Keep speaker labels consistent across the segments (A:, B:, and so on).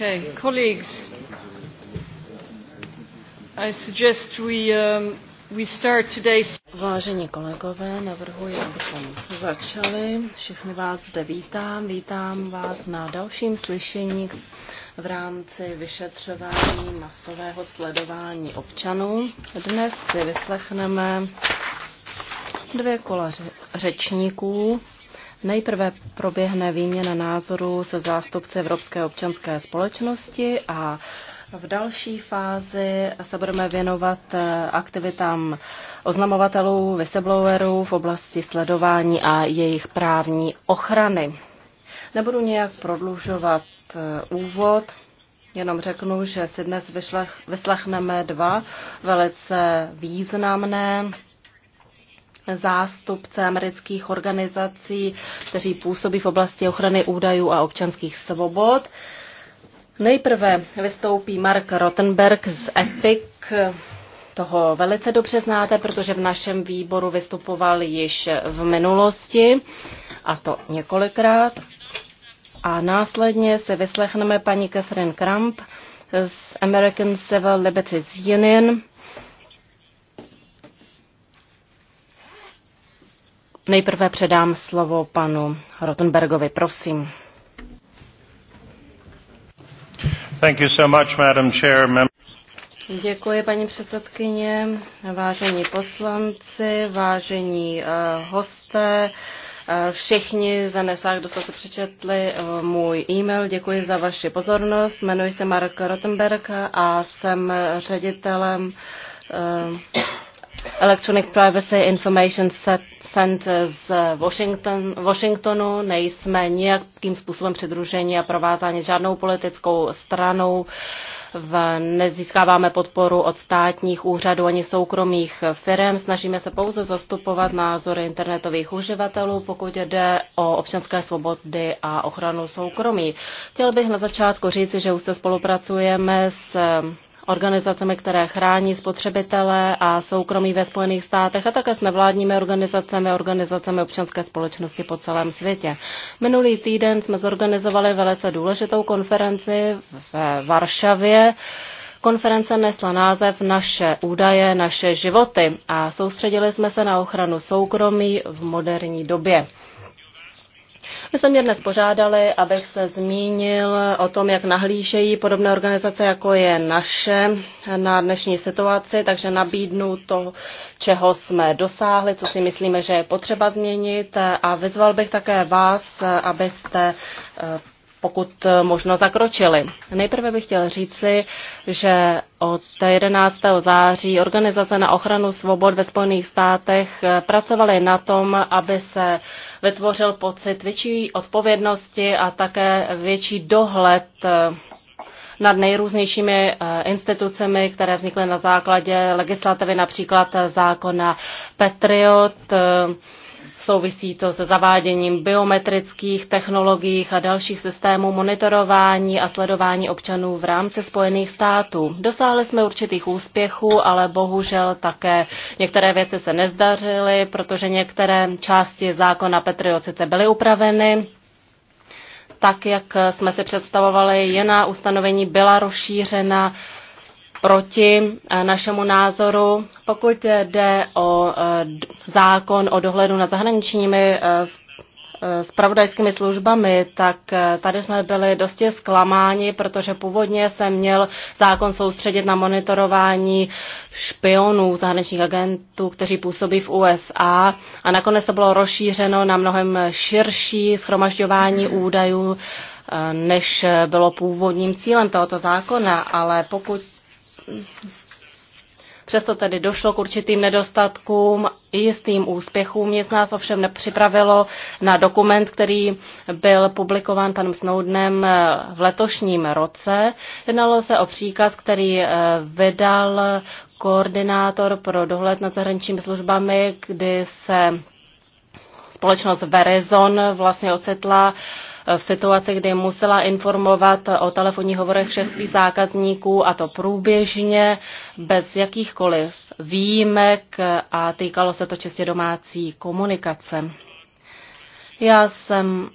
A: Okay, colleagues, I suggest we,
B: um, we start today. Vážení kolegové, navrhuji, abychom začali. Všechny vás zde vítám. Vítám vás na dalším slyšení v rámci vyšetřování masového sledování občanů. Dnes si vyslechneme dvě kola řečníků. Nejprve proběhne výměna názorů se zástupci Evropské občanské společnosti a v další fázi se budeme věnovat eh, aktivitám oznamovatelů, whistleblowerů v oblasti sledování a jejich právní ochrany. Nebudu nějak prodlužovat eh, úvod, jenom řeknu, že si dnes vyslechneme dva velice významné zástupce amerických organizací, kteří působí v oblasti ochrany údajů a občanských svobod. Nejprve vystoupí Mark Rottenberg z EPIC. Toho velice dobře znáte, protože v našem výboru vystupoval již v minulosti, a to několikrát. A následně se vyslechneme paní Catherine Kramp z American Civil Liberties Union, Nejprve předám slovo panu Rotenbergovi, prosím.
C: Thank you so much, Madam Chair.
B: Děkuji, paní předsedkyně, vážení poslanci, vážení uh, hosté. Eh, všichni za nesách, kdo se přečetli eh, můj e-mail, děkuji za vaši pozornost. Jmenuji se Mark Rottenberg a jsem ředitelem uh, Electronic Privacy Information Center z Washington, Washingtonu. Nejsme nějakým způsobem přidruženi a provázáni žádnou politickou stranou. V, nezískáváme podporu od státních úřadů ani soukromých firm. Snažíme se pouze zastupovat názory internetových uživatelů, pokud jde o občanské svobody a ochranu soukromí. Chtěl bych na začátku říci, že už se spolupracujeme s organizacemi, které chrání spotřebitele a soukromí ve Spojených státech a také s nevládními organizacemi, organizacemi občanské společnosti po celém světě. Minulý týden jsme zorganizovali velice důležitou konferenci v Varšavě, Konference nesla název Naše údaje, naše životy a soustředili jsme se na ochranu soukromí v moderní době. My jsme mě dnes požádali, abych se zmínil o tom, jak nahlížejí podobné organizace, jako je naše, na dnešní situaci, takže nabídnu to, čeho jsme dosáhli, co si myslíme, že je potřeba změnit a vyzval bych také vás, abyste eh, pokud eh, možno zakročili. Nejprve bych chtěl říci, že od 11. září Organizace na ochranu svobod ve Spojených státech eh, pracovaly na tom, aby se vytvořil pocit větší odpovědnosti a také větší dohled eh, nad nejrůznějšími institucemi, které vznikly na základě legislativy, například zákona Patriot, Souvisí to se zaváděním biometrických technologií a dalších systémů monitorování a sledování občanů v rámci Spojených států. Dosáhli jsme určitých úspěchů, ale bohužel také některé věci se nezdařily, protože některé části zákona Petriocice byly upraveny tak, jak jsme si představovali, jiná ustanovení byla rozšířena proti eh, našemu názoru, pokud jde o eh, zákon o dohledu nad zahraničními eh, spravodajskými službami, tak tady jsme byli dosti zklamáni, protože původně se měl zákon soustředit na monitorování špionů, zahraničních agentů, kteří působí v USA a nakonec to bylo rozšířeno na mnohem širší schromažďování údajů, než bylo původním cílem tohoto zákona, ale pokud Přesto tedy došlo k určitým nedostatkům i jistým úspěchům. Nic nás ovšem nepřipravilo na dokument, který byl publikován panem Snowdenem v letošním roce. Jednalo se o příkaz, který eh, vydal koordinátor pro dohled nad zahraničními službami, kdy se společnost Verizon vlastně ocitla v situaci, kdy musela informovat o telefonních hovorech všech svých zákazníků a to průběžně, bez jakýchkoliv výjimek a týkalo se to čistě domácí komunikace. Já jsem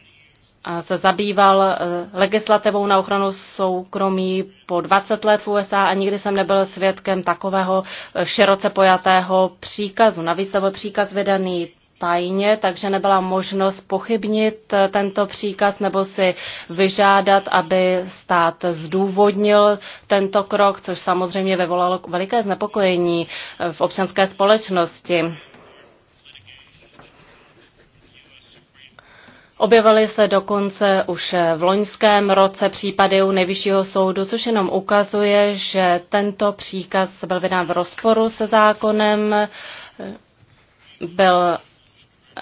B: se zabýval e, legislativou na ochranu soukromí po 20 let v USA a nikdy jsem nebyl svědkem takového e, široce pojatého příkazu. Navíc to byl příkaz vydaný tajně, takže nebyla možnost pochybnit eh, tento příkaz nebo si vyžádat, aby stát zdůvodnil tento krok, což samozřejmě vyvolalo veliké znepokojení eh, v občanské společnosti. Objevily se dokonce už v loňském roce případy u nejvyššího soudu, což jenom ukazuje, že tento příkaz byl vydán v rozporu se zákonem, eh, byl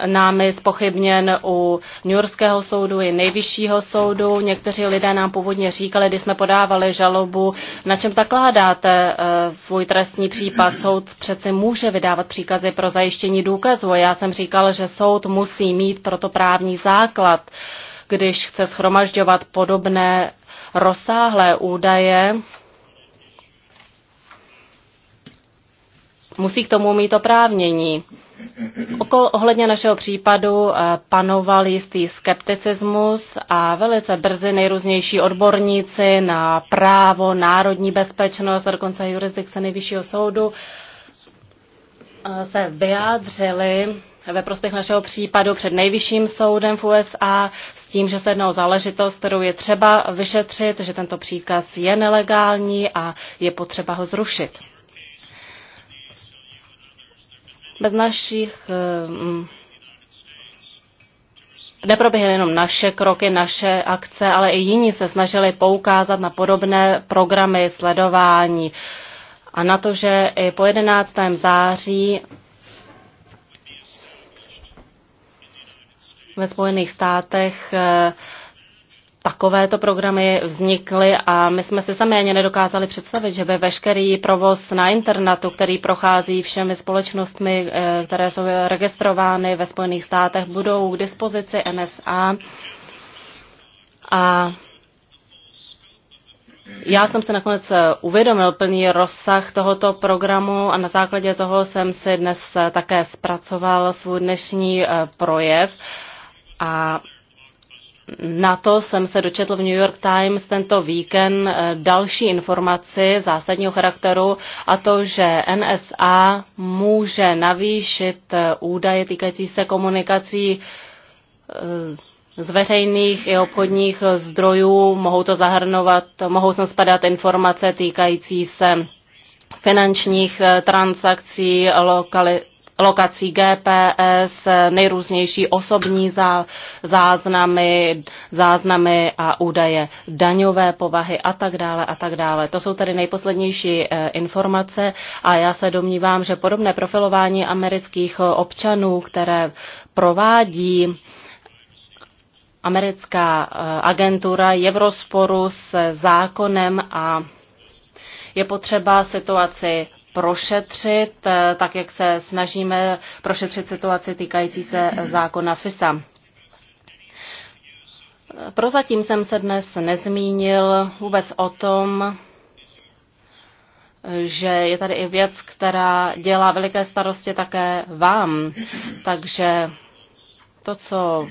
B: námi spochybněn u New Yorkského soudu i nejvyššího soudu. Někteří lidé nám původně říkali, když jsme podávali žalobu, na čem zakládáte eh, svůj trestní případ. Soud přece může vydávat příkazy pro zajištění důkazu. Já jsem říkal, že soud musí mít proto právní základ, když chce schromažďovat podobné rozsáhlé údaje musí k tomu mít oprávnění. Okol, ohledně našeho případu eh, panoval jistý skepticismus a velice brzy nejrůznější odborníci na právo, národní bezpečnost a dokonce jurisdikce nejvyššího soudu eh, se vyjádřili ve prospěch našeho případu před nejvyšším soudem v USA s tím, že se jedná o záležitost, kterou je třeba vyšetřit, že tento příkaz je nelegální a je potřeba ho zrušit. Bez našich eh, mm, neproběhly jenom naše kroky, naše akce, ale i jiní se snažili poukázat na podobné programy sledování a na to, že i po 11. září ve Spojených státech eh, takovéto programy vznikly a my jsme si sami ani nedokázali představit, že by veškerý provoz na internetu, který prochází všemi společnostmi, eh, které jsou registrovány ve Spojených státech, budou k dispozici NSA. A já jsem se nakonec eh, uvědomil plný rozsah tohoto programu a na základě toho jsem si dnes eh, také zpracoval svůj dnešní projev. A na to jsem se dočetl v New York Times tento víkend eh, další informaci zásadního charakteru a to, že NSA může navýšit eh, údaje týkající se komunikací eh, z veřejných i obchodních zdrojů. Mohou to zahrnovat, mohou sem spadat informace týkající se finančních transakcí, lokali, lokací GPS, nejrůznější osobní zá, záznamy, záznamy a údaje daňové povahy a tak dále a tak dále. To jsou tady nejposlednější eh, informace a já se domnívám, že podobné profilování amerických eh, občanů, které provádí americká eh, agentura, je v rozporu s zákonem a je potřeba situaci prošetřit, eh, tak jak se snažíme prošetřit situaci týkající se zákona FISA. Prozatím jsem se dnes nezmínil vůbec o tom, že je tady i věc, která dělá veliké starosti také vám. Takže to, co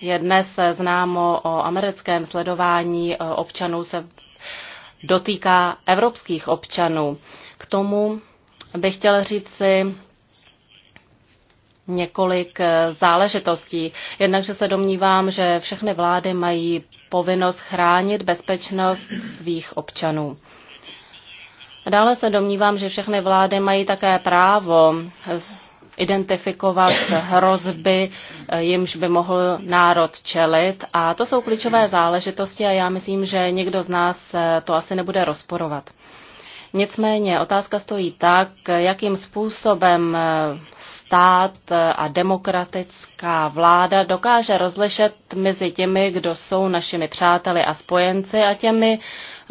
B: je dnes známo o americkém sledování eh, občanů, se dotýká evropských občanů. K tomu bych chtěl říct si několik eh, záležitostí. Jednakže že se domnívám, že všechny vlády mají povinnost chránit bezpečnost svých občanů. Dále se domnívám, že všechny vlády mají také právo identifikovat hrozby, eh, jimž by mohl národ čelit. A to jsou klíčové záležitosti a já myslím, že někdo z nás eh, to asi nebude rozporovat. Nicméně otázka stojí tak, jakým způsobem eh, stát eh, a demokratická vláda dokáže rozlišet mezi těmi, kdo jsou našimi přáteli a spojenci a těmi,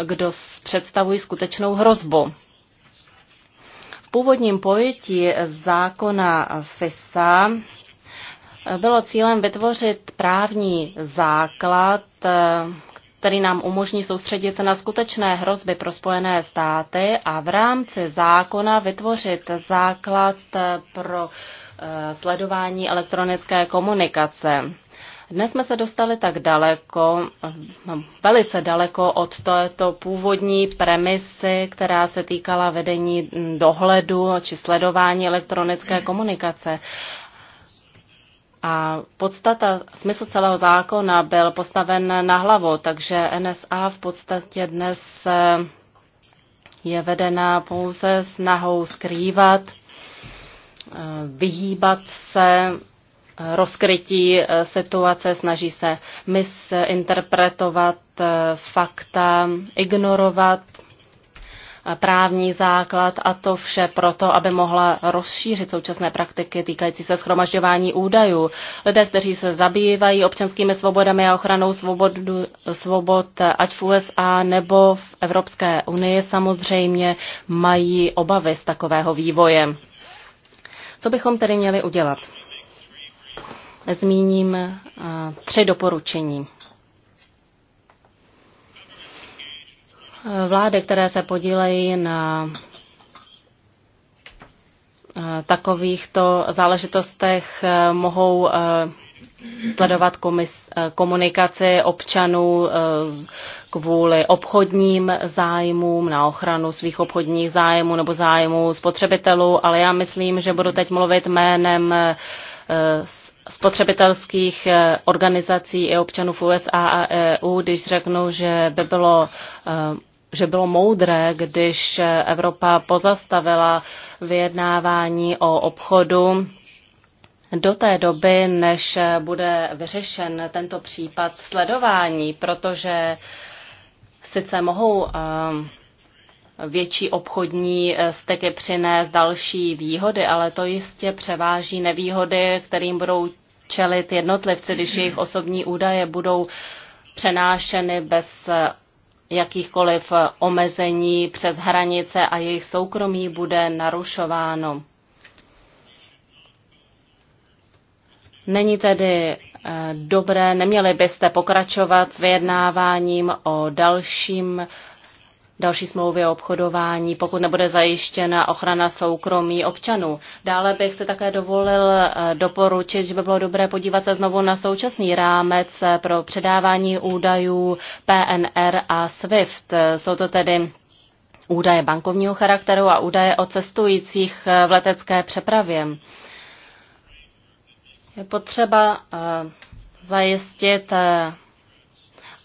B: kdo představují skutečnou hrozbu. V původním pojetí zákona FISA eh, bylo cílem vytvořit právní základ který nám umožní soustředit se na skutečné hrozby pro Spojené státy a v rámci zákona vytvořit základ eh, pro eh, sledování elektronické komunikace. Dnes jsme se dostali tak daleko, no, velice daleko od této původní premisy, která se týkala vedení dohledu či sledování elektronické komunikace. A podstata, smysl celého zákona byl postaven na hlavu, takže NSA v podstatě dnes eh, je vedena pouze snahou skrývat, eh, vyhýbat se rozkrytí eh, situace, snaží se misinterpretovat fakta, ignorovat právní základ a to vše proto, aby mohla rozšířit současné praktiky týkající se schromažďování údajů. Lidé, kteří se zabývají občanskými svobodami a ochranou svobodu, svobod, ať v USA nebo v Evropské unii, samozřejmě mají obavy z takového vývoje. Co bychom tedy měli udělat? Zmíním eh, tři doporučení. Vlády, které se podílejí na eh, takovýchto záležitostech, eh, mohou eh, sledovat komunikaci občanů kvůli obchodním zájmům, na ochranu svých obchodních zájmů nebo zájmů spotřebitelů, ale já myslím, že budu teď mluvit jménem spotřebitelských organizací i občanů v USA a EU, když řeknu, že by bylo že bylo moudré, když Evropa pozastavila vyjednávání o obchodu do té doby, než bude vyřešen tento případ sledování, protože sice mohou eh, větší obchodní eh, steky přinést další výhody, ale to jistě převáží nevýhody, kterým budou čelit jednotlivci, když jejich osobní údaje budou přenášeny bez eh, jakýchkoliv omezení přes hranice a jejich soukromí bude narušováno. Není tedy eh, dobré, neměli byste pokračovat s vyjednáváním o dalším další smlouvy o obchodování, pokud nebude zajištěna ochrana soukromí občanů. Dále bych se také dovolil eh, doporučit, že by bylo dobré podívat se znovu na současný rámec eh, pro předávání údajů PNR a SWIFT. Eh, jsou to tedy údaje bankovního charakteru a údaje o cestujících v letecké přepravě. Je potřeba zajistit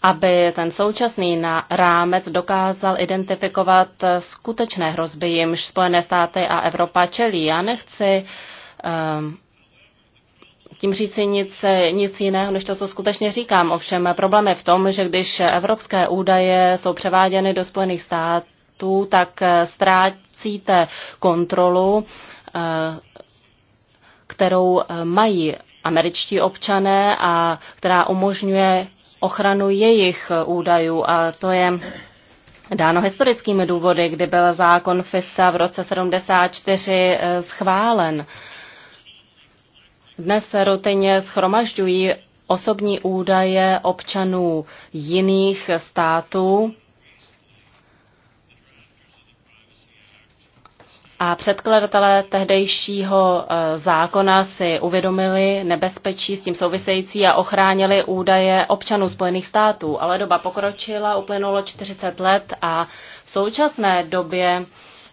B: aby ten současný rámec dokázal identifikovat skutečné hrozby, jimž Spojené státy a Evropa čelí. Já nechci um, tím říci nic, nic jiného, než to, co skutečně říkám. Ovšem problém je v tom, že když evropské údaje jsou převáděny do Spojených států, tak eh, ztrácíte kontrolu, eh, kterou eh, mají američtí občané a která umožňuje ochranu jejich údajů a to je dáno historickými důvody, kdy byl zákon FISA v roce 74 eh, schválen. Dnes se rutině schromažďují osobní údaje občanů jiných států A předkladatelé tehdejšího eh, zákona si uvědomili nebezpečí s tím související a ochránili údaje občanů Spojených států. Ale doba pokročila, uplynulo 40 let a v současné době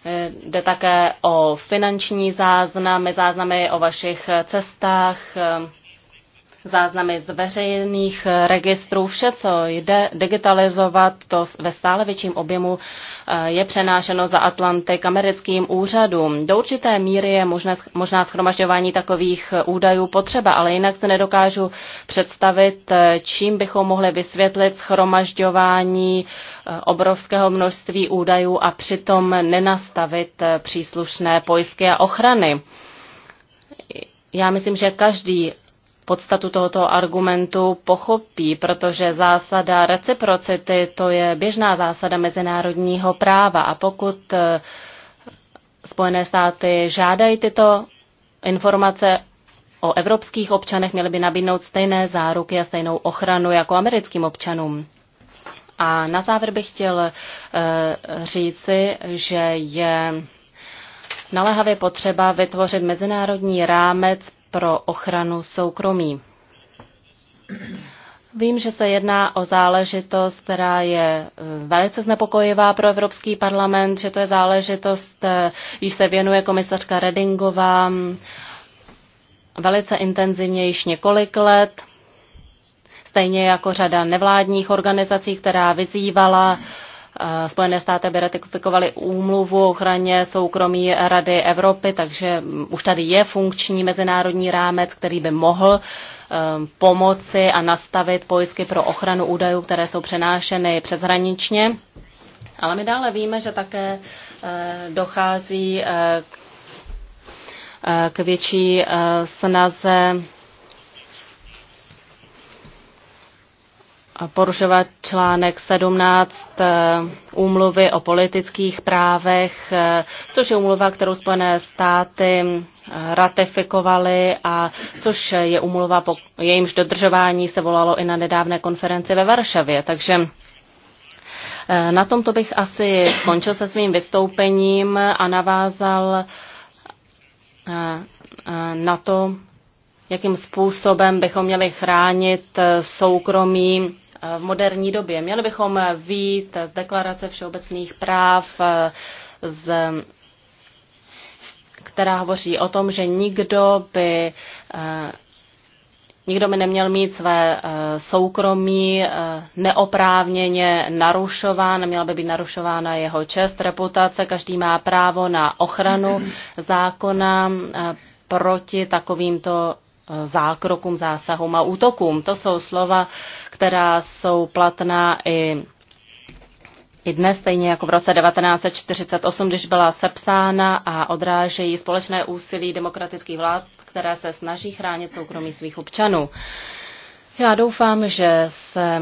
B: eh, jde také o finanční záznamy, záznamy o vašich cestách, eh, záznamy z veřejných eh, registrů. Vše, co jde digitalizovat, to ve stále větším objemu eh, je přenášeno za Atlantik americkým úřadům. Do určité míry je možné, možná schromažďování takových eh, údajů potřeba, ale jinak se nedokážu představit, čím bychom mohli vysvětlit schromažďování obrovského množství údajů a přitom nenastavit příslušné pojistky a ochrany. Já myslím, že každý podstatu tohoto argumentu pochopí, protože zásada reciprocity to je běžná zásada mezinárodního práva a pokud eh, Spojené státy žádají tyto informace o evropských občanech, měly by nabídnout stejné záruky a stejnou ochranu jako americkým občanům. A na závěr bych chtěl eh, říci, že je naléhavě potřeba vytvořit mezinárodní rámec pro ochranu soukromí. Vím, že se jedná o záležitost, která je eh, velice znepokojivá pro Evropský parlament, že to je záležitost, eh, již se věnuje komisařka Redingová mm, velice intenzivně již několik let, stejně jako řada nevládních organizací, která vyzývala uh, Spojené státy by ratifikovaly úmluvu o ochraně soukromí Rady Evropy, takže mm, už tady je funkční mezinárodní rámec, který by mohl ehm, pomoci a nastavit pojistky pro ochranu údajů, které jsou přenášeny přeshraničně. Ale my dále víme, že také eh, dochází eh, eh, k větší snaze porušovat článek 17 eh, úmluvy o politických právech, eh, což je úmluva, kterou Spojené státy eh, ratifikovali a což je úmluva, po jejímž dodržování se volalo i na nedávné konferenci ve Varšavě. Takže na tomto bych asi skončil se svým vystoupením a navázal na to, jakým způsobem bychom měli chránit soukromí v moderní době. Měli bychom vít z deklarace všeobecných práv, z, která hovoří o tom, že nikdo by eh, Nikdo by neměl mít své eh, soukromí eh, neoprávněně narušován, měla by být narušována jeho čest, reputace. Každý má právo na ochranu zákona proti takovýmto zákrokům, zásahům a útokům. To jsou slova která jsou platná i, i dnes, stejně jako v roce 1948, když byla sepsána a odrážejí společné úsilí demokratických vlád, které se snaží chránit soukromí svých občanů. Já doufám, že se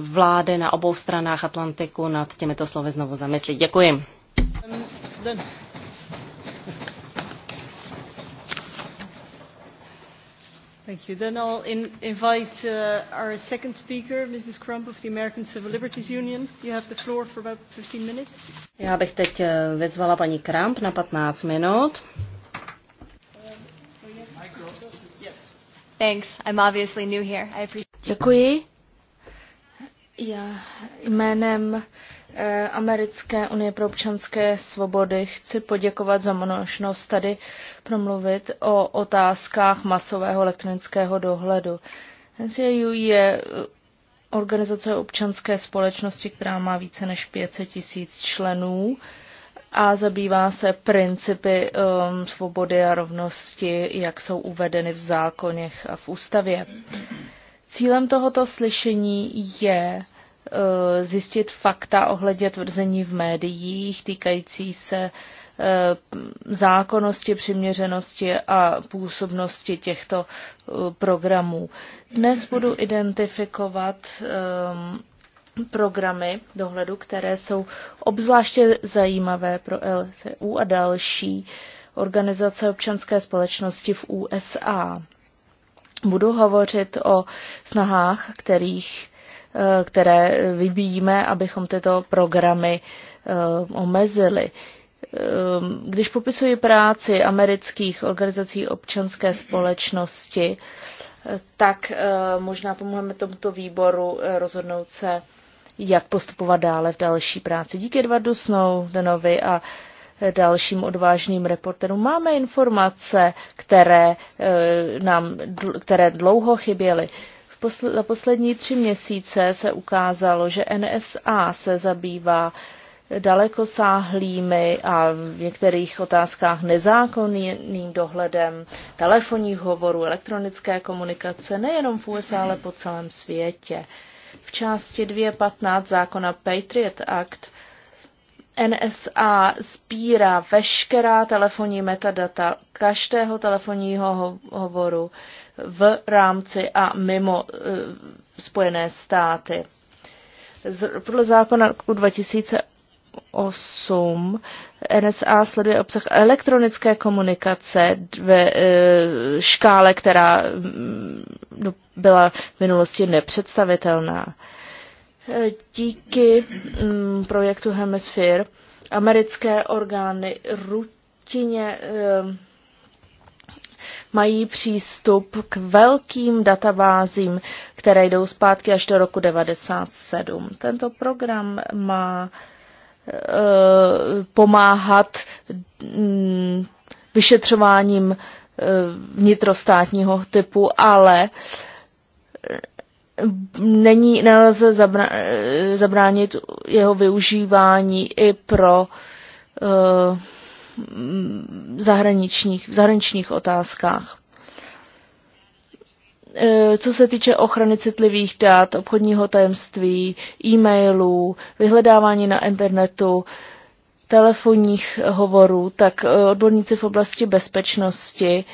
B: vlády na obou stranách Atlantiku nad těmito slovy znovu zamyslí. Děkuji. Thank you. Then I'll in invite uh, our second speaker, Mrs. Crump of the American Civil Liberties Union. You have the floor for about 15 minutes. Já bych teď uh, vyzvala paní Kramp na 15 minut. Thanks. I'm obviously new here. I appreciate Děkuji.
A: Já jménem Eh, Americké unie pro občanské svobody chci poděkovat za možnost tady promluvit o otázkách masového elektronického dohledu. NCAU je eh, organizace občanské společnosti, která má více než 500 tisíc členů a zabývá se principy um, svobody a rovnosti, jak jsou uvedeny v zákoněch a v ústavě. Cílem tohoto slyšení je Eh, zjistit fakta ohledně tvrzení v médiích týkající se eh, zákonnosti, přiměřenosti a působnosti těchto eh, programů. Dnes budu identifikovat programy dohledu, které jsou obzvláště zajímavé pro LCU a další organizace občanské společnosti v USA. Budu hovořit o snahách, kterých Eh, které vybíjíme, abychom tyto programy eh, omezili. Ehm, když popisuji práci amerických organizací občanské společnosti, eh, tak možná pomůžeme tomuto výboru rozhodnout se, jak postupovat dále v další práci. Díky Edwardu Snowdenovi a dalším odvážným reporterům máme informace, které, nám, které dlouho chyběly. Posl- za poslední tři měsíce se ukázalo, že NSA se zabývá daleko sáhlými a v některých otázkách nezákonným dohledem telefonních hovorů, elektronické komunikace nejenom v USA, ale po celém světě. V části 2.15 zákona Patriot Act NSA sbírá veškerá telefonní metadata každého telefonního hovoru v rámci a mimo eh, Spojené státy. Podle zákona roku 2008 NSA sleduje obsah elektronické komunikace ve eh, škále, která mm, no, byla v minulosti nepředstavitelná. Eh, díky mm, projektu Hemisphere americké orgány rutině mají přístup k velkým databázím, které jdou zpátky až do roku 1997. Tento program má eh, pomáhat mm, vyšetřováním eh, vnitrostátního typu, ale eh, není, nelze zabra, zabránit jeho využívání i pro e, Mm, zahraničních, v zahraničních otázkách. E, co se týče ochrany citlivých dat, obchodního tajemství, e-mailů, vyhledávání na internetu, telefonních hovorů, tak e, odborníci v oblasti bezpečnosti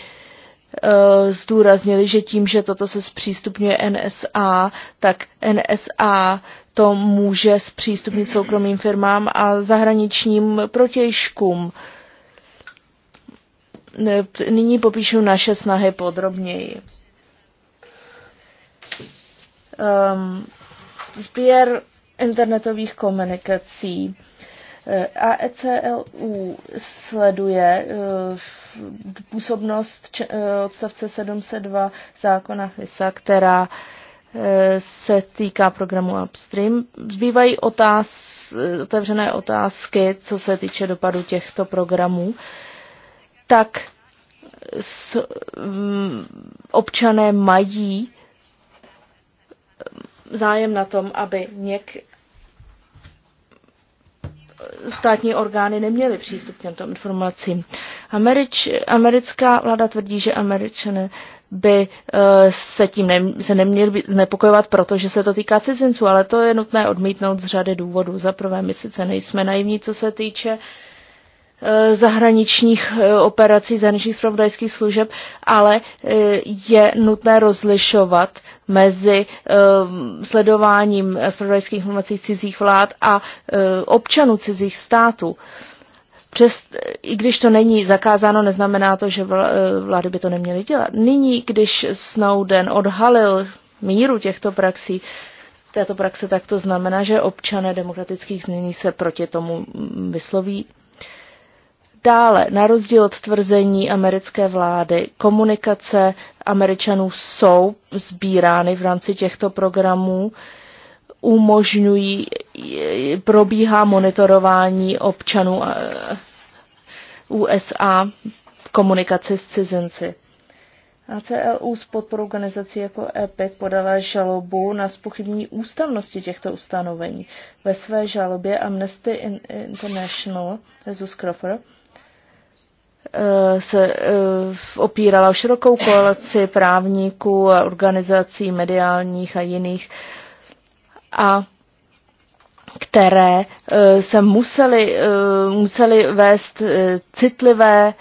A: e, zdůraznili, že tím, že toto se zpřístupňuje NSA, tak NSA to může zpřístupnit soukromým firmám a zahraničním protějškům nyní popíšu naše snahy podrobněji. Um, sběr internetových komunikací. Eh, AECLU sleduje eh, působnost eh, odstavce 702 zákona FISA, která se týká programu Upstream. Zbývají otáz, otevřené otázky, co se týče dopadu těchto programů tak s, m, mm, občané mají zájem na tom, aby něk státní orgány neměly přístup k těmto informacím. Američ, americká vláda tvrdí, že američané by eh, se tím ne, se neměli být znepokojovat, protože se to týká cizinců, ale to je nutné odmítnout z řady důvodů. Za prvé, my sice nejsme naivní, co se týče uh, Eh, zahraničních eh, operací, zahraničních spravodajských služeb, ale eh, je nutné rozlišovat mezi sledováním spravodajských informací cizích vlád a občanů cizích států. Přes, I když to není zakázáno, neznamená to, že vlády by to neměly dělat. Nyní, když Snowden odhalil míru těchto praxí, této praxe, tak to znamená, že občané demokratických změní se proti tomu mm, vysloví Dále, na rozdíl od tvrzení americké vlády, komunikace američanů jsou sbírány v rámci těchto programů, umožňují, probíhá monitorování občanů eh, USA komunikaci s cizinci. ACLU s podporou organizací jako EPIC podala žalobu na spochybnění ústavnosti těchto ustanovení. Ve své žalobě Amnesty International, Jesus Crawford, Eh, se eh, opírala o širokou koalici právníků a organizací mediálních a jiných, a které eh, se museli, museli vést citlivé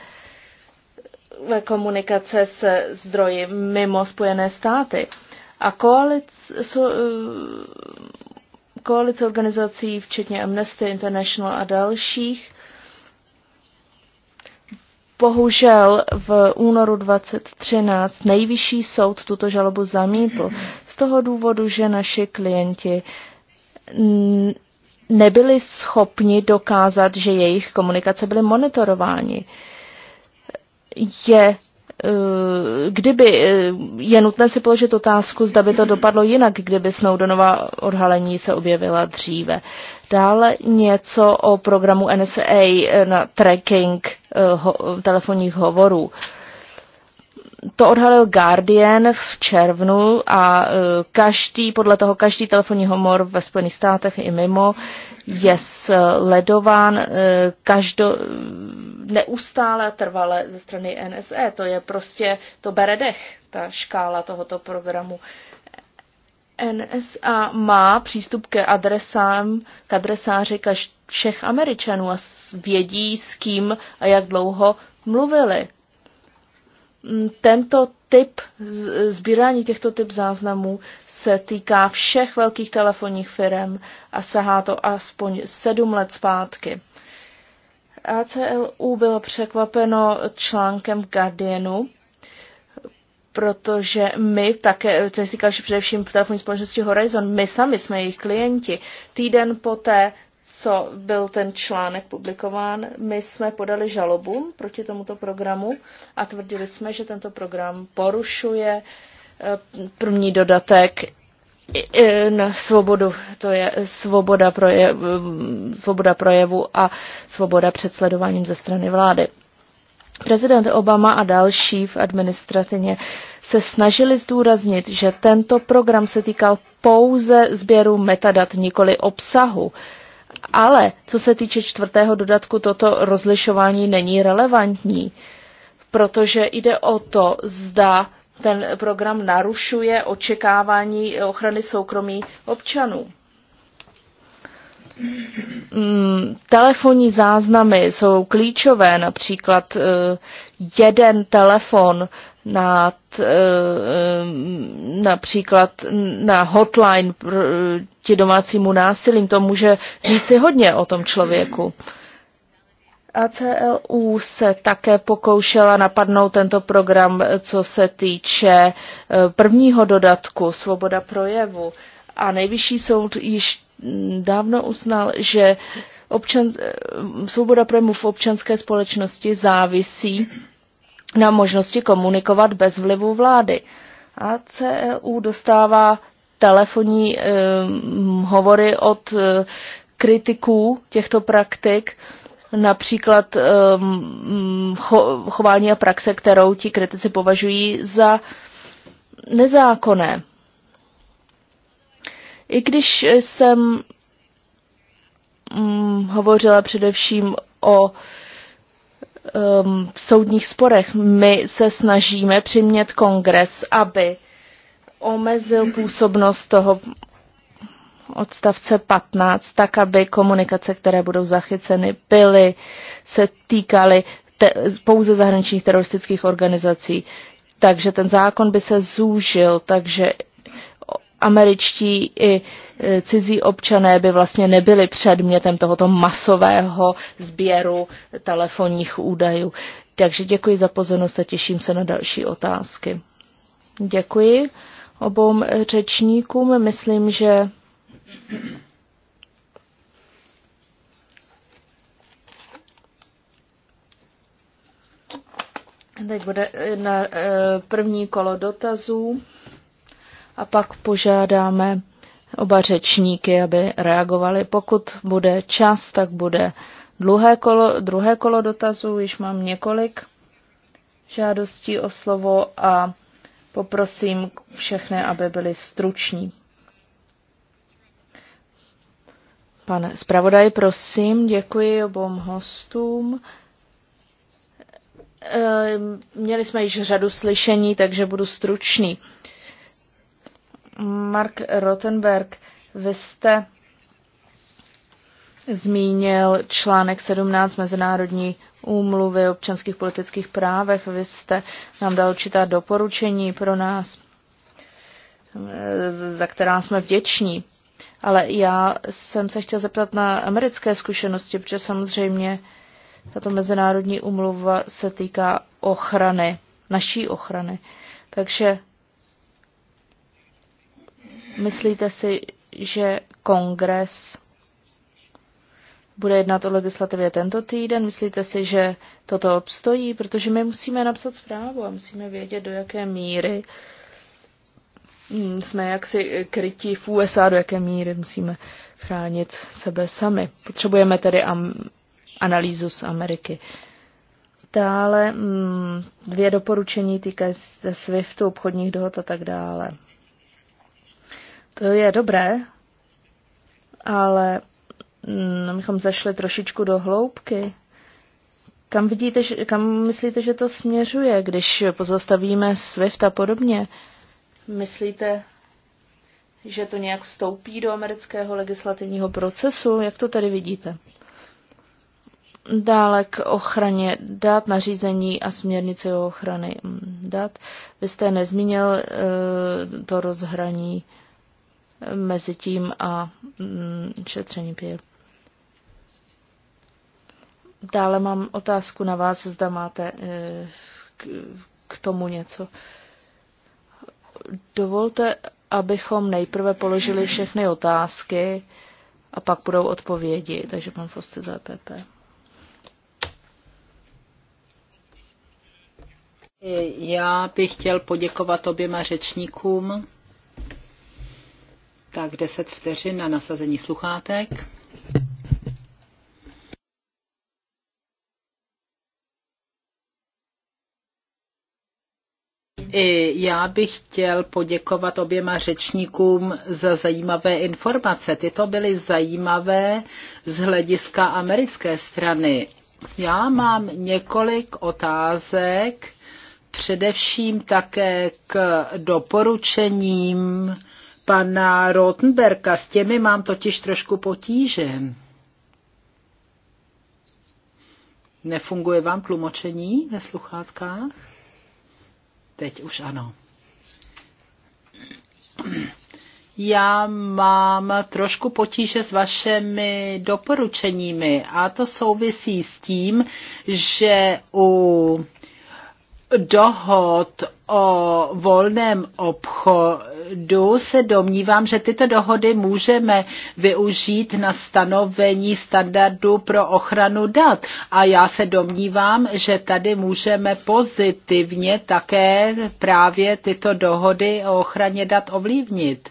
A: komunikace se zdroji mimo Spojené státy. A koalice, koalice organizací, včetně Amnesty International a dalších, Bohužel v únoru 2013 nejvyšší soud tuto žalobu zamítl z toho důvodu, že naši klienti nebyli schopni dokázat, že jejich komunikace byly monitorováni. Je, e, kdyby, e, je nutné si položit otázku, zda by to dopadlo jinak, kdyby Snowdenova odhalení se objevila dříve. Dále něco o programu NSA eh, na tracking eh, telefonních hovorů. To odhalil Guardian v červnu a eh, každý, podle toho každý telefonní homor ve Spojených státech i mimo je sledován každo, neustále trvale ze strany NSE. To je prostě, to bere dech, ta škála tohoto programu. NSA má přístup ke adresám, k adresáři kaž, všech Američanů a vědí, s kým a jak dlouho mluvili. Mm, tento typ, sbírání těchto typ záznamů se týká všech velkých telefonních firm a sahá to aspoň sedm let zpátky. ACLU bylo překvapeno článkem Guardianu, protože my také, to říkal, že především v telefonní společnosti Horizon, my sami jsme jejich klienti. Týden poté, co byl ten článek publikován, my jsme podali žalobu proti tomuto programu a tvrdili jsme, že tento program porušuje eh, první dodatek na svobodu, to je svoboda, projev, svoboda projevu a svoboda před sledováním ze strany vlády. Prezident Obama a další v administrativě se snažili zdůraznit, že tento program se týkal pouze sběru metadat, nikoli obsahu. Ale co se týče čtvrtého dodatku, toto rozlišování není relevantní, protože jde o to, zda ten program narušuje očekávání ochrany soukromí občanů. Mm, telefonní záznamy jsou klíčové, například eh, jeden telefon na eh, mm, například na hotline ti domácímu násilím, to může říci hodně o tom člověku. ACLU se také pokoušela napadnout tento program, co se týče eh, prvního dodatku, svoboda projevu. A nejvyšší soud již dávno uznal, že občan, eh, svoboda projemu v občanské společnosti závisí na možnosti komunikovat bez vlivu vlády. A CEU dostává telefonní um, hovory od eh, kritiků těchto praktik, například um, cho, chování a praxe, kterou ti kritici považují za nezákonné. I když jsem mm, hovořila především o mm, v soudních sporech, my se snažíme přimět kongres, aby omezil působnost toho odstavce 15, tak aby komunikace, které budou zachyceny, byly, se týkaly te, pouze zahraničních teroristických organizací. Takže ten zákon by se zúžil, takže američtí i e, cizí občané by vlastně nebyli předmětem tohoto masového sběru telefonních údajů. Takže děkuji za pozornost a těším se na další otázky. Děkuji obou řečníkům. Myslím, že Teď bude na e, první kolo dotazů a pak požádáme oba řečníky, aby reagovali. Pokud bude čas, tak bude dlouhé kolo, druhé kolo dotazů, již mám několik žádostí o slovo a poprosím všechny, aby byli struční. Pane zpravodaj, prosím, děkuji obom hostům. Ehm, měli jsme již řadu slyšení, takže budu stručný. Mark Rottenberg, vy jste zmínil článek 17 Mezinárodní úmluvy o občanských politických právech. Vy jste nám dal určitá doporučení pro nás, za která jsme vděční. Ale já jsem se chtěl zeptat na americké zkušenosti, protože samozřejmě tato mezinárodní umluva se týká ochrany, naší ochrany. Takže Myslíte si, že kongres bude jednat o legislativě tento týden? Myslíte si, že toto obstojí? Protože my musíme napsat zprávu a musíme vědět, do jaké míry mm, jsme jaksi krytí v USA, do jaké míry musíme chránit sebe sami. Potřebujeme tedy am- analýzu z Ameriky. Dále mm, dvě doporučení týkají se SWIFTu, obchodních dohod a tak dále. To je dobré, ale mm, bychom zašli trošičku do hloubky. Kam, vidíte, kam myslíte, že to směřuje, když pozastavíme SWIFT a podobně? Myslíte, že to nějak vstoupí do amerického legislativního procesu? Jak to tady vidíte? Dále k ochraně dat, nařízení a směrnice o ochrany mm, dat. Vy jste nezmínil uh, to rozhraní mezi tím a mm, šetření pěl. Dále mám otázku na vás, zda máte eh, k tomu něco. Dovolte, abychom nejprve položili všechny otázky a pak budou odpovědi. Takže pan Foster za PP.
C: E Já bych chtěl poděkovat oběma řečníkům tak 10 vteřin na nasazení sluchátek. I já bych chtěl poděkovat oběma řečníkům za zajímavé informace. Tyto byly zajímavé z hlediska americké strany. Já mám několik otázek, především také k doporučením pana Rotenberga. S těmi mám totiž trošku potíže. Nefunguje vám tlumočení ve sluchátkách? Teď už ano. Já mám trošku potíže s vašemi doporučeními a to souvisí s tím, že u dohod o volném obchodu se domnívám, že tyto dohody můžeme využít na stanovení standardů pro ochranu dat. A já se domnívám, že tady můžeme pozitivně také právě tyto dohody o ochraně dat ovlivnit.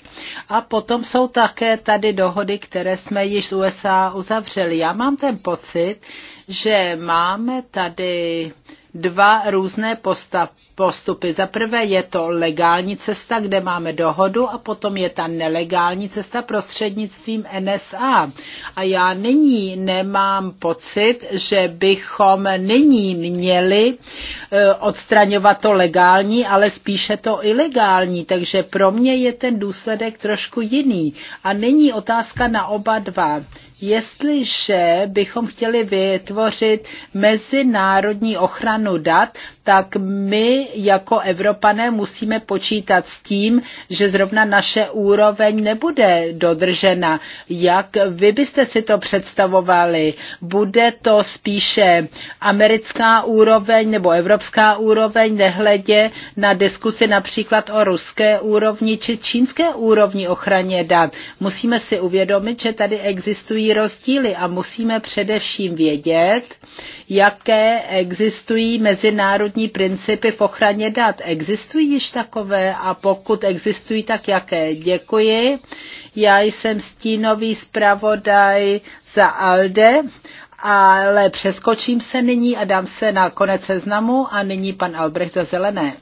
C: A potom jsou také tady dohody, které jsme již z USA uzavřeli. Já mám ten pocit, že máme tady dva různé posta, postupy. Za prvé je to legální cesta, kde máme dohodu a potom je ta nelegální cesta prostřednictvím NSA. A já nyní nemám pocit, že bychom nyní měli e, odstraňovat to legální, ale spíše to ilegální. Takže pro mě je ten důsledek trošku jiný. A není otázka na oba dva Jestliže bychom chtěli vytvořit mezinárodní ochranu dat, tak my jako Evropané musíme počítat s tím, že zrovna naše úroveň nebude dodržena. Jak vy byste si to představovali? Bude to spíše americká úroveň nebo evropská úroveň, nehledě na diskusi například o ruské úrovni či čínské úrovni ochraně dat? Musíme si uvědomit, že tady existují rozdíly a musíme především vědět, jaké existují mezinárodní základní principy v ochraně dat. Existují již takové a pokud existují, tak jaké? Děkuji. Já jsem stínový zpravodaj za ALDE, ale přeskočím se nyní a dám se na konec seznamu a nyní pan Albrecht za zelené.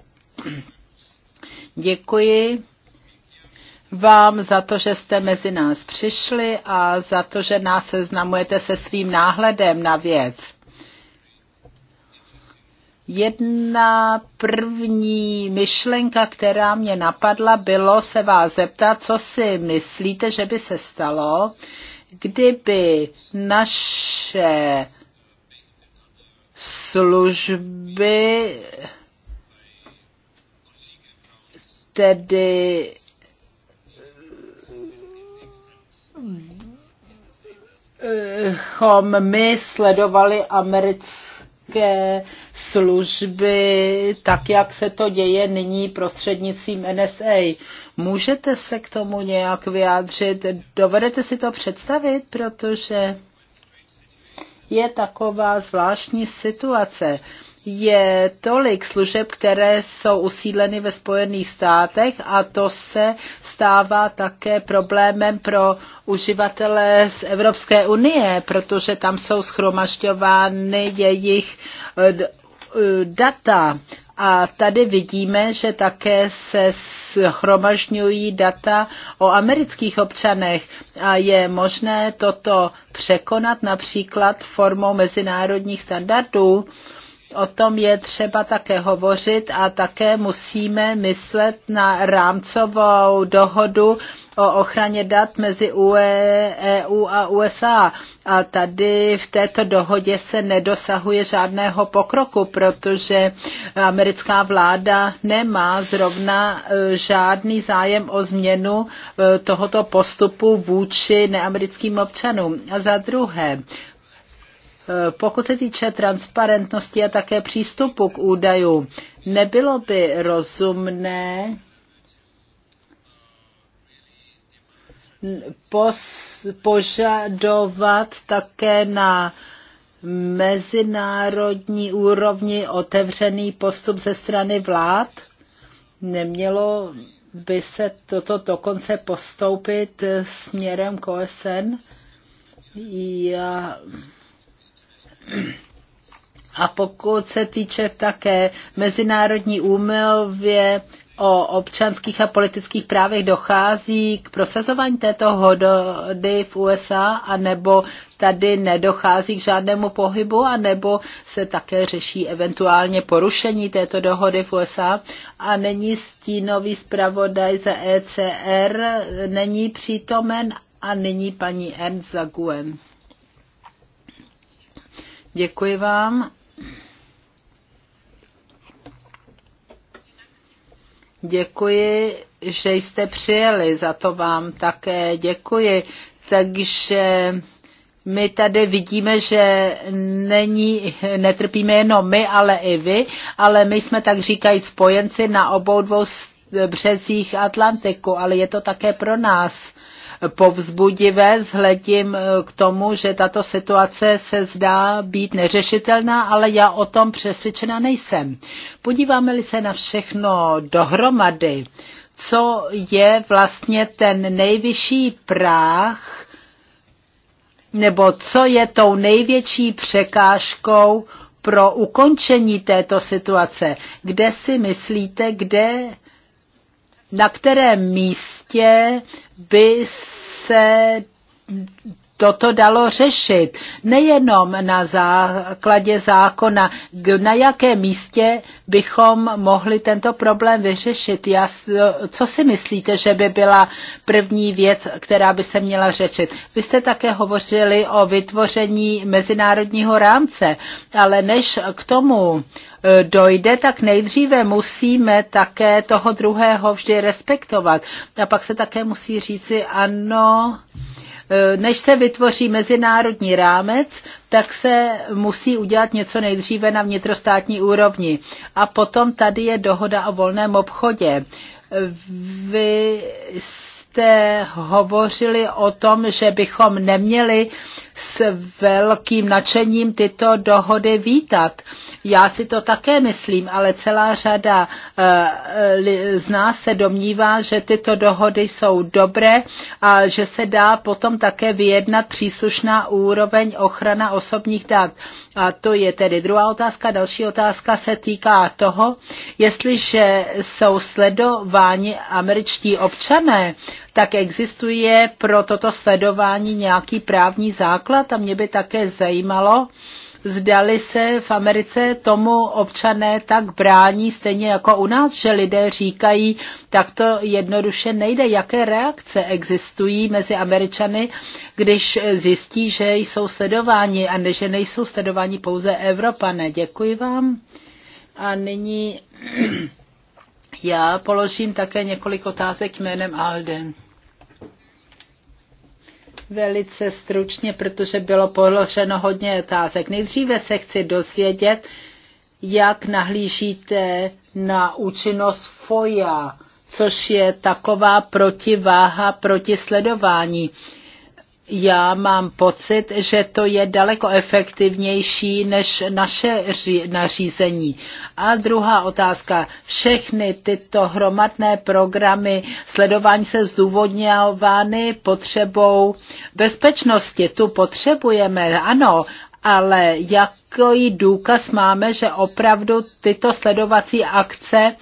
C: Děkuji vám za to, že jste mezi nás přišli a za to, že nás seznamujete se svým náhledem na věc. Jedna první myšlenka, která mě napadla, bylo se vás zeptat, co si myslíte, že by se stalo, kdyby naše služby tedy my sledovali americké zpravodajské služby, tak jak se to děje nyní prostřednicím NSA. Můžete se k tomu nějak vyjádřit? Dovedete si to představit, protože je taková zvláštní situace je tolik služeb, které jsou usídleny ve Spojených státech a to se stává také problémem pro uživatele z Evropské unie, protože tam jsou schromažďovány jejich eh, eh, data. A tady vidíme, že také se schromažňují data o amerických občanech a je možné toto překonat například formou mezinárodních standardů, O tom je třeba také hovořit a také musíme myslet na rámcovou dohodu o ochraně dat mezi UE, EU a USA. A tady v této dohodě se nedosahuje žádného pokroku, protože americká vláda nemá zrovna e, žádný zájem o změnu e, tohoto postupu vůči neamerickým občanům. A za druhé, Eh, pokud se týče transparentnosti a také přístupu k údajům, nebylo by rozumné požadovat také na mezinárodní úrovni otevřený postup ze strany vlád? Nemělo by se toto dokonce postoupit směrem k OSN? Já... A pokud se týče také mezinárodní úmluvě o občanských a politických právech dochází k prosazování této hodody v USA, anebo tady nedochází k žádnému pohybu, anebo se také řeší eventuálně porušení této dohody v USA. A není stínový zpravodaj za ECR, není přítomen a nyní paní Ernst Zaguen. Děkuji vám. Děkuji, že jste přijeli, za to vám také děkuji. Takže my tady vidíme, že není, netrpíme jenom my, ale i vy, ale my jsme tak říkají spojenci na obou dvou březích Atlantiku, ale je to také pro nás povzbudivé vzhledím eh, k tomu, že tato situace se zdá být neřešitelná, ale já o tom přesvědčena nejsem. Podíváme-li se na všechno dohromady, co je vlastně ten nejvyšší práh, nebo co je tou největší překážkou pro ukončení této situace. Kde si myslíte, kde na kterém místě by se toto dalo řešit. Nejenom na základě zákona, na jakém místě bychom mohli tento problém vyřešit. Já, co si myslíte, že by byla první věc, která by se měla řešit? Vy jste také hovořili o vytvoření mezinárodního rámce, ale než k tomu e, dojde, tak nejdříve musíme také toho druhého vždy respektovat. A pak se také musí říci, ano, E, než se vytvoří mezinárodní rámec, tak se musí udělat něco nejdříve na vnitrostátní úrovni. A potom tady je dohoda o volném obchodě. E, vy jste hovořili o tom, že bychom neměli s velkým nadšením tyto dohody vítat. Já si to také myslím, ale celá řada eh, eh, z nás se domnívá, že tyto dohody jsou dobré a že se dá potom také vyjednat příslušná úroveň ochrana osobních dat. A to je tedy druhá otázka. Další otázka se týká toho, jestliže jsou sledováni američtí občané, tak existuje pro toto sledování nějaký právní základ a mě by také zajímalo, zdali se v Americe tomu občané tak brání, stejně jako u nás, že lidé říkají, tak to jednoduše nejde. Jaké reakce existují mezi Američany, když zjistí, že jsou sledováni a ne, že nejsou sledováni pouze Evropané. Děkuji vám. A nyní já položím také několik otázek jménem Alden velice stručně, protože bylo položeno hodně otázek. Nejdříve se chci dozvědět, jak nahlížíte na účinnost FOIA, což je taková protiváha proti sledování já mám pocit, že to je daleko efektivnější než naše nařízení. A druhá otázka. Všechny tyto hromadné programy sledování se zdůvodňovány potřebou bezpečnosti. Tu potřebujeme, ano, ale jaký důkaz máme, že opravdu tyto sledovací akce e,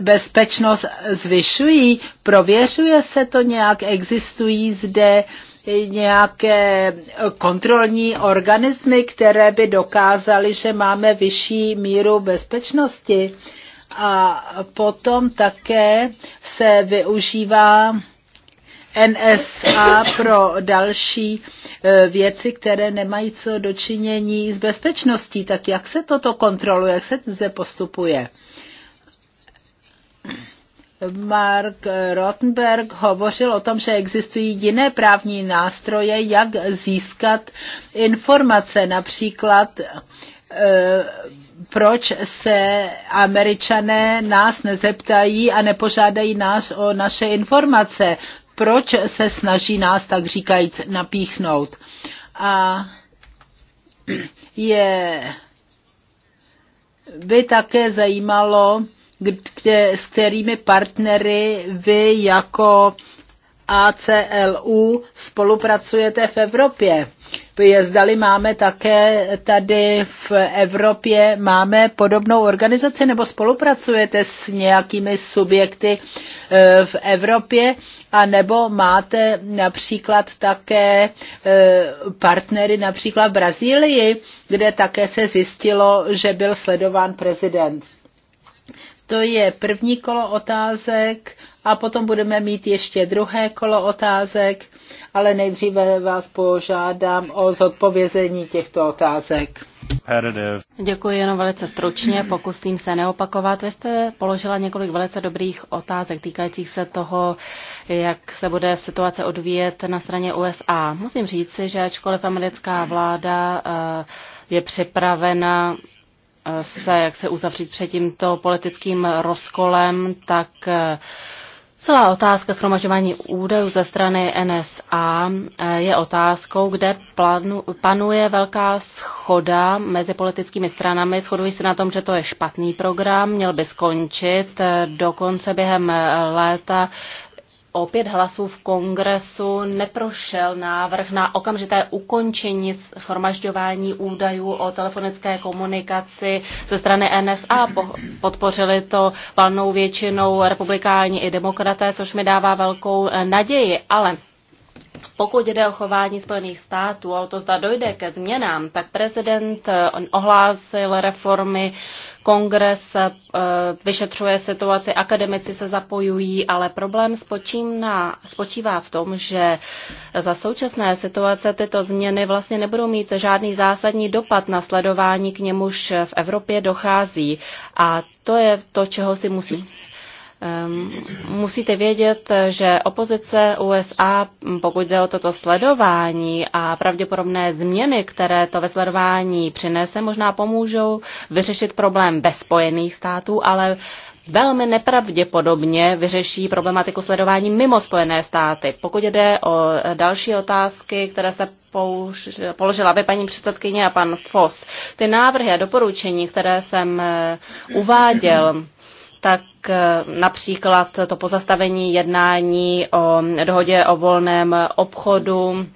C: bezpečnost zvyšují? Prověřuje se to nějak? Existují zde nějaké kontrolní organismy, které by dokázaly, že máme vyšší míru bezpečnosti? A potom také se využívá NSA pro další e, věci, které nemají co dočinění s bezpečností. Tak jak se toto kontroluje, jak se zde postupuje? Mark Rottenberg hovořil o tom, že existují jiné právní nástroje, jak získat informace, například e, proč se američané nás nezeptají a nepožádají nás o naše informace proč se snaží nás tak říkajíc napíchnout. A je by také zajímalo, kde, s kterými partnery vy jako ACLU spolupracujete v Evropě je, zdali máme také tady v Evropě, máme podobnou organizaci nebo spolupracujete s nějakými subjekty eh, v Evropě a nebo máte například také eh, partnery například v Brazílii, kde také se zjistilo, že byl sledován prezident. To je první kolo otázek a potom budeme mít ještě druhé kolo otázek ale nejdříve vás požádám o zodpovězení těchto otázek.
B: Děkuji jenom velice stručně, pokusím se neopakovat. Vy jste položila několik velice dobrých otázek týkajících se toho, jak se bude situace odvíjet na straně USA. Musím říci, že ačkoliv americká vláda eh, je připravena eh, se, jak se uzavřít před tímto politickým rozkolem, tak eh, Celá otázka shromažďování údajů ze strany NSA eh, je otázkou, kde panuje velká schoda mezi politickými stranami. Shodují se na tom, že to je špatný program, měl by skončit. Eh, dokonce během eh, léta o pět hlasů v kongresu neprošel návrh na okamžité ukončení schromažďování údajů o telefonické komunikaci ze strany NSA. Podpořili to valnou většinou republikáni i demokraté, což mi dává velkou eh, naději, ale pokud jde o chování Spojených států a o to zda dojde ke změnám, tak prezident eh, ohlásil reformy kongres eh, vyšetřuje situaci, akademici se zapojují, ale problém spočíná, spočívá v tom, že za současné situace tyto změny vlastně nebudou mít žádný zásadní dopad na sledování, k němuž v Evropě dochází. A to je to, čeho si musí Ehm, musíte vědět, že opozice USA, pokud jde o toto sledování a pravděpodobné změny, které to ve sledování přinese, možná pomůžou vyřešit problém bez Spojených států, ale velmi nepravděpodobně vyřeší problematiku sledování mimo Spojené státy. Pokud jde o další otázky, které se položila vy, paní předsedkyně a pan Foss, ty návrhy a doporučení, které jsem eh, uváděl, tak eh, například to pozastavení jednání o dohodě o volném obchodu,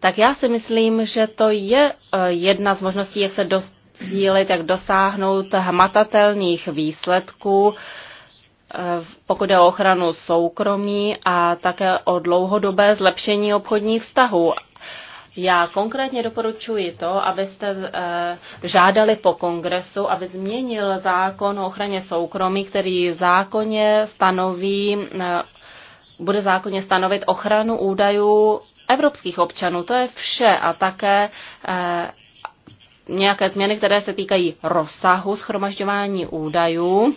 B: tak já si myslím, že to je eh, jedna z možností, jak se docílit, jak dosáhnout hmatatelných výsledků, eh, pokud je o ochranu soukromí a také o dlouhodobé zlepšení obchodních vztahů. Já konkrétně doporučuji to, abyste eh, žádali po kongresu, aby změnil zákon o ochraně soukromí, který zákonně stanoví eh, bude zákonně stanovit ochranu údajů evropských občanů. To je vše a také eh, nějaké změny, které se týkají rozsahu schromažďování údajů.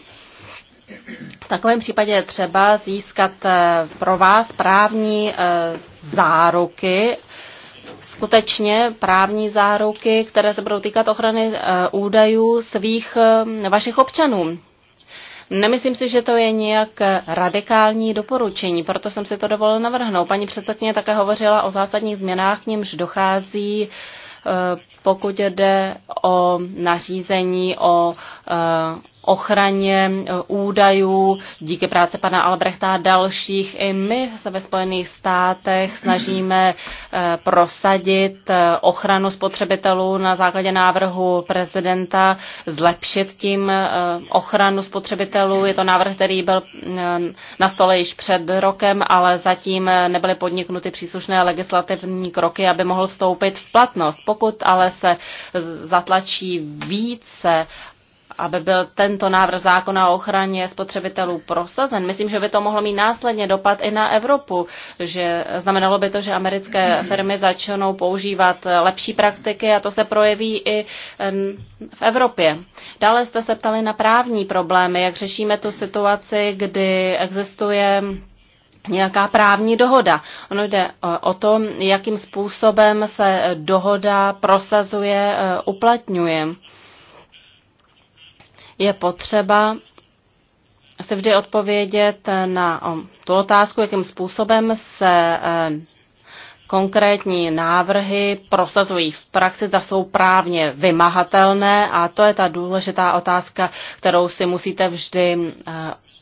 B: V takovém případě je třeba získat pro vás právní záruky skutečně právní záruky, které se budou týkat ochrany eh, údajů svých eh, vašich občanů. Nemyslím si, že to je nějak radikální doporučení, proto jsem si to dovolil navrhnout. Paní předsedkyně také hovořila o zásadních změnách, k nímž dochází, eh, pokud jde o nařízení o ochraně eh, údajů, díky práci pana Albrechta a dalších. I my se ve Spojených státech snažíme eh, prosadit eh, ochranu spotřebitelů na základě návrhu prezidenta, zlepšit tím ochranu spotřebitelů. Je to návrh, který byl na stole již před rokem, ale zatím nebyly podniknuty příslušné legislativní kroky, aby mohl vstoupit v platnost. Pokud ale se zatlačí více aby byl tento návrh zákona o ochraně spotřebitelů prosazen. Myslím, že by to mohlo mít následně dopad i na Evropu, že znamenalo by to, že americké firmy začnou používat lepší praktiky a to se projeví i v Evropě. Dále jste se ptali na právní problémy, jak řešíme tu situaci, kdy existuje nějaká právní dohoda. Ono jde o to, jakým způsobem se dohoda prosazuje, e, uplatňuje je potřeba se vždy odpovědět na tu otázku, jakým způsobem se e, konkrétní návrhy prosazují v praxi, zda jsou právně vymahatelné a to je ta důležitá otázka, kterou si musíte vždy e,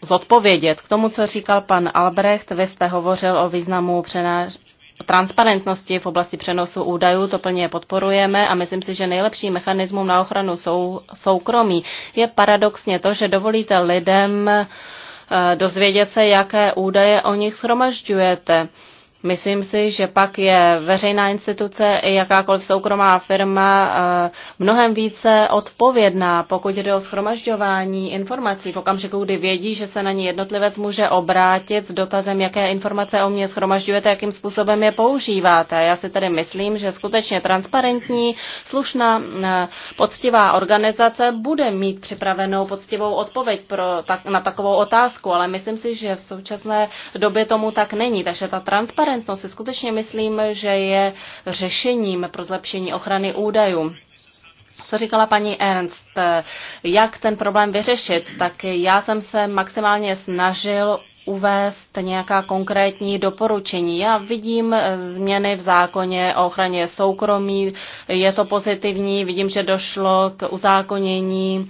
B: zodpovědět. K tomu, co říkal pan Albrecht, vy jste hovořil o významu přenáš transparentnosti v oblasti přenosu údajů, to plně podporujeme a myslím si, že nejlepší mechanismus na ochranu sou, soukromí je paradoxně to, že dovolíte lidem eh, dozvědět se, jaké údaje o nich shromažďujete. Myslím si, že pak je veřejná instituce i jakákoliv soukromá firma eh, mnohem více odpovědná, pokud jde o schromažďování informací v okamžiku, kdy vědí, že se na ní jednotlivec může obrátit s dotazem, jaké informace o mě schromažďujete, jakým způsobem je používáte. Já si tedy myslím, že skutečně transparentní, slušná, eh, poctivá organizace bude mít připravenou poctivou odpověď pro, tak, na takovou otázku, ale myslím si, že v současné době tomu tak není. Takže ta transparentnost transparentnost si skutečně myslím, že je řešením pro zlepšení ochrany údajů co říkala paní Ernst, jak ten problém vyřešit, tak já jsem se maximálně snažil uvést nějaká konkrétní doporučení. Já vidím změny v zákoně o ochraně soukromí, je to pozitivní, vidím, že došlo k uzákonění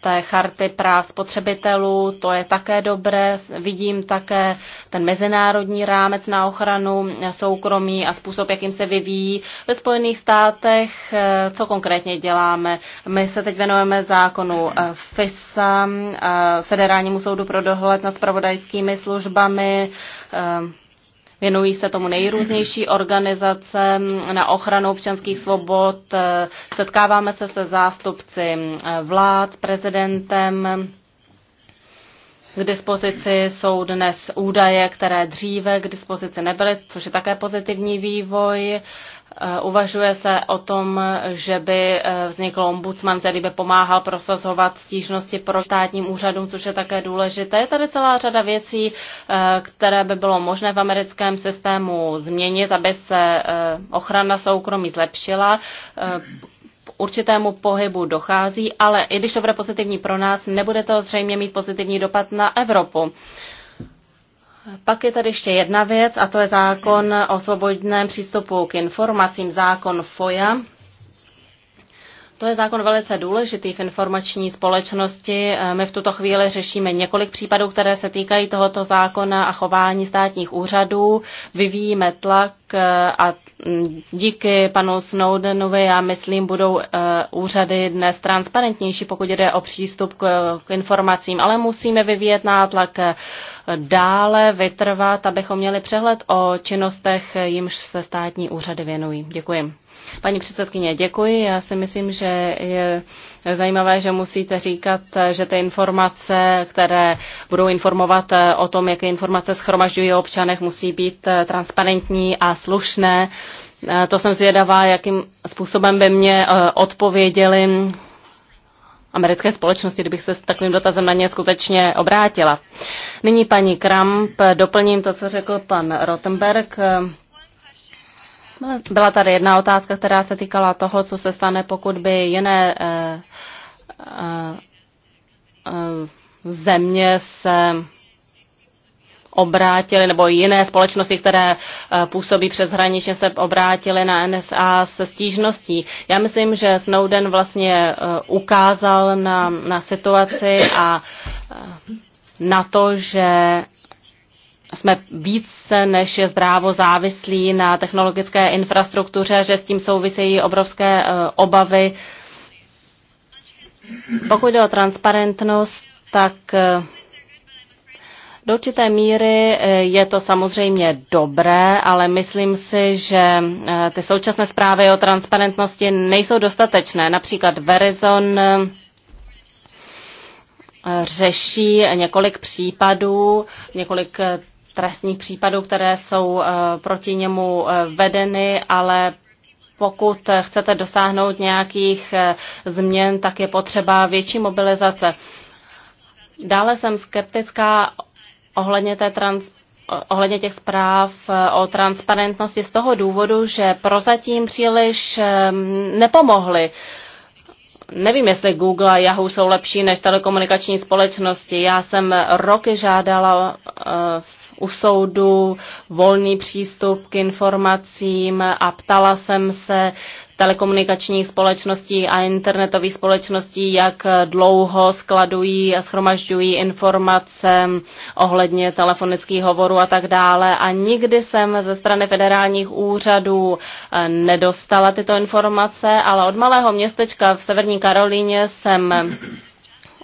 B: té charty práv spotřebitelů, to je také dobré. Vidím také ten mezinárodní rámec na ochranu soukromí a způsob, jakým se vyvíjí ve Spojených státech. Eh, co konkrétně děláme? My se teď věnujeme zákonu eh, FISA, eh, Federálnímu soudu pro dohled nad spravodajskými službami, Věnují se tomu nejrůznější organizace na ochranu občanských svobod. Setkáváme se se zástupci eh, vlád, prezidentem. K dispozici jsou dnes údaje, které dříve k dispozici nebyly, což je také pozitivní vývoj. Eh, uvažuje se o tom, že by eh, vznikl ombudsman, který by pomáhal prosazovat stížnosti pro státním úřadům, což je také důležité. Je tady celá řada věcí, eh, které by bylo možné v americkém systému změnit, aby se ochrana soukromí zlepšila určitému pohybu dochází, ale i když to bude pozitivní pro nás, nebude to zřejmě mít pozitivní dopad na Evropu. Pak je tady ještě jedna věc a to je zákon o svobodném přístupu k informacím, zákon FOIA. To je zákon velice důležitý v informační společnosti. My v tuto chvíli řešíme několik případů, které se týkají tohoto zákona a chování státních úřadů. Vyvíjíme tlak a Mm, díky panu Snowdenovi, já myslím, budou eh, úřady dnes transparentnější, pokud jde o přístup k, k informacím, ale musíme vyvíjet nátlak eh, dále, vytrvat, abychom měli přehled o činnostech, jimž se státní úřady věnují. Děkuji. Paní předsedkyně, děkuji. Já si myslím, že je zajímavé, že musíte říkat, že ty informace, které budou informovat eh, o tom, jaké informace schromažďují o občanech, musí být eh, transparentní a slušné. Eh, to jsem zvědavá, jakým způsobem by mě odpověděli americké společnosti, kdybych se s takovým dotazem na ně skutečně obrátila. Nyní paní Kramp, doplním to, co řekl pan Rottenberg. Byla tady jedna otázka, která se týkala toho, co se stane, pokud by jiné eh, eh, eh, země se obrátili, nebo jiné společnosti, které působí přeshraničně, se obrátili na NSA se stížností. Já myslím, že Snowden vlastně ukázal na, na situaci a na to, že jsme více než je zdrávo závislí na technologické infrastruktuře, že s tím souvisejí obrovské e, obavy. Pokud jde o transparentnost, tak e, do určité míry e, je to samozřejmě dobré, ale myslím si, že ty současné zprávy o transparentnosti nejsou dostatečné. Například Verizon řeší několik případů, několik trestních případů, které jsou eh, proti němu eh, vedeny, ale pokud chcete dosáhnout nějakých eh, změn, tak je potřeba větší mobilizace. Dále jsem skeptická ohledně té trans ohledně těch zpráv o transparentnosti z toho důvodu, že prozatím příliš nepomohly. Nevím, jestli Google a Yahoo jsou lepší než telekomunikační společnosti. Já jsem roky žádala v u soudu, volný přístup k informacím a ptala jsem se telekomunikačních společností a internetových společností, jak dlouho skladují a schromažďují informace ohledně telefonických hovorů a tak dále. A nikdy jsem ze strany federálních úřadů eh, nedostala tyto informace, ale od malého městečka v Severní Karolíně jsem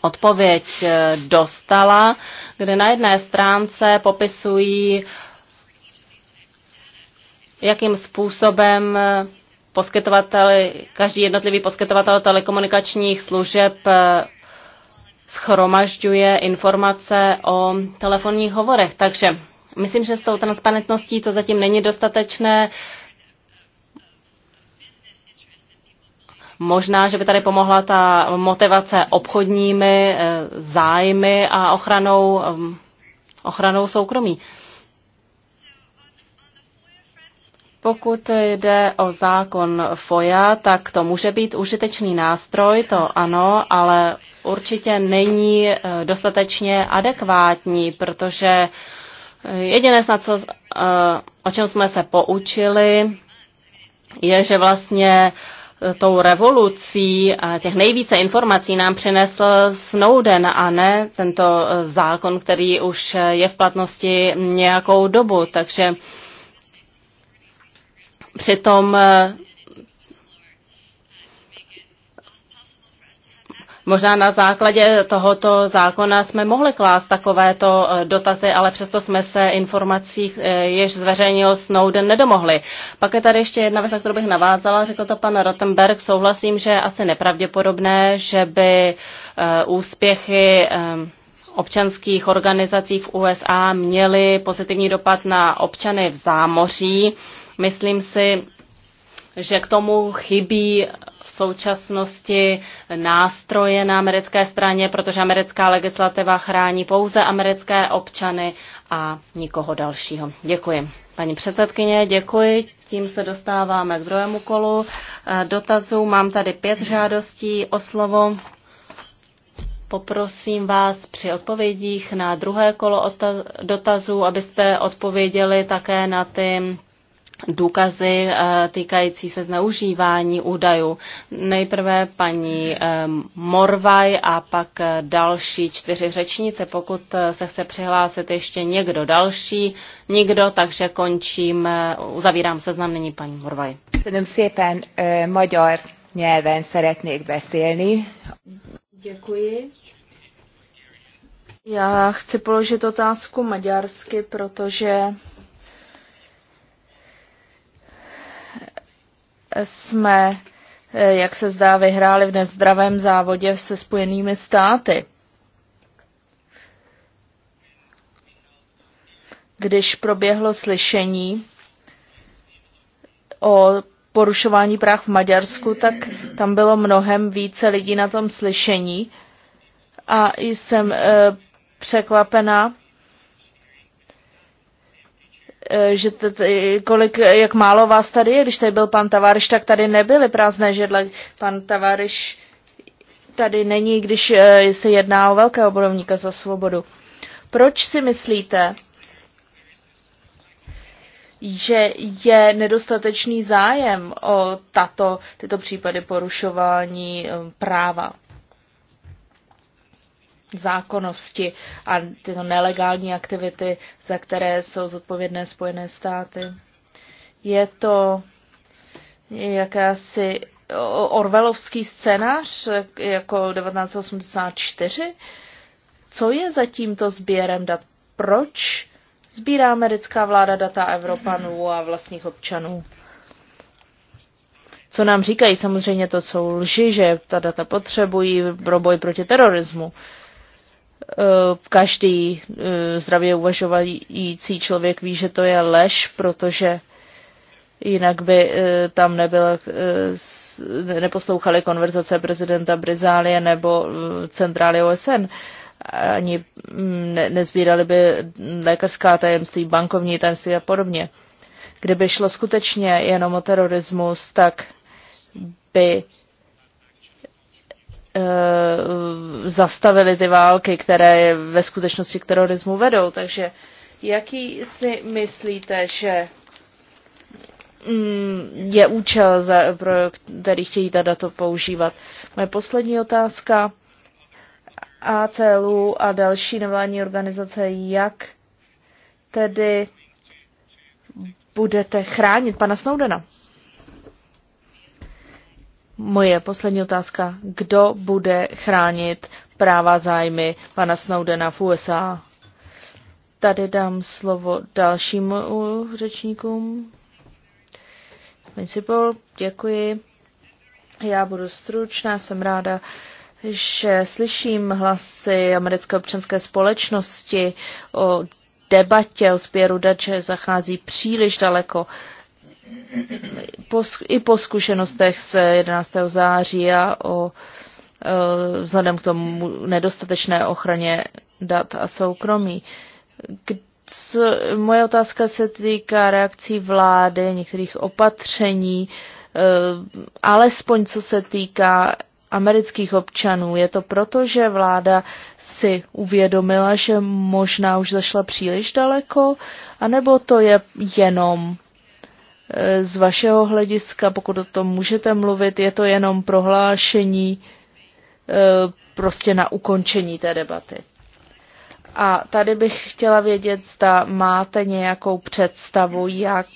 B: odpověď eh, dostala, kde na jedné stránce popisují, jakým způsobem eh, poskytovatel, každý jednotlivý poskytovatel telekomunikačních služeb eh, schromažďuje informace o telefonních hovorech. Takže myslím, že s tou transparentností to zatím není dostatečné. Možná, že by tady pomohla ta motivace obchodními eh, zájmy a ochranou, ehm, ochranou soukromí. Pokud jde o zákon FOIA, tak to může být užitečný nástroj, to ano, ale určitě není eh, dostatečně adekvátní, protože jediné, snad co, eh, o čem jsme se poučili, je, že vlastně tou revolucí a těch nejvíce informací nám přinesl Snowden a ne tento eh, zákon, který už je v platnosti nějakou dobu. Takže přitom eh, Možná na základě tohoto zákona jsme mohli klást takovéto eh, dotazy, ale přesto jsme se informací, eh, jež zveřejnil Snowden, nedomohli. Pak je tady ještě jedna věc, na kterou bych navázala. Řekl to pan Rottenberg. Souhlasím, že je asi nepravděpodobné, že by eh, úspěchy občanských organizací v USA měly pozitivní dopad na občany v zámoří. Myslím si, že k tomu chybí v současnosti nástroje na americké straně, protože americká legislativa chrání pouze americké občany a nikoho dalšího. Děkuji. Paní předsedkyně, děkuji. Tím se dostáváme k druhému kolu eh, dotazů. Mám tady pět žádostí o slovo. Poprosím vás při odpovědích na druhé kolo dotazů, abyste odpověděli také na ty důkazy eh, týkající se zneužívání údajů. Nejprve paní eh, Morvaj a pak eh, další čtyři řečnice. Pokud se chce přihlásit ještě někdo další, nikdo, takže končím, uzavírám seznam nyní
A: paní Morvaj. magyar Děkuji. Já chci položit otázku maďarsky, protože jsme, eh, jak se zdá, vyhráli v nezdravém závodě se Spojenými státy. Když proběhlo slyšení o porušování práv v Maďarsku, tak tam bylo mnohem více lidí na tom slyšení a jsem eh, překvapená, Eh, že tady, kolik, jak málo vás tady je, když tady byl pan Tavariš, tak tady nebyly prázdné židle. Pan Tavariš tady není, když eh, se jedná o velkého bodovníka za svobodu. Proč si myslíte, že je nedostatečný zájem o tato, tyto případy porušování eh, práva? zákonnosti a tyto nelegální aktivity, za které jsou zodpovědné Spojené státy. Je to jakási orvelovský scénář jako 1984? Co je za tímto sběrem dat? Proč sbírá americká vláda data Evropanů a vlastních občanů? Co nám říkají? Samozřejmě to jsou lži, že ta data potřebují pro boj proti terorismu. Eh, každý eh, zdravě uvažující člověk ví, že to je lež, protože jinak by eh, tam nebyla, neposlouchali konverzace prezidenta Brizálie nebo centrály OSN. Ani mm, ne, nezbírali by lékařská tajemství, bankovní tajemství a podobně. Kdyby šlo skutečně jenom o terorismus, tak by Eh, zastavili ty války, které ve skutečnosti k terorismu vedou. Takže jaký si myslíte, že mm, je účel, za, pro který chtějí ta data používat. Moje poslední otázka. ACLU a další nevládní organizace, jak tedy budete chránit pana Snowdena? Moje poslední otázka. Kdo bude chránit práva zájmy pana Snowdena v USA? Tady dám slovo dalším řečníkům. Principal, děkuji. Já budu stručná, jsem ráda, že slyším hlasy americké občanské společnosti o debatě o sběru dače zachází příliš daleko i po zkušenostech z 11. září a o e, vzhledem k tomu nedostatečné ochraně dat a soukromí. Co, moje otázka se týká reakcí vlády, některých opatření, e, alespoň co se týká amerických občanů. Je to proto, že vláda si uvědomila, že možná už zašla příliš daleko, anebo to je jenom Eh, z vašeho hlediska, pokud o tom můžete mluvit, je to jenom prohlášení eh, prostě na ukončení té debaty. A tady bych chtěla vědět, zda máte nějakou představu, jak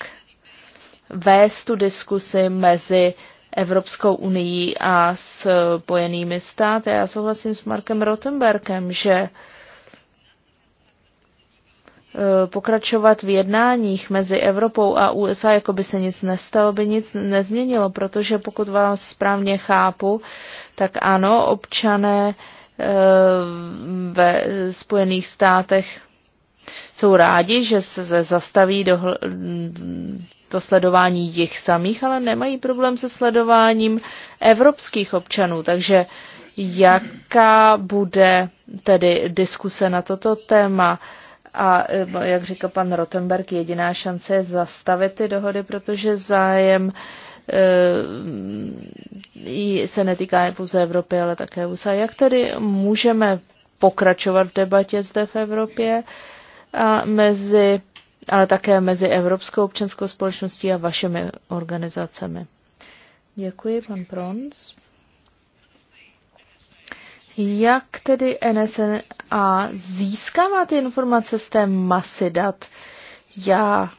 A: vést tu diskusi mezi Evropskou unii a spojenými státy. Já souhlasím s Markem Rottenbergem, že uh, Eh, pokračovat v jednáních mezi Evropou a USA, jako by se nic nestalo, by nic nezměnilo, protože pokud vás správně chápu, tak ano, občané eh, ve Spojených státech jsou rádi, že se zastaví dohl- to sledování jich samých, ale nemají problém se sledováním evropských občanů. Takže jaká bude tedy diskuse na toto téma? Uh, a eh, jak říkal pan Rottenberg, jediná šance je zastavit ty dohody, protože zájem eh, se netýká pouze Evropy, ale také USA. Jak tedy můžeme pokračovat v debatě zde v Evropě a mezi, ale také mezi Evropskou občanskou společností a vašimi organizacemi? Děkuji, pan Prons. Jak tedy NSA získává ty informace z té masy dat? Já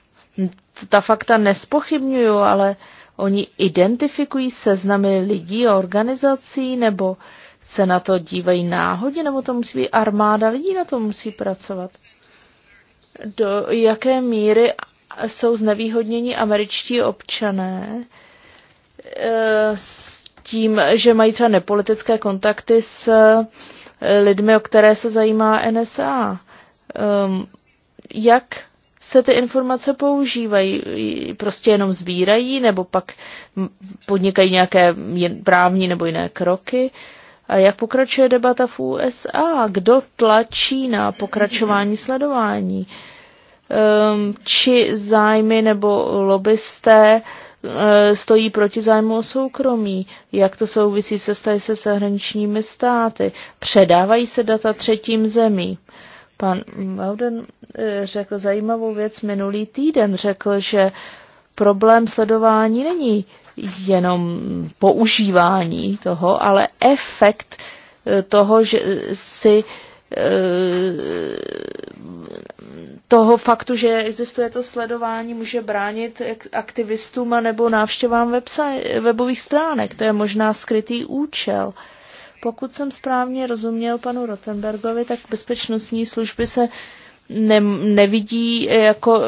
A: ta fakta nespochybnuju, ale oni identifikují seznamy lidí a organizací, nebo se na to dívají náhodě, nebo to musí být armáda lidí, na to musí pracovat. Do jaké míry jsou znevýhodněni američtí občané z eh, tím, že mají třeba nepolitické kontakty s eh, lidmi, o které se zajímá NSA. Um, ehm, jak se ty informace používají? Prostě jenom sbírají, nebo pak podnikají nějaké právní nebo jiné kroky? A jak pokračuje debata v USA? Kdo tlačí na pokračování sledování? Um, či zájmy nebo lobbysté Eh, stojí proti zájmu o soukromí, jak to souvisí se vztahy se zahraničními státy, předávají se data třetím zemí. Pan Bowden eh, řekl zajímavou věc minulý týden, řekl, že problém sledování není jenom používání toho, ale efekt eh, toho, že si uh, toho faktu, že existuje to sledování, může bránit aktivistům a nebo návštěvám webových stránek. To je možná skrytý účel. Pokud jsem správně rozuměl panu Rotenbergovi, tak bezpečnostní služby se ne, nevidí jako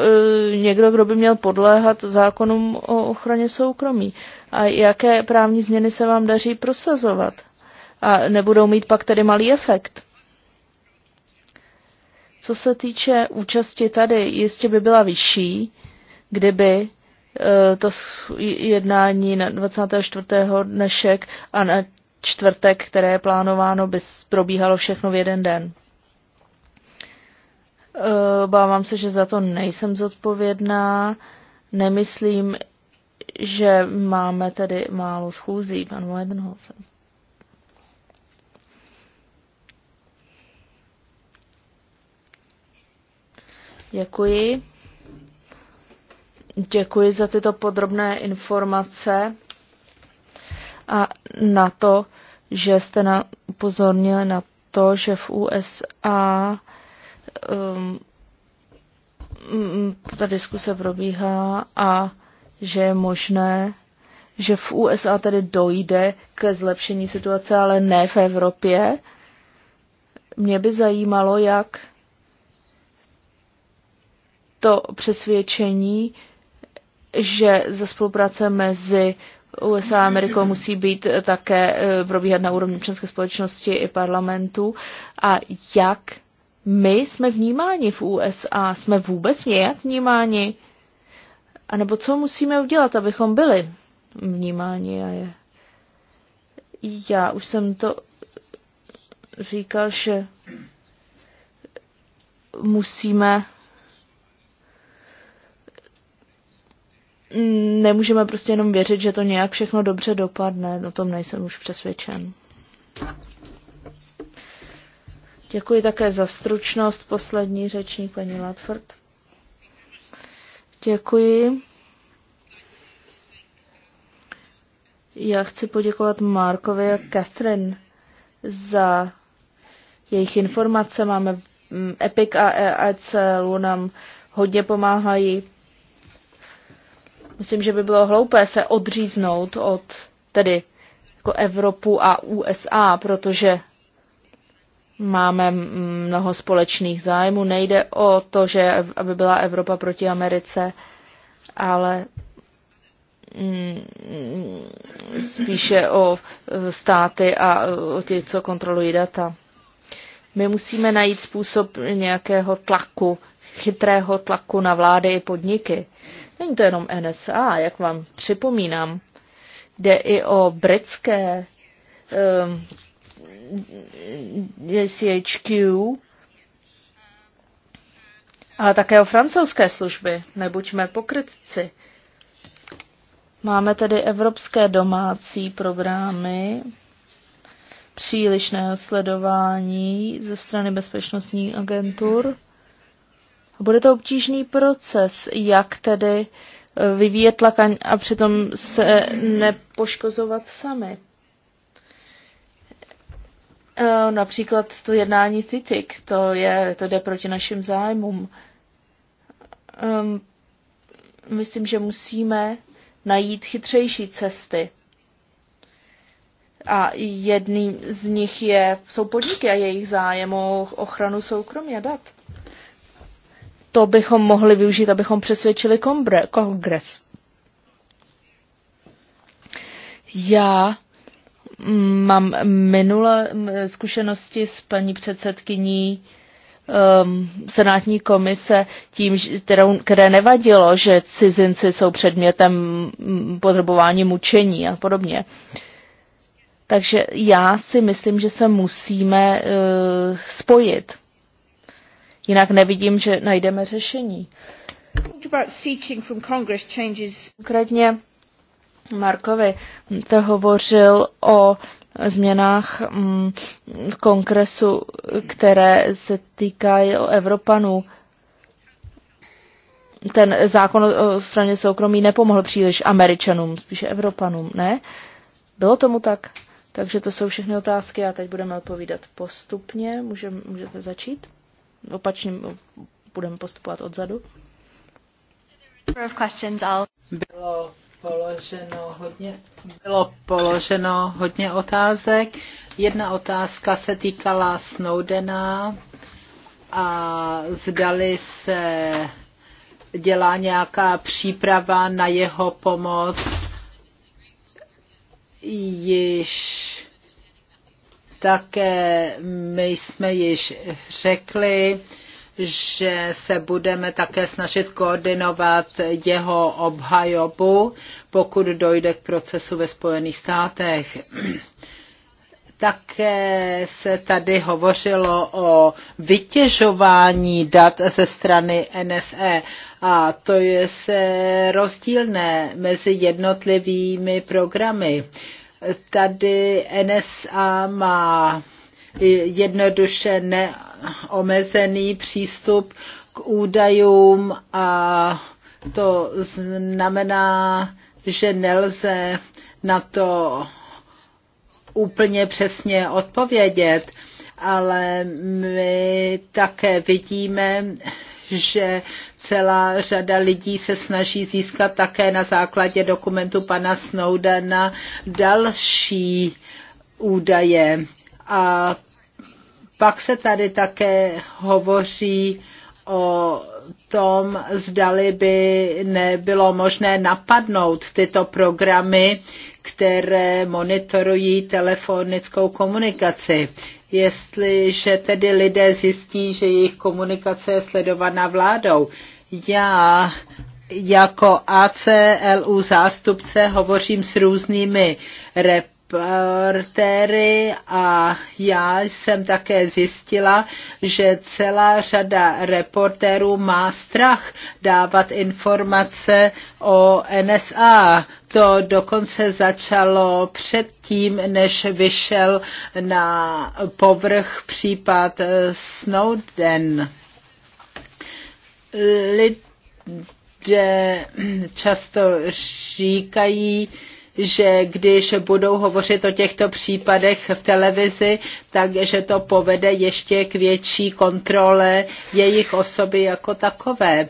A: e, někdo, kdo by měl podléhat zákonům o ochraně soukromí. A jaké právní změny se vám daří prosazovat? A nebudou mít pak tedy malý efekt? Co se týče účasti tady, jistě by byla vyšší, kdyby eh, to jednání na 24. dnešek a na čtvrtek, které je plánováno, by probíhalo všechno v jeden den. Eh, Bávám se, že za to nejsem zodpovědná. Nemyslím, že máme tedy málo schůzí, pan Weidenholzer. Děkuji. Děkuji za tyto podrobné informace a na to, že jste na, upozornili na to, že v USA um, mm, ta diskuse probíhá a že je možné, že v USA tedy dojde ke zlepšení situace, ale ne v Evropě. Mě by zajímalo, jak to přesvědčení, že za spolupráce mezi USA a Amerikou musí být eh, také eh, probíhat na úrovni občanské společnosti i parlamentu a jak my jsme vnímáni v USA, jsme vůbec nějak vnímáni, a nebo co musíme udělat, abychom byli vnímáni a je. Já už jsem to říkal, že musíme Mm, nemůžeme prostě jenom věřit, že to nějak všechno dobře dopadne. O tom nejsem už přesvědčen. Děkuji také za stručnost. Poslední řečník, paní Latford. Děkuji. Já chci poděkovat Markovi a Catherine za jejich informace. Máme mm, Epic a EAC, nám hodně pomáhají Myslím, že by bylo hloupé se odříznout od tedy jako Evropu a USA, protože máme mnoho společných zájmů. Nejde o to, že aby byla Evropa proti Americe, ale mm, spíše o e, státy a e, o ty, co kontrolují data. My musíme najít způsob nějakého tlaku, chytrého tlaku na vlády i podniky. Není to jenom NSA, jak vám připomínám. Jde i o britské um, ehm, CHQ, ale také o francouzské služby. Nebuďme pokrytci. Máme tedy evropské domácí programy, přílišného sledování ze strany bezpečnostních agentur bude to obtížný proces, jak tedy eh, vyvíjet tlak a přitom se nepoškozovat sami. Eh, například to jednání TTIP, to, je, to jde proti našim zájmům. Ehm, myslím, že musíme najít chytřejší cesty. A jedním z nich je, jsou podniky a jejich zájem o ochranu soukromí a dat to bychom mohli využít, abychom přesvědčili kombre, kongres. Já mm, mám minulé mm, zkušenosti s paní předsedkyní um, senátní komise tím, kterou, které nevadilo, že cizinci jsou předmětem mm, podrobování mučení a podobně. Takže já si myslím, že se musíme uh, spojit. Jinak nevidím, že najdeme řešení. Konkrétně Markovi to hovořil o změnách mm, v kongresu, které se týkají o Evropanů. Ten zákon o straně soukromí nepomohl příliš Američanům, spíše Evropanům, ne? Bylo tomu tak? Takže to jsou všechny otázky a teď budeme odpovídat postupně. Můžeme, můžete začít? opačně no, budeme
C: postupovat odzadu. Bylo položeno hodně, bylo položeno hodně otázek. Jedna otázka se týkala Snowdena a zdali se dělá nějaká příprava na jeho pomoc již také my jsme již řekli, že se budeme také snažit koordinovat jeho obhajobu, pokud dojde k procesu ve Spojených státech. Také se tady hovořilo o vytěžování dat ze strany NSE a to je se rozdílné mezi jednotlivými programy. Tady NSA má jednoduše neomezený přístup k údajům a to znamená, že nelze na to úplně přesně odpovědět, ale my také vidíme, že celá řada lidí se snaží získat také na základě dokumentu pana Snowdena další údaje. A pak se tady také hovoří o tom, zdali by nebylo možné napadnout tyto programy, které monitorují telefonickou komunikaci. Jestliže tedy lidé zjistí, že jejich komunikace je sledovaná vládou, já jako ACLU zástupce hovořím s různými reportéry a já jsem také zjistila, že celá řada reportérů má strach dávat informace o NSA. To dokonce začalo předtím, než vyšel na povrch případ Snowden lidé často říkají, že když budou hovořit o těchto případech v televizi, takže to povede ještě k větší kontrole jejich osoby jako takové.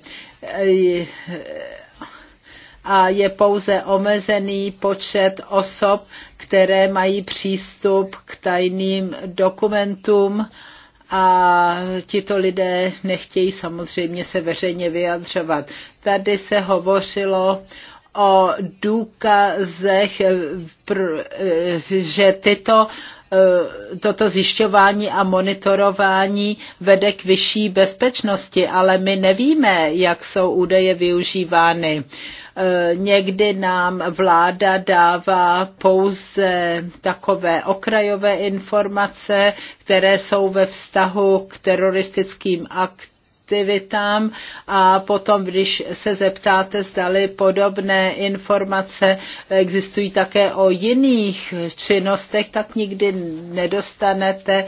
C: A je pouze omezený počet osob, které mají přístup k tajným dokumentům a tito lidé nechtějí samozřejmě se veřejně vyjadřovat. Tady se hovořilo o důkazech, že tyto eh, toto zjišťování a monitorování vede k vyšší bezpečnosti, ale my nevíme, jak jsou údaje využívány. Eh, někdy nám vláda dává pouze takové okrajové informace, které jsou ve vztahu k teroristickým aktům aktivitám a potom, když se zeptáte, zdali podobné informace existují také o jiných činnostech, tak nikdy nedostanete eh,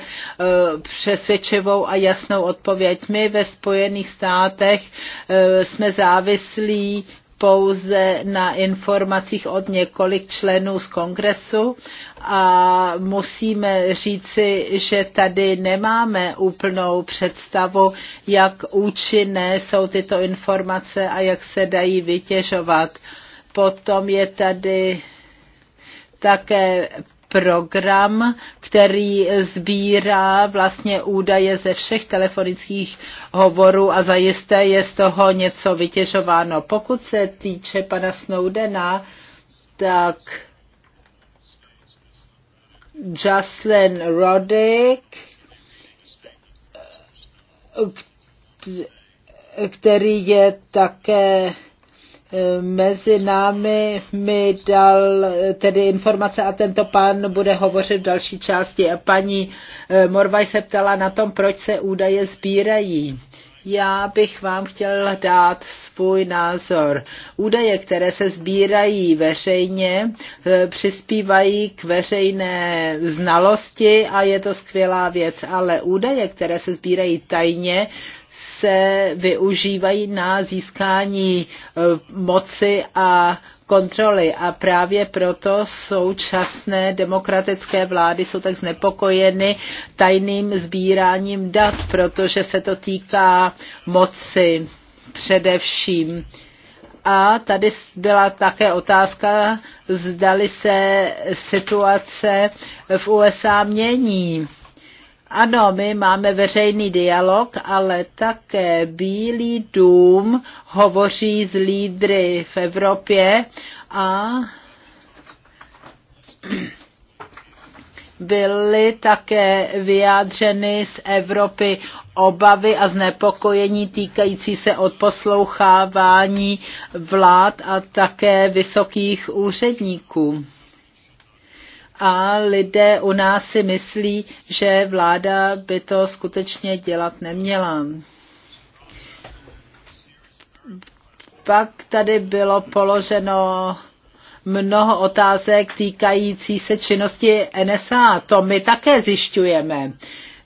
C: přesvědčivou a jasnou odpověď. My ve Spojených státech eh, jsme závislí pouze na informacích od několik členů z kongresu a musíme říci, že tady nemáme úplnou představu, jak účinné jsou tyto informace a jak se dají vytěžovat. Potom je tady také program, který sbírá vlastně údaje ze všech telefonických hovorů a zajisté je z toho něco vytěžováno. Pokud se týče pana Snowdena, tak Jocelyn Roddick, který je také mezi námi mi dal tedy informace a tento pán bude hovořit v další části. A Paní eh, Morvaj se ptala na tom, proč se údaje sbírají. Já bych vám chtěl dát svůj názor. Údaje, které se sbírají veřejně, eh, přispívají k veřejné znalosti a je to skvělá věc, ale údaje, které se sbírají tajně, se využívají na získání eh, moci a kontroly. A právě proto současné demokratické vlády jsou tak znepokojeny tajným sbíráním dat, protože se to týká moci především. A tady byla také otázka, zdali se situace v USA mění ano, my máme veřejný dialog, ale také Bílý dům hovoří s lídry v Evropě a byly také vyjádřeny z Evropy obavy a znepokojení týkající se odposlouchávání vlád a také vysokých úředníků a lidé u nás si myslí, že vláda by to skutečně dělat neměla. Pak tady bylo položeno mnoho otázek týkající se činnosti NSA. To my také zjišťujeme.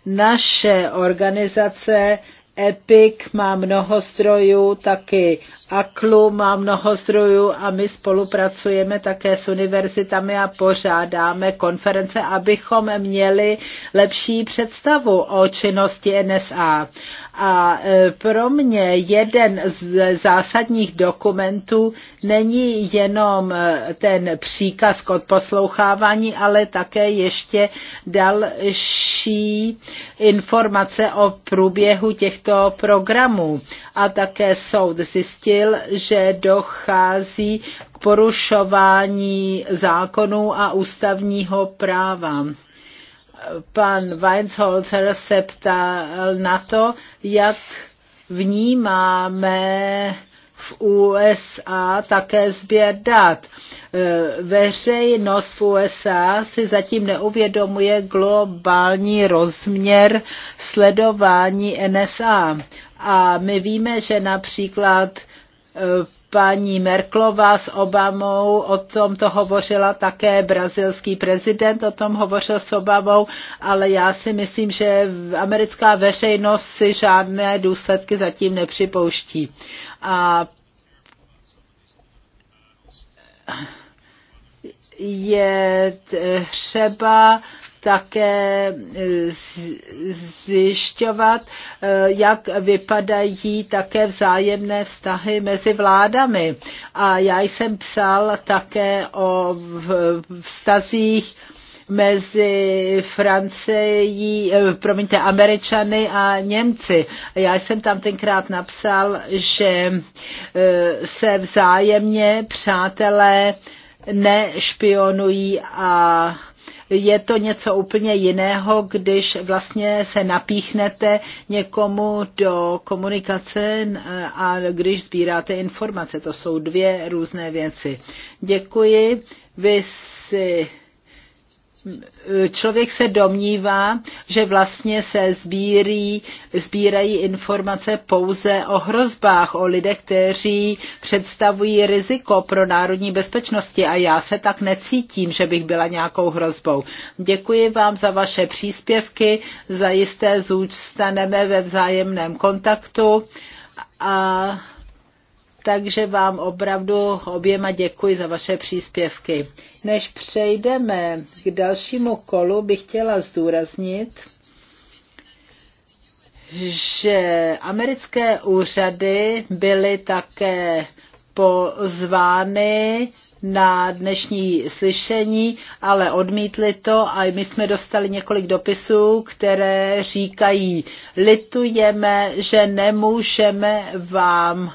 C: Naše organizace Epic má mnoho zdrojů, taky AKLU má mnoho zdrojů a my spolupracujeme také s univerzitami a pořádáme konference, abychom měli lepší představu o činnosti NSA. A e, pro mě jeden z zásadních dokumentů není jenom e, ten příkaz k odposlouchávání, ale také ještě další informace o průběhu těchto programů. A také soud zjistil, že dochází k porušování zákonů a ústavního práva pan Weinsholzer se ptal na to, jak vnímáme v USA také sběr dat. Veřejnost v USA si zatím neuvědomuje globální rozměr sledování NSA. A my víme, že například eh, paní Merklova s Obamou, o tom to hovořila také brazilský prezident, o tom hovořil s Obamou, ale já si myslím, že americká veřejnost si žádné důsledky zatím nepřipouští. A je třeba také e, zjišťovat, e, jak vypadají také vzájemné vztahy mezi vládami. A já jsem psal také o vztazích mezi Francií, e, promiňte, Američany a Němci. Já jsem tam tenkrát napsal, že se vzájemně přátelé nešpionují a je to něco úplně jiného, když vlastně se napíchnete někomu do komunikace eh, a když sbíráte informace. To jsou dvě různé věci. Děkuji. Vy si člověk se domnívá, že vlastně se sbírí, sbírají informace pouze o hrozbách, o lidech, kteří představují riziko pro národní bezpečnosti a já se tak necítím, že bych byla nějakou hrozbou. Děkuji vám za vaše příspěvky, zajisté zůstaneme ve vzájemném kontaktu a takže vám opravdu oběma děkuji za vaše příspěvky. Než přejdeme k dalšímu kolu, bych chtěla zdůraznit, že americké úřady byly také pozvány na dnešní slyšení, ale odmítli to a my jsme dostali několik dopisů, které říkají, litujeme, že nemůžeme vám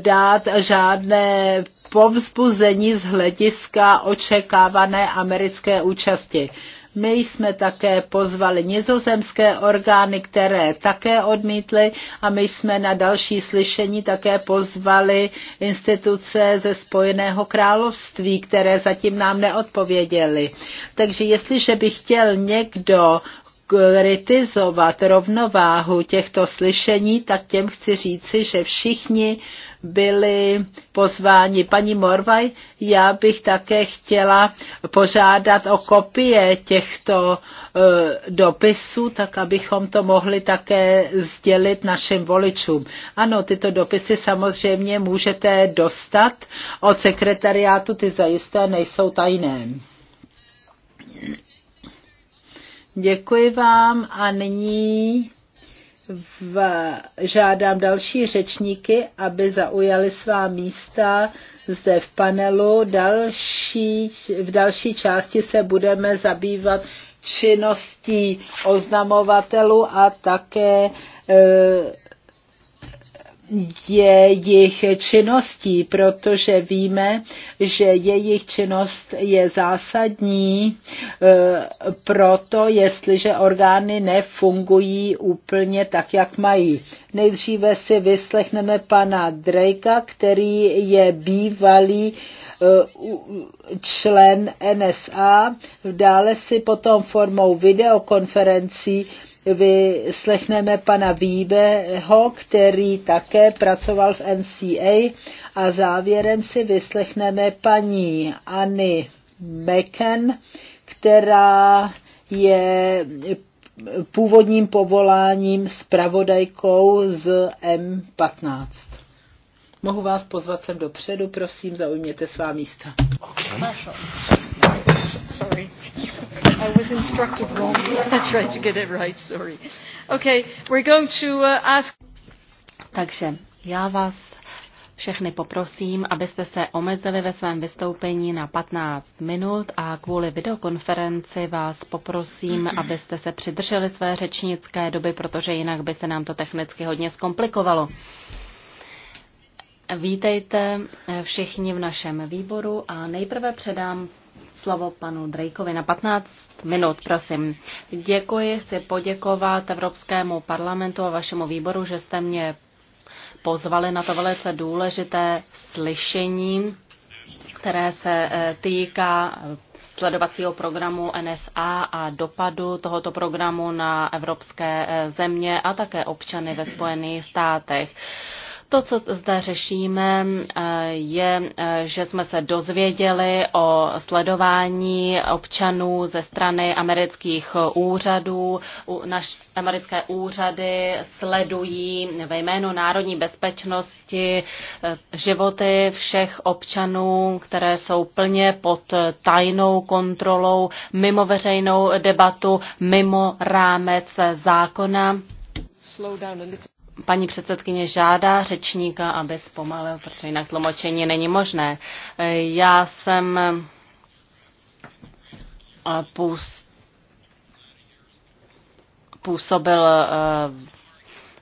C: dát žádné povzbuzení z hlediska očekávané americké účasti. My jsme také pozvali nizozemské orgány, které také odmítly a my jsme na další slyšení také pozvali instituce ze Spojeného království, které zatím nám neodpověděly. Takže jestliže by chtěl někdo kritizovat rovnováhu těchto slyšení, tak těm chci říci, že všichni byli pozváni. Paní Morvaj, já bych také chtěla požádat o kopie těchto e, dopisů, tak abychom to mohli také sdělit našim voličům. Ano, tyto dopisy samozřejmě můžete dostat od sekretariátu, ty zajisté nejsou tajné. Děkuji vám a nyní v, žádám další řečníky, aby zaujali svá místa zde v panelu. Další, v další části se budeme zabývat činností oznamovatelů a také e, jejich činností, protože víme, že jejich činnost je zásadní e, proto, jestliže orgány nefungují úplně tak, jak mají. Nejdříve si vyslechneme pana Drakea, který je bývalý e, člen NSA. Dále si potom formou videokonferencí vyslechneme pana Víbeho, který také pracoval v NCA a závěrem si vyslechneme paní Anny Mecken, která je původním povoláním zpravodajkou z M15. Mohu vás pozvat sem dopředu, prosím, zaujměte svá místa. Sorry. I was instructed wrong.
A: I tried to get it right, sorry. Okay, we're going to uh, ask...
B: Takže já vás všechny poprosím, abyste se omezili ve svém vystoupení na 15 minut a kvůli videokonferenci vás poprosím, abyste se přidrželi své řečnické doby, protože jinak by se nám to technicky hodně zkomplikovalo. Vítejte eh, všichni v našem výboru a nejprve předám slovo panu Drejkovi na 15 minut, prosím. Děkuji, chci poděkovat Evropskému parlamentu a vašemu výboru, že jste mě pozvali na to velice důležité slyšení, které se eh, týká sledovacího programu NSA a dopadu tohoto programu na evropské eh, země a také občany ve Spojených státech. To, co zde řešíme, eh, je, eh, že jsme se dozvěděli o sledování občanů ze strany amerických úřadů. Naš, americké úřady sledují ve jménu národní bezpečnosti eh, životy všech občanů, které jsou plně pod tajnou kontrolou, mimo veřejnou debatu, mimo rámec zákona. Paní předsedkyně žádá řečníka, aby zpomalil, protože jinak tlumočení není možné. Já jsem eh, působil eh,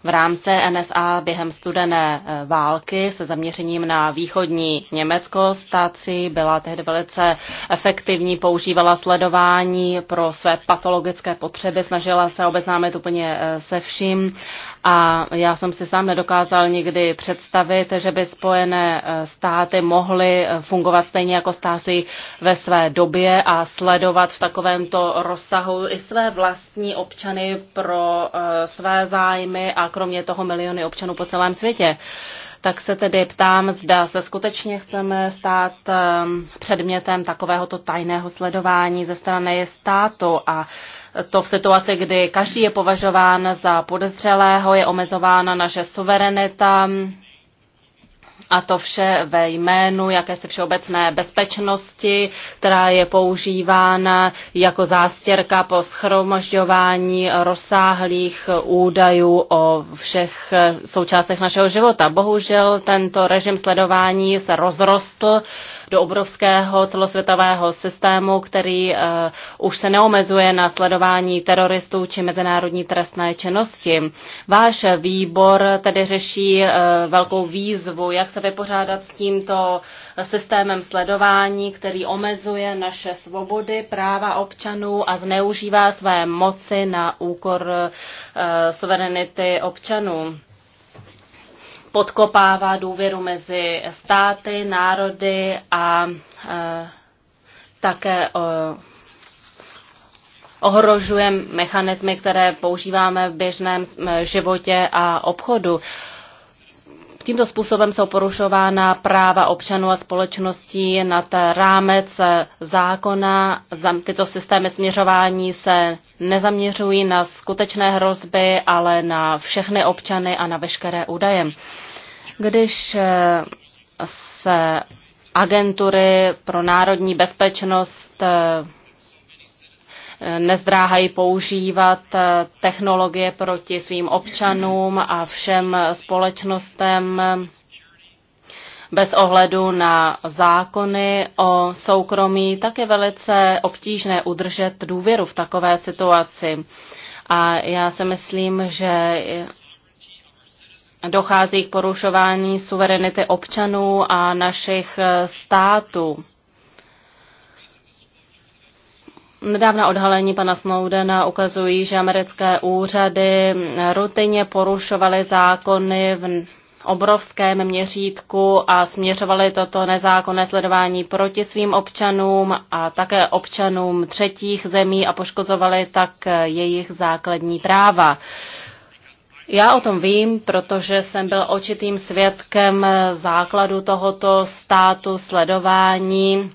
B: v rámci NSA během studené eh, války se zaměřením na východní Německo stáci byla tehdy velice efektivní, používala sledování pro své patologické potřeby, snažila se obeznámit úplně se vším a já jsem si sám nedokázal nikdy představit, že by Spojené eh, státy mohly eh, fungovat stejně jako státy ve své době a sledovat v takovémto rozsahu i své vlastní občany pro eh, své zájmy a kromě toho miliony občanů po celém světě tak se tedy ptám, zda se skutečně chceme stát předmětem takovéhoto tajného sledování ze strany státu a to v situaci, kdy každý je považován za podezřelého, je omezována naše suverenita a to vše ve jménu jakési všeobecné bezpečnosti, která je používána jako zástěrka po schromažďování rozsáhlých údajů o všech součástech našeho života. Bohužel tento režim sledování se rozrostl do obrovského celosvětového systému, který eh, už se neomezuje na sledování teroristů či mezinárodní trestné činnosti. Váš výbor tedy řeší eh, velkou výzvu, jak se vypořádat s tímto systémem sledování, který omezuje naše svobody, práva občanů a zneužívá své moci na úkor eh, suverenity občanů podkopává důvěru mezi státy, národy a e, také ohrožuje mechanismy, které používáme v běžném životě a obchodu. Tímto způsobem jsou porušována práva občanů a společností nad rámec zákona. Tyto systémy směřování se nezaměřují na skutečné hrozby, ale na všechny občany a na veškeré údaje když eh, se agentury pro národní bezpečnost eh, nezdráhají používat eh, technologie proti svým občanům a všem společnostem bez ohledu na zákony o soukromí, tak je velice obtížné udržet důvěru v takové situaci. A já si myslím, že dochází k porušování suverenity občanů a našich eh, států. Nedávna odhalení pana Snowdena ukazují, že americké úřady rutině porušovaly zákony v obrovském měřítku a směřovaly toto nezákonné sledování proti svým občanům a také občanům třetích zemí a poškozovaly tak eh, jejich základní práva. Já o tom vím, protože jsem byl očitým svědkem základu tohoto státu sledování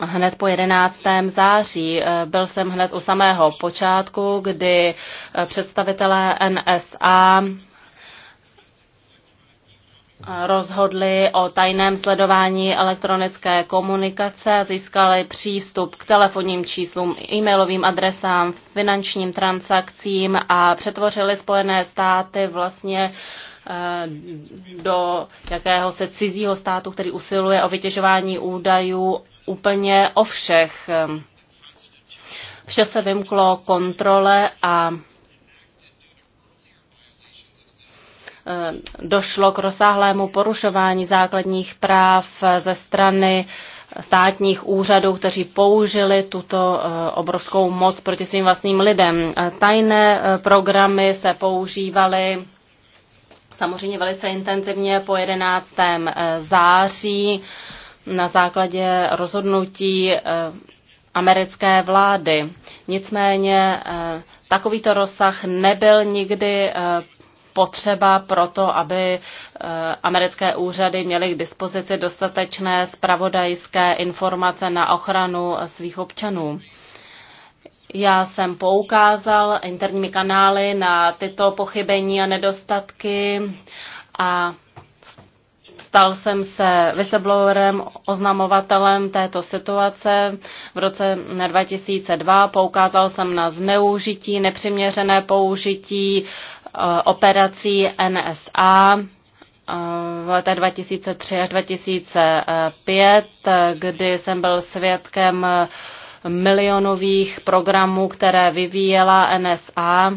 B: hned po 11. září. Byl jsem hned u samého počátku, kdy představitelé NSA rozhodli o tajném sledování elektronické komunikace a získali přístup k telefonním číslům, e-mailovým adresám, finančním transakcím a přetvořili Spojené státy vlastně eh, do jakého se cizího státu, který usiluje o vytěžování údajů úplně o všech. Vše se vymklo kontrole a Eh, došlo k rozsáhlému porušování základních práv ze strany státních úřadů, kteří použili tuto eh, obrovskou moc proti svým vlastním lidem. Eh, tajné programy se používaly samozřejmě velice intenzivně po 11. září na základě rozhodnutí americké vlády. Nicméně takovýto rozsah nebyl nikdy potřeba pro to, aby eh, americké úřady měly k dispozici dostatečné spravodajské informace na ochranu svých občanů. Já jsem poukázal interními kanály na tyto pochybení a nedostatky a Stal jsem se whistleblowerem, oznamovatelem této situace v roce 2002. Poukázal jsem na zneužití, nepřiměřené použití Eh, operací NSA eh, v letech 2003 až 2005, kdy jsem byl svědkem milionových programů, které vyvíjela NSA.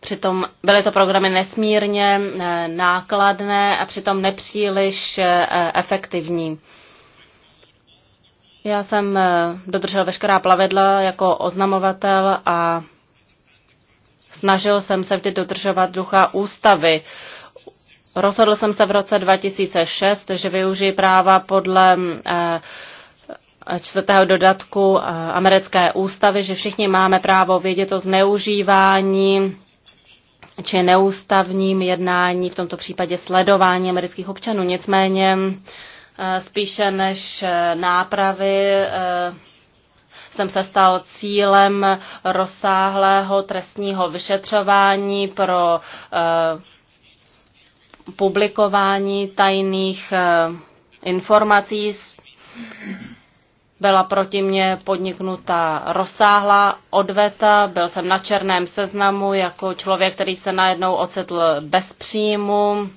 B: Přitom byly to programy nesmírně eh, nákladné a přitom nepříliš efektivní. Já jsem dodržel veškerá plavidla jako oznamovatel a Snažil jsem se vždy dodržovat ducha ústavy. Rozhodl jsem se v roce 2006, že využiji práva podle eh, čtvrtého dodatku eh, americké ústavy, že všichni máme právo vědět o zneužívání či neústavním jednání, v tomto případě sledování amerických občanů. Nicméně eh, spíše než nápravy jsem se stal cílem rozsáhlého trestního vyšetřování pro eh, publikování tajných eh, informací. Byla proti mě podniknuta rozsáhlá odveta, byl jsem na černém seznamu jako člověk, který se najednou ocitl bez příjmu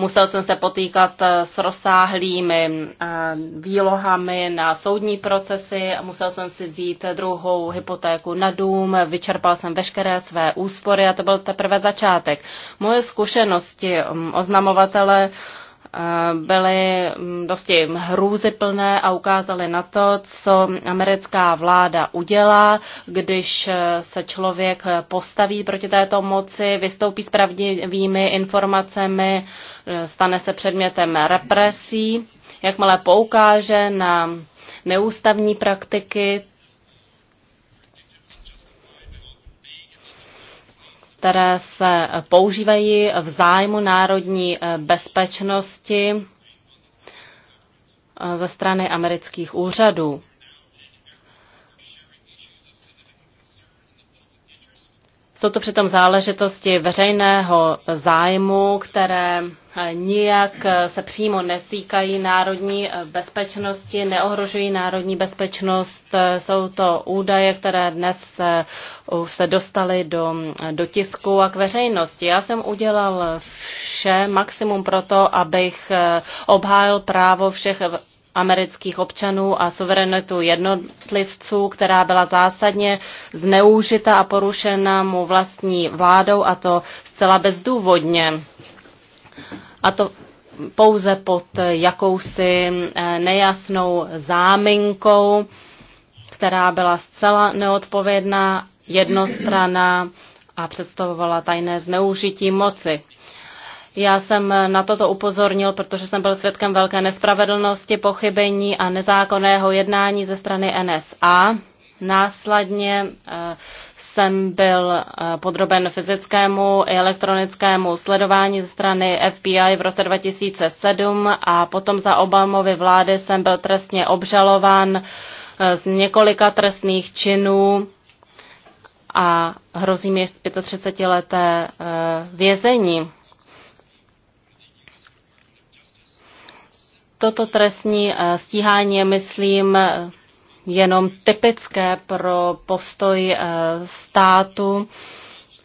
B: Musel jsem se potýkat eh, s rozsáhlými eh, výlohami na soudní procesy, musel jsem si vzít druhou hypotéku na dům, vyčerpal jsem veškeré své úspory a to byl teprve začátek. Moje zkušenosti mm, oznamovatele Eh, byly mm, dosti hrůzyplné a ukázaly na to, co americká vláda udělá, když eh, se člověk postaví proti této moci, vystoupí s pravdivými informacemi, eh, stane se předmětem represí. Jakmile poukáže na neústavní praktiky, které se používají v zájmu národní eh, bezpečnosti eh, ze strany amerických úřadů. Jsou to přitom záležitosti veřejného zájmu, které eh, nijak eh, se přímo netýkají národní eh, bezpečnosti, neohrožují národní bezpečnost. Jsou to údaje, které dnes se dostaly do, do tisku a k veřejnosti. Já jsem udělal vše, maximum pro to, abych obhájil právo všech amerických občanů a suverenitu jednotlivců, která byla zásadně zneužita a porušena mu vlastní vládou a to zcela bezdůvodně. A to pouze pod jakousi eh, nejasnou záminkou, která byla zcela neodpovědná, jednostranná a představovala tajné zneužití moci. Já jsem na toto upozornil, protože jsem byl svědkem velké nespravedlnosti, pochybení a nezákonného jednání ze strany NSA. Následně eh, jsem byl eh, podroben fyzickému i elektronickému sledování ze strany FBI v roce 2007 a potom za Obamovy vlády jsem byl trestně obžalován eh, z několika trestných činů a hrozí mi 35 leté vězení. Toto trestní eh, stíhání je, myslím, jenom typické pro postoj eh, státu,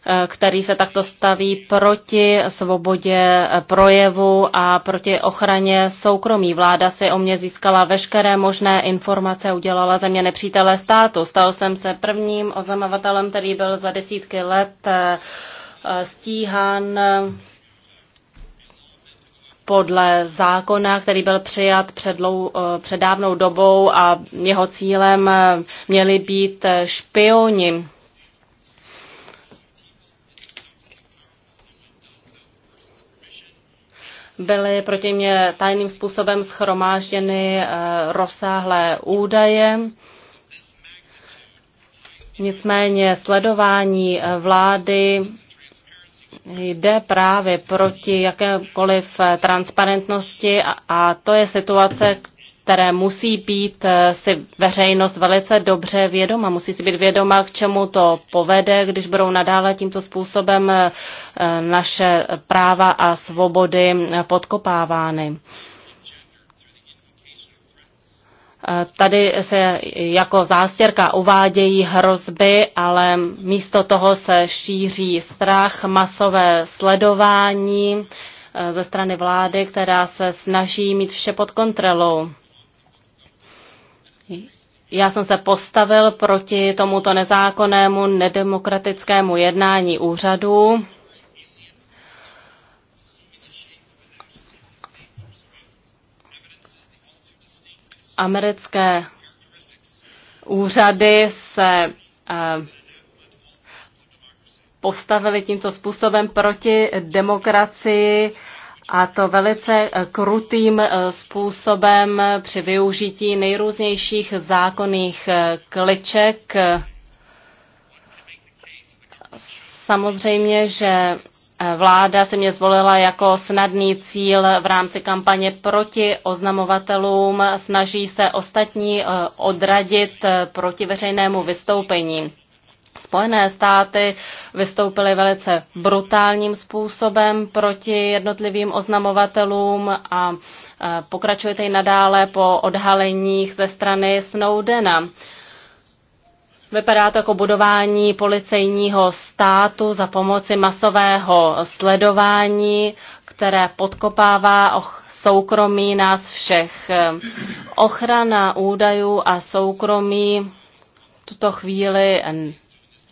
B: eh, který se takto staví proti svobodě projevu a proti ochraně soukromí. Vláda si o mě získala veškeré možné informace, udělala ze mě nepřítele státu. Stal jsem se prvním oznamovatelem, který byl za desítky let stíhan podle zákona, který byl přijat před, dlou, eh, před dávnou dobou a jeho cílem eh, měli být eh, špioni. Byly proti mě tajným způsobem schromážděny rozsáhlé údaje. Nicméně sledování vlády jde právě proti jakékoliv eh, transparentnosti a, a to je situace, které musí být eh, si veřejnost velice dobře vědoma. Musí si být vědoma, k čemu to povede, když budou nadále tímto způsobem eh, naše práva a svobody podkopávány. Tady se jako zástěrka uvádějí hrozby, ale místo toho se šíří strach, masové sledování eh, ze strany vlády, která se snaží mít vše pod kontrolou. Já jsem se postavil proti tomuto nezákonnému, nedemokratickému jednání úřadu americké úřady se eh, postavili tímto způsobem proti demokracii a to velice eh, krutým eh, způsobem při využití nejrůznějších zákonných kliček. Samozřejmě, že Vláda si mě zvolila jako snadný cíl v rámci kampaně proti oznamovatelům, snaží se ostatní eh, odradit eh, proti veřejnému vystoupení. Spojené státy vystoupily velice brutálním způsobem proti jednotlivým oznamovatelům a eh, pokračujete i nadále po odhaleních ze strany Snowdena. Vypadá to jako budování policejního státu za pomoci masového sledování, které podkopává soukromí nás všech. Ochrana údajů a soukromí v tuto chvíli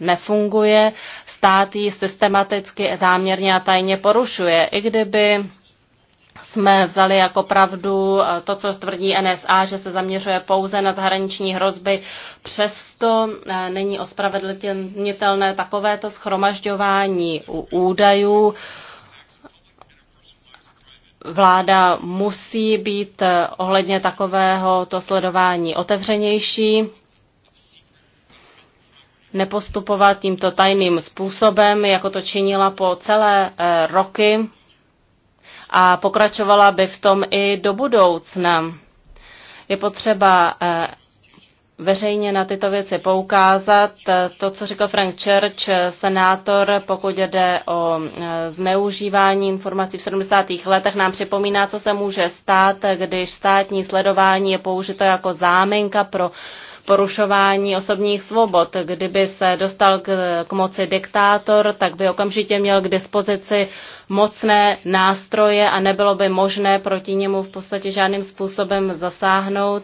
B: nefunguje. Stát ji systematicky, záměrně a tajně porušuje. I kdyby jsme vzali jako pravdu eh, to, co tvrdí NSA, že se zaměřuje pouze na zahraniční hrozby. Přesto eh, není ospravedlnitelné takovéto schromažďování údajů. Vláda musí být eh, ohledně takového to sledování otevřenější, nepostupovat tímto tajným způsobem, jako to činila po celé roky a pokračovala by v tom i do budoucna. Je potřeba eh, veřejně na tyto věci poukázat. Eh, to, co řekl Frank Church, eh, senátor, pokud jde o zneužívání informací v 70. letech, nám připomíná, co se může stát, když státní sledování je použito jako záminka pro porušování osobních svobod. Kdyby se dostal k, k moci diktátor, tak by okamžitě měl k dispozici mocné nástroje a nebylo by možné proti němu v podstatě žádným způsobem zasáhnout.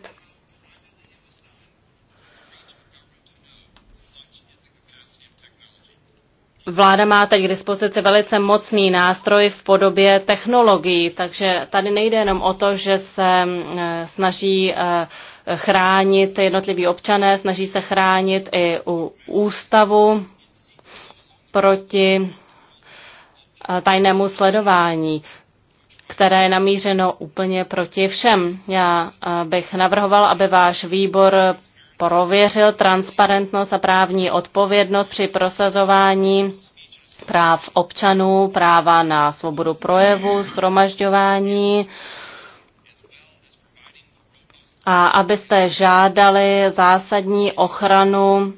B: Vláda má teď k dispozici velice mocný nástroj v podobě technologií, takže tady nejde jenom o to, že se eh, snaží eh, chránit jednotliví občané, snaží se chránit i u ústavu proti eh, tajnému sledování, které je namířeno úplně proti všem. Já eh, bych navrhoval, aby váš výbor prověřil transparentnost a právní odpovědnost při prosazování práv občanů, práva na svobodu projevu, schromažďování, a abyste žádali zásadní ochranu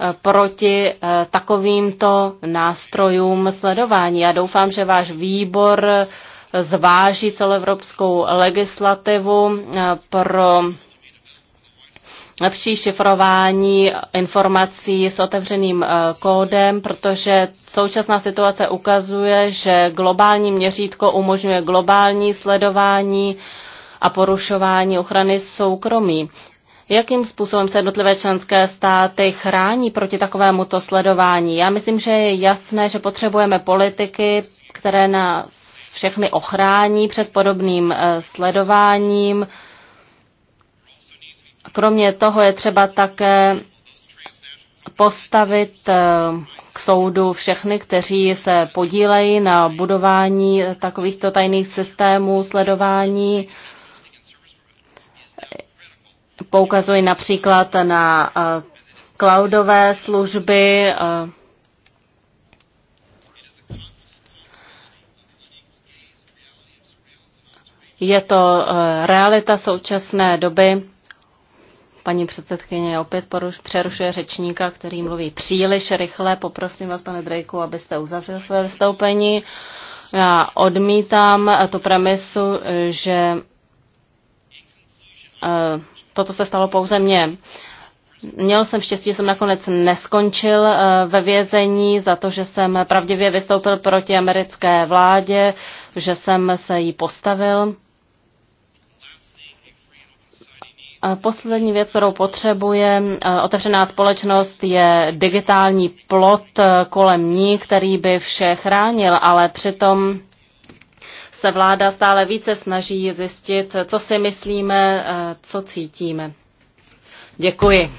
B: eh, proti eh, takovýmto nástrojům sledování. Já doufám, že váš výbor eh, zváží celoevropskou legislativu pro lepší šifrování informací s otevřeným kódem, protože současná situace ukazuje, že globální měřítko umožňuje globální sledování a porušování ochrany soukromí. Jakým způsobem se jednotlivé členské státy chrání proti to sledování? Já myslím, že je jasné, že potřebujeme politiky, které nás všechny ochrání před podobným eh, sledováním. Kromě toho je třeba také postavit eh, k soudu všechny, kteří se podílejí na budování takovýchto tajných systémů sledování poukazuji například na eh, cloudové služby, eh. Je to eh, realita současné doby. Paní předsedkyně opět přerušuje řečníka, který mluví příliš rychle. Poprosím vás, pane Drejku, abyste uzavřel své vystoupení. Já odmítám tu premisu, že toto se stalo pouze mně. Měl jsem štěstí, že jsem nakonec neskončil eh, ve vězení za to, že jsem pravdivě vystoupil proti americké vládě, že jsem se jí postavil. A poslední věc, kterou potřebuje eh, otevřená společnost, je digitální plot eh, kolem ní, který by vše chránil, ale přitom se vláda stále více snaží zjistit, co si myslíme, eh, co cítíme. Děkuji.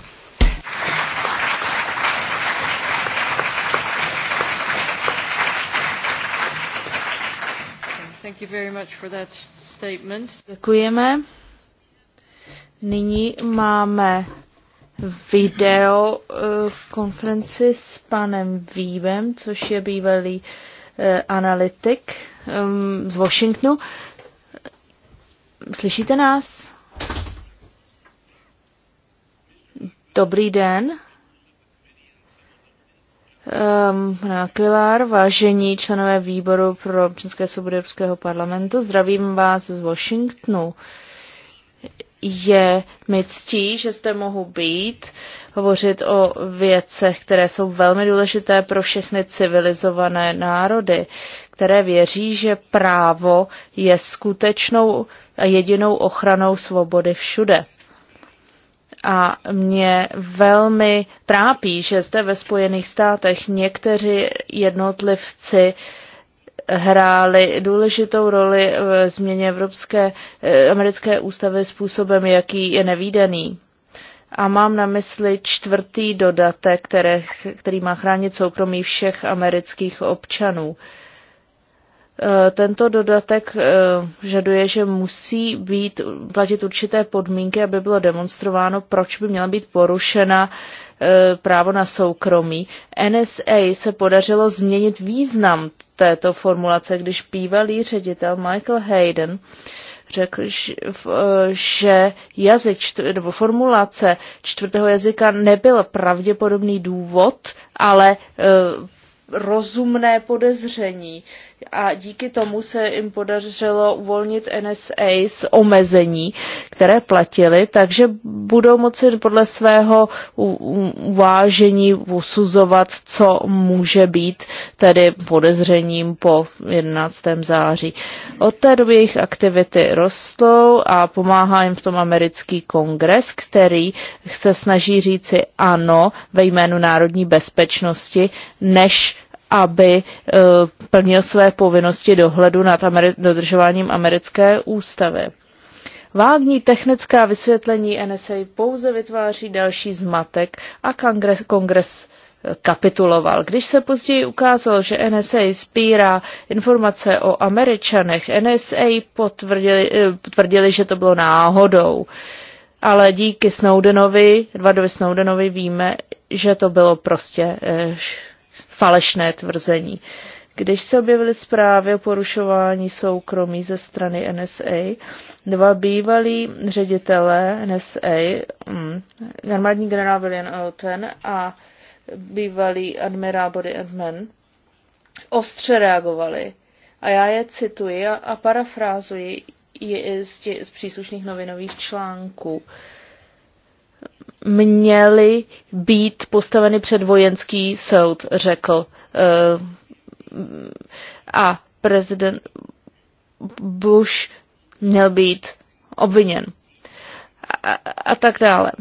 A: Děkujeme. Nyní máme video eh, konferenci s panem Vývem, což je bývalý Eh, analytik z Washingtonu. Slyšíte nás? Dobrý den. Um, vážení členové výboru pro občanské svobody Evropského parlamentu, zdravím vás z Washingtonu. Je mi ctí, že jste mohu být hovořit o věcech, které jsou velmi důležité pro všechny civilizované národy, které věří, že právo je skutečnou a jedinou ochranou svobody všude. A mě velmi trápí, že zde ve Spojených státech někteří jednotlivci hráli důležitou roli v změně Evropské, eh, americké ústavy způsobem, jaký je nevýdaný. A mám na mysli čtvrtý dodatek, které, který má chránit soukromí všech amerických občanů. E, tento dodatek e, žaduje, že musí být platit určité podmínky, aby bylo demonstrováno, proč by měla být porušena e, právo na soukromí. NSA se podařilo změnit význam této formulace, když bývalý ředitel Michael Hayden řekl, eh, že jazyk nebo formulace čtvrtého jazyka nebyl pravděpodobný důvod, ale eh, rozumné podezření a díky tomu se jim podařilo uvolnit NSA z omezení, které platili, takže budou moci podle svého uvážení usuzovat, co může být tedy podezřením po 11. září. Od té doby jejich aktivity rostou a pomáhá jim v tom americký kongres, který se snaží říci ano ve jménu národní bezpečnosti, než aby eh, plnil své povinnosti dohledu nad ameri- dodržováním americké ústavy. Vágní technická vysvětlení NSA pouze vytváří další zmatek a kongres, kongres eh, kapituloval. Když se později ukázalo, že NSA spírá informace o Američanech, NSA potvrdili, eh, potvrdili že to bylo náhodou. Ale díky Snowdenovi, Edwardovi Snowdenovi víme, že to bylo prostě falešné tvrzení. Když se objevily zprávy o porušování soukromí ze strany NSA, dva bývalí ředitelé NSA, mm, armádní generál William Elton a bývalý admirál Body Edman, ostře reagovali. A já je cituji a, a parafrázuji je z, tě, z příslušných novinových článků. Uh, měly být postaveny před vojenský soud, řekl. Eh, a prezident Bush měl být obviněn. A, a tak dále.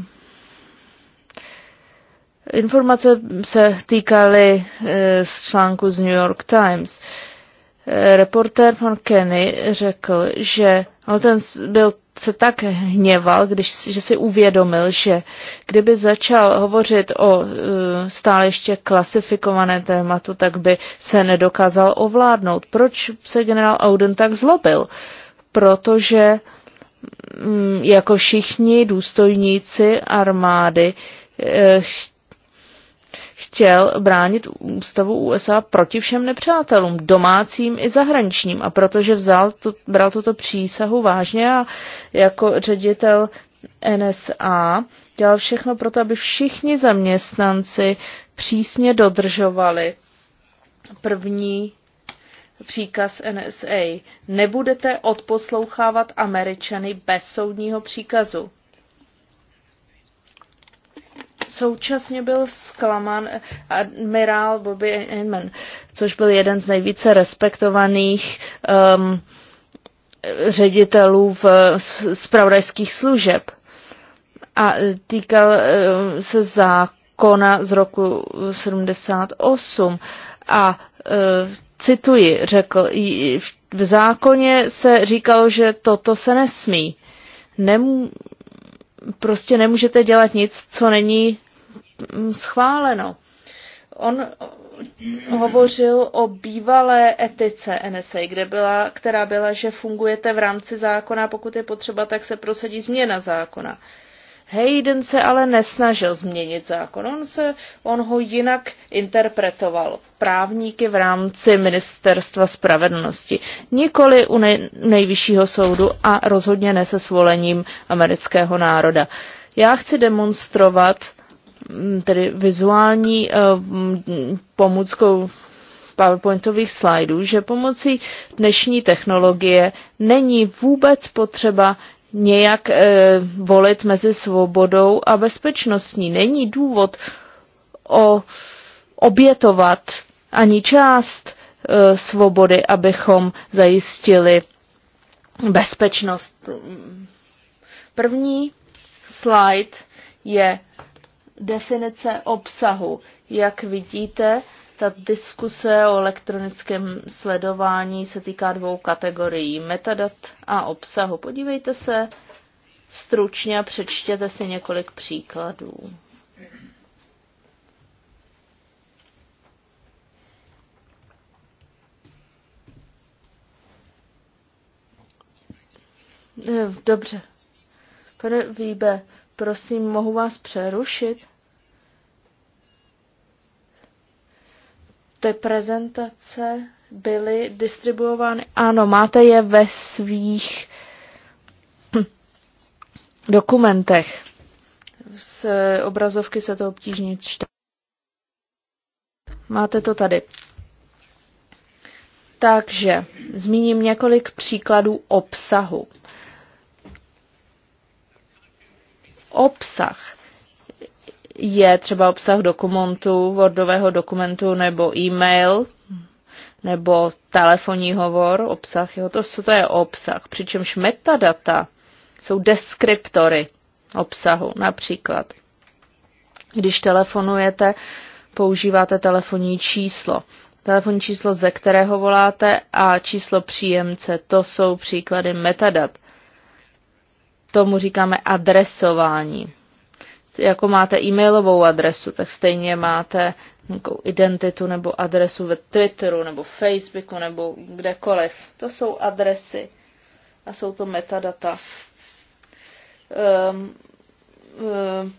A: Informace se týkaly eh, z článku z New York Times. Eh, reportér von Kenny řekl, že ten byl se tak hněval, když, že si uvědomil, že kdyby začal hovořit o e, stále ještě klasifikované tématu, tak by se nedokázal ovládnout. Proč se generál Auden tak zlobil? Protože mm, jako všichni důstojníci armády e, chtěl bránit ústavu USA proti všem nepřátelům, domácím i zahraničním. A protože vzal tu, bral tuto přísahu vážně a jako ředitel NSA dělal všechno pro to, aby všichni zaměstnanci přísně dodržovali první příkaz NSA. Nebudete odposlouchávat Američany bez soudního příkazu. Současně byl zklamán admirál Bobby Inman, což byl jeden z nejvíce respektovaných um, ředitelů v spravodajských služeb. A týkal um, se zákona z roku 78. A uh, cituji, řekl, v zákoně se říkalo, že toto se nesmí. Nemů- prostě nemůžete dělat nic, co není mm, schváleno. On hovořil o bývalé etice NSA, kde byla, která byla, že fungujete v rámci zákona, pokud je potřeba, tak se prosadí změna zákona. Uh, Hayden se ale nesnažil změnit zákon, on, se, on ho jinak interpretoval právníky v rámci ministerstva spravedlnosti, nikoli u nej, nejvyššího soudu a rozhodně ne se svolením amerického národa. Já chci demonstrovat mm, tedy vizuální eh, mm, pomůckou PowerPointových slajdů, že pomocí dnešní technologie není vůbec potřeba nějak e, volit mezi svobodou a bezpečnostní. Není důvod o, obětovat ani část e, svobody, abychom zajistili bezpečnost. První slide je definice obsahu. Jak vidíte, ta diskuse o elektronickém sledování se týká dvou kategorií, metadat a obsahu. Podívejte se stručně a přečtěte si několik příkladů. Eh, dobře. Pane Výbe, prosím, mohu vás přerušit? ty prezentace byly distribuovány. Ano, máte je ve svých hm, dokumentech. Z obrazovky se to obtížně čte. Máte to tady. Takže zmíním několik příkladů obsahu. Obsah je třeba obsah dokumentu, Wordového dokumentu nebo e-mail, nebo telefonní hovor, obsah, jo, to, co to je obsah, přičemž metadata jsou deskriptory obsahu, například. Když telefonujete, používáte telefonní číslo. Telefonní číslo, ze kterého voláte a číslo příjemce, to jsou příklady metadat. Tomu říkáme adresování jako máte e-mailovou adresu, tak stejně máte nějakou identitu nebo adresu ve Twitteru nebo Facebooku nebo kdekoliv. To jsou adresy a jsou to metadata. Um, um,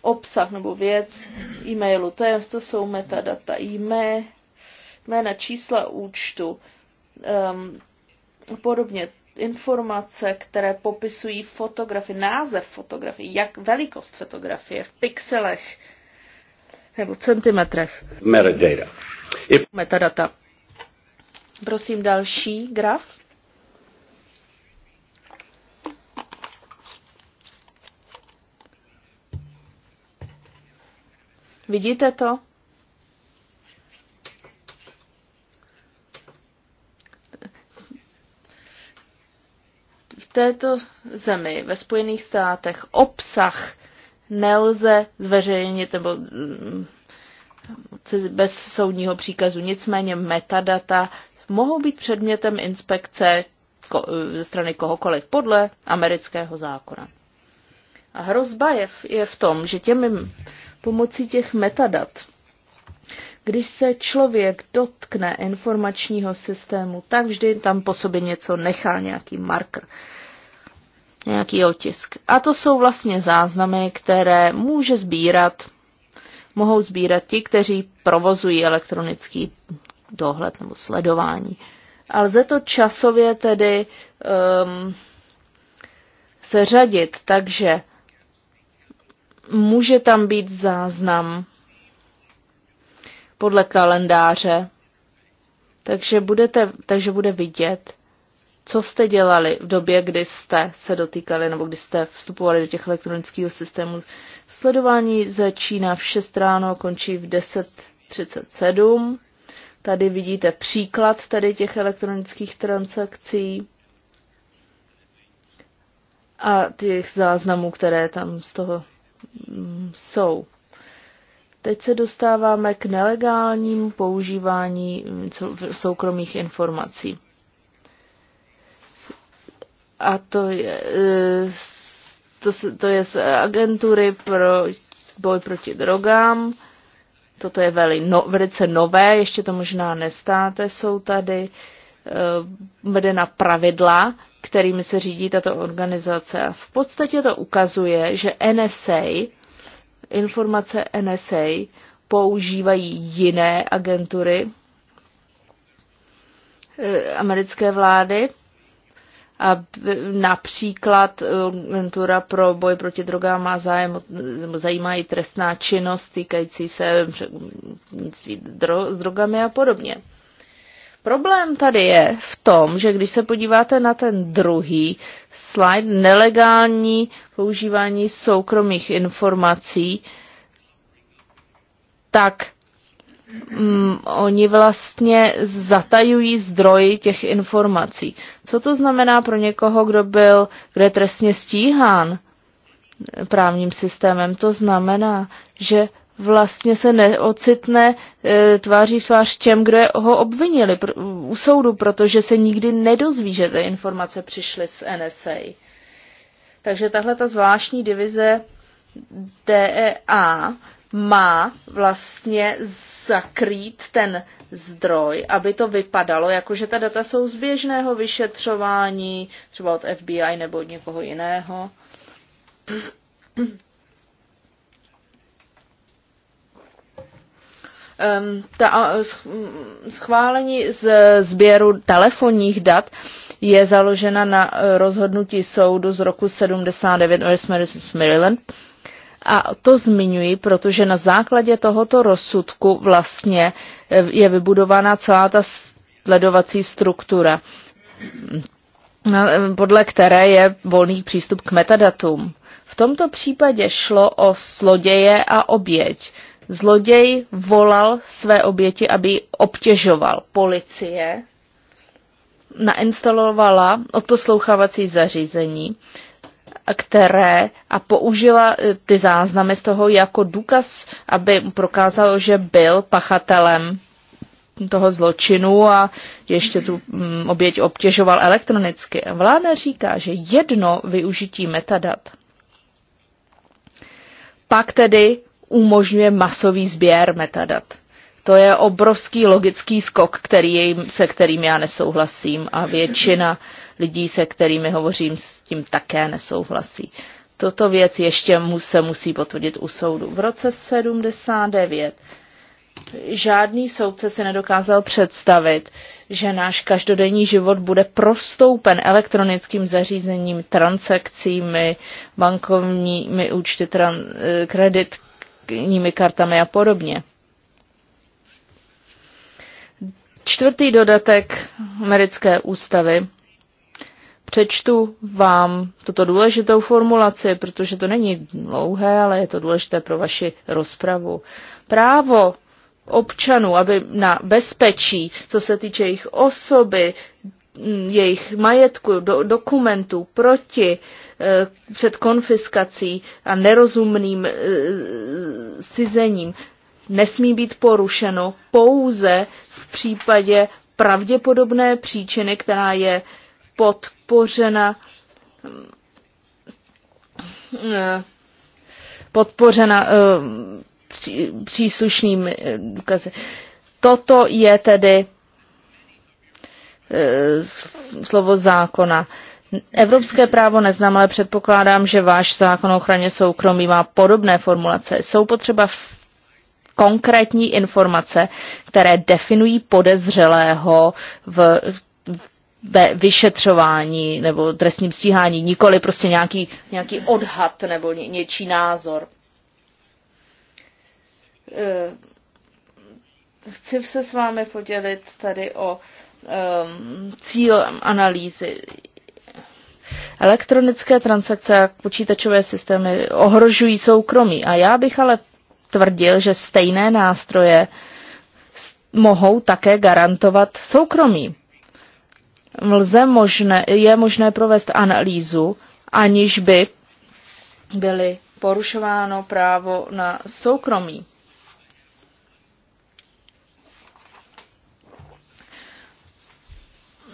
A: obsah nebo věc e-mailu, to, je, to jsou metadata. e jména, čísla účtu um, podobně informace, které popisují fotografii, název fotografii, jak velikost fotografie v pixelech nebo centimetrech. Metadata. If... Metadata. Prosím další graf. Vidíte to? této zemi, ve Spojených státech, obsah nelze zveřejnit nebo mm, bez soudního příkazu. Nicméně metadata mohou být předmětem inspekce ze strany kohokoliv podle amerického zákona. A hrozba je v, je v tom, že těmi pomocí těch metadat, když se člověk dotkne informačního systému, tak vždy tam po sobě něco nechá, nějaký marker nějaký otisk. A to jsou vlastně záznamy, které může sbírat, mohou sbírat ti, kteří provozují elektronický dohled nebo sledování. A lze to časově tedy um, seřadit, takže může tam být záznam podle kalendáře, takže, budete, takže bude vidět, co jste dělali v době, kdy jste se dotýkali nebo kdy jste vstupovali do těch elektronických systémů. Sledování začíná v 6 ráno, končí v 10.37. Tady vidíte příklad tady těch elektronických transakcí a těch záznamů, které tam z toho mm, jsou. Teď se dostáváme k nelegálnímu používání soukromých informací a to je, eh, to, to je z agentury pro boj proti drogám. Toto je veli, no, velice nové, ještě to možná nestáte. Jsou tady eh, vedena pravidla, kterými se řídí tato organizace. A v podstatě to ukazuje, že NSA, informace NSA, používají jiné agentury eh, americké vlády a například um, agentura pro boj proti drogám má zájem, zajímá i trestná činnost týkající se um, um, s drogami a podobně. Problém tady je v tom, že když se podíváte na ten druhý slide, nelegální používání soukromých informací, tak mm, oni vlastně zatajují zdroj těch informací. Co to znamená pro někoho, kdo byl, kde trestně stíhán právním systémem? To znamená, že vlastně se neocitne e, tváří tvář těm, kdo je, ho obvinili pr- u soudu, protože se nikdy nedozví, že ty informace přišly z NSA. Takže tahle ta zvláštní divize DEA má vlastně zakrýt ten zdroj, aby to vypadalo, jako že ta data jsou z běžného vyšetřování, třeba od FBI nebo od někoho jiného. Um, ta, schválení z sběru telefonních dat je založena na eh, rozhodnutí soudu z roku 79 Westminster Maryland, a to zmiňuji, protože na základě tohoto rozsudku vlastně eh, je vybudována celá ta sledovací struktura, eh, podle které je volný přístup k metadatům. V tomto případě šlo o zloděje a oběť. Zloděj volal své oběti, aby obtěžoval. Policie nainstalovala odposlouchávací zařízení které a použila eh, ty záznamy z toho jako důkaz, aby prokázalo, že byl pachatelem toho zločinu a ještě tu mm, oběť obtěžoval elektronicky. Vláda říká, že jedno využití metadat pak tedy umožňuje masový sběr metadat. To je obrovský logický skok, který, se kterým já nesouhlasím a většina lidí, se kterými hovořím, s tím také nesouhlasí. Toto věc ještě mu se musí potvrdit u soudu. V roce 79 žádný soudce si nedokázal představit, že náš každodenní život bude prostoupen elektronickým zařízením, transakcími, bankovními účty, tran, eh, kreditními kartami a podobně. Čtvrtý dodatek americké ústavy Přečtu vám tuto důležitou formulaci, protože to není dlouhé, ale je to důležité pro vaši rozpravu. Právo občanů, aby na bezpečí, co se týče jejich osoby, jejich majetku, do, dokumentů proti e, před konfiskací a nerozumným e, cizením nesmí být porušeno pouze v případě pravděpodobné příčiny, která je e, podpořena podpořena eh, příslušnými eh, důkazy. Toto je tedy eh, slovo zákona. Evropské právo neznám, ale předpokládám, že váš zákon o ochraně soukromí má podobné formulace. Jsou potřeba konkrétní informace, které definují podezřelého v ve vyšetřování nebo trestním stíhání, nikoli prostě nějaký, nějaký odhad nebo ně, něčí názor. Eh, chci se s vámi podělit tady o um, cíl analýzy. Elektronické transakce a počítačové systémy ohrožují soukromí a já bych ale tvrdil, že stejné nástroje mohou také garantovat soukromí lze možné, je možné provést analýzu, aniž by byly porušováno právo na soukromí.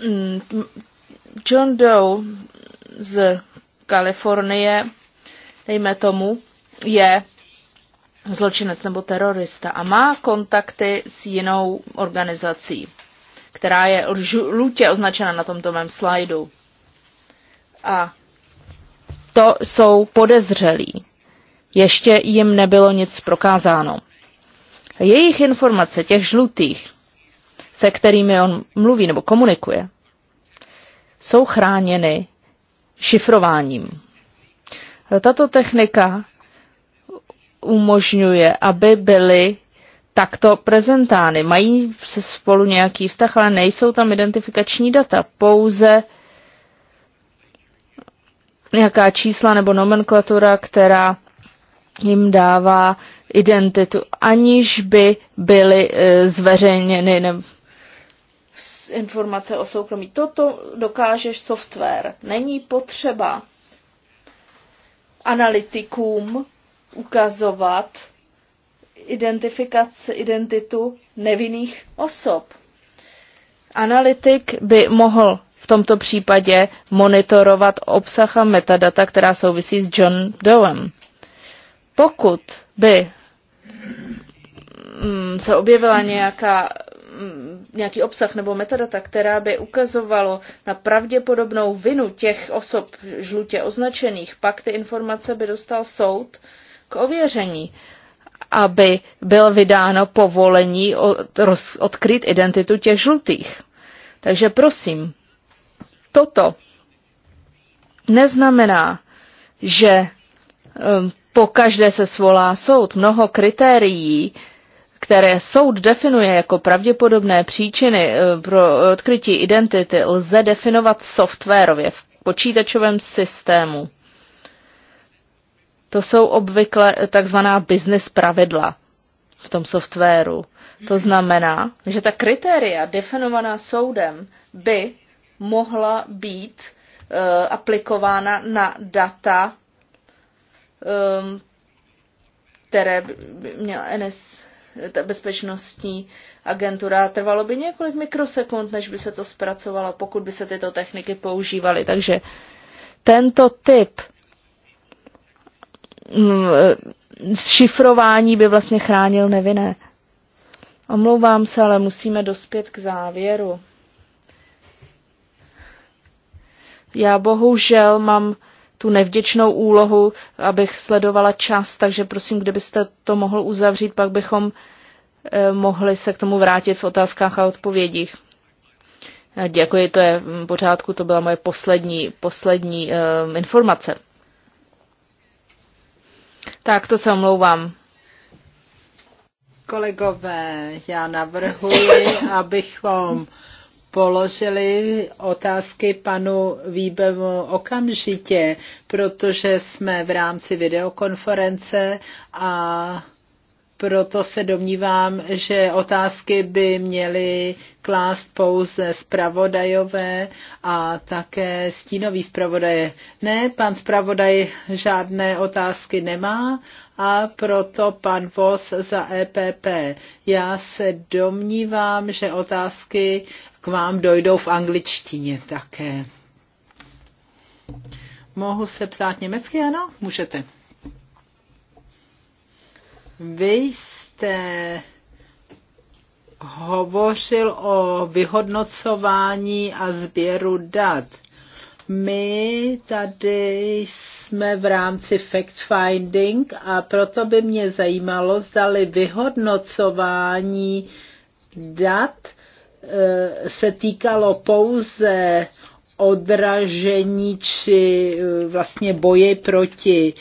A: Hmm, John Doe z Kalifornie, dejme tomu, je zločinec nebo terorista a má kontakty s jinou organizací která je žlutě označena na tomto mém slajdu. A to jsou podezřelí. Ještě jim nebylo nic prokázáno. Jejich informace, těch žlutých, se kterými on mluví nebo komunikuje, jsou chráněny šifrováním. Tato technika umožňuje, aby byly takto prezentány. Mají se spolu nějaký vztah, ale nejsou tam identifikační data, pouze nějaká čísla nebo nomenklatura, která jim dává identitu, aniž by byly e, zveřejněny ne, informace o soukromí. Toto dokážeš software. Není potřeba analytikům ukazovat, identifikaci, identitu nevinných osob. Analytik by mohl v tomto případě monitorovat obsah a metadata, která souvisí s John Doeem. Pokud by mm, se objevila nějaká, mm, nějaký obsah nebo metadata, která by ukazovalo na pravděpodobnou vinu těch osob žlutě označených, pak ty informace by dostal soud k ověření aby bylo vydáno povolení odkryt identitu těch žlutých. Takže prosím, toto neznamená, že um, po každé se svolá soud. Mnoho kritérií, které soud definuje jako pravděpodobné příčiny eh, pro odkrytí identity, lze definovat softwarově v počítačovém systému. To jsou obvykle takzvaná business pravidla v tom softwaru. To znamená, že ta kritéria definovaná soudem by mohla být e, aplikována na data, e, které by měla NS, ta bezpečnostní agentura. Trvalo by několik mikrosekund, než by se to zpracovalo, pokud by se tyto techniky používaly. Takže tento typ Mm, e, šifrování by vlastně chránil nevinné. Omlouvám se, ale musíme dospět k závěru. Já bohužel mám tu nevděčnou úlohu, abych sledovala čas, takže prosím, kdybyste to mohl uzavřít, pak bychom e, mohli se k tomu vrátit v otázkách a odpovědích. E, děkuji, to je v pořádku, to byla moje poslední, poslední um, informace. Tak to se omlouvám.
C: Kolegové, já navrhuji, abychom položili otázky panu Výbemu okamžitě, protože jsme v rámci videokonference a proto se domnívám, že otázky by měly klást pouze zpravodajové a také stínový zpravodaje. Ne, pan zpravodaj žádné otázky nemá a proto pan Vos za EPP. Já se domnívám, že otázky k vám dojdou v angličtině také. Mohu se ptát německy, ano? Můžete. Vy jste hovořil o vyhodnocování a sběru dat. My tady jsme v rámci fact-finding a proto by mě zajímalo, zdali vyhodnocování dat eh, se týkalo pouze odražení či e, vlastně boji proti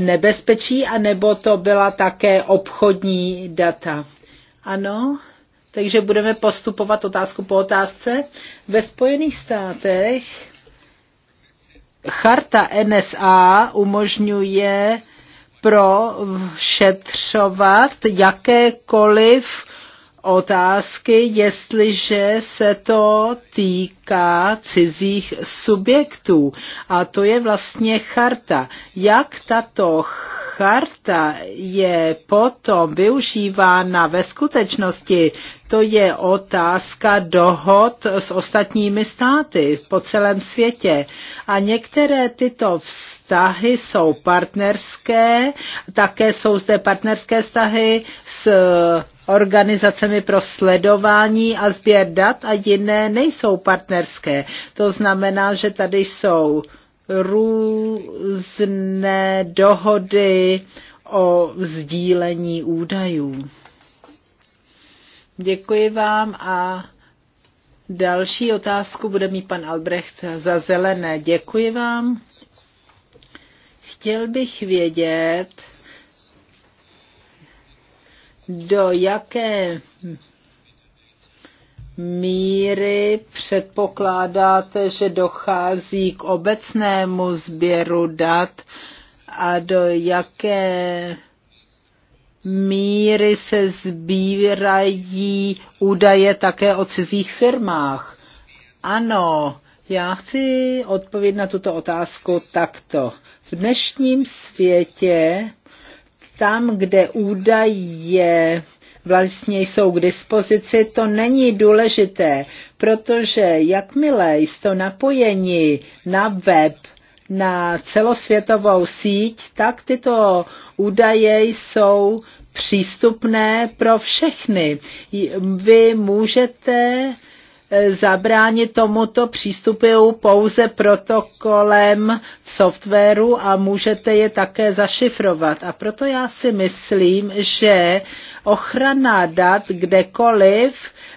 C: nebezpečí, anebo to byla také obchodní data. Ano, takže budeme postupovat otázku po otázce. Ve Spojených státech charta NSA umožňuje prošetřovat jakékoliv otázky, jestliže se to týká cizích subjektů. A to je vlastně charta. Jak tato charta je potom využívána ve skutečnosti, to je otázka dohod s ostatními státy po celém světě. A některé tyto vztahy jsou partnerské, také jsou zde partnerské vztahy s organizacemi pro sledování a sběr dat a jiné nejsou partnerské. To znamená, že tady jsou různé dohody o sdílení údajů. Děkuji vám a další otázku bude mít pan Albrecht za zelené. Děkuji vám. Chtěl bych vědět, do jaké míry předpokládáte, že dochází k obecnému sběru dat a do jaké míry se sbírají údaje také o cizích firmách? Ano, já chci odpovědět na tuto otázku takto. V dnešním světě tam, kde údaje vlastně jsou k dispozici, to není důležité, protože jakmile jste napojeni na web, na celosvětovou síť, tak tyto údaje jsou přístupné pro všechny. Vy můžete Eh, zabránit tomuto přístupují pouze protokolem v softwaru a můžete je také zašifrovat. A proto já si myslím, že ochrana dat kdekoliv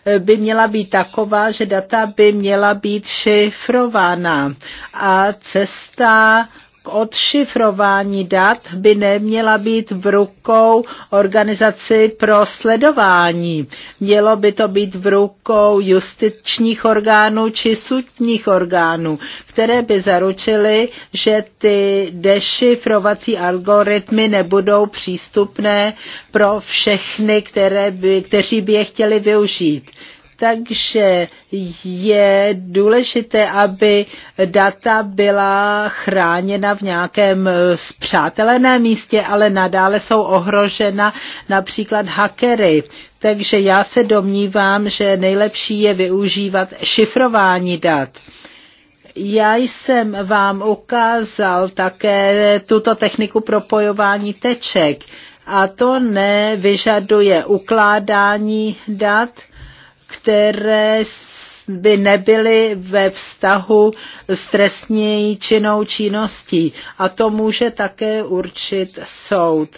C: eh, by měla být taková, že data by měla být šifrována. A cesta k odšifrování dat by neměla být v rukou organizaci pro sledování. Mělo by to být v rukou justičních orgánů či sudních orgánů, které by zaručily, že ty dešifrovací algoritmy nebudou přístupné pro všechny, které by, kteří by je chtěli využít. Takže je důležité, aby data byla chráněna v nějakém eh, zpřáteleném místě, ale nadále jsou ohrožena například hackery. Takže já se domnívám, že nejlepší je využívat šifrování dat já jsem vám ukázal také tuto techniku propojování teček a to nevyžaduje ukládání dat, které by nebyly ve vztahu s trestní činou činností. A to může také určit soud.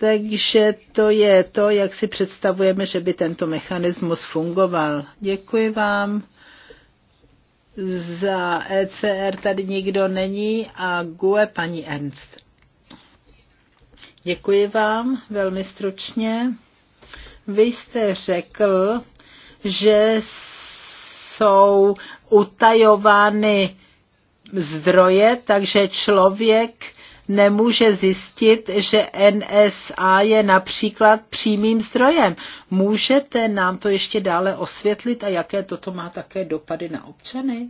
C: Takže to je to, jak si představujeme, že by tento mechanismus fungoval. Děkuji vám. Za ECR tady nikdo není a GUE paní Ernst. Děkuji vám velmi stručně. Vy jste řekl, že jsou utajovány zdroje, takže člověk nemůže zjistit, že NSA je například přímým zdrojem. Můžete nám to ještě dále osvětlit a jaké toto má také dopady na občany?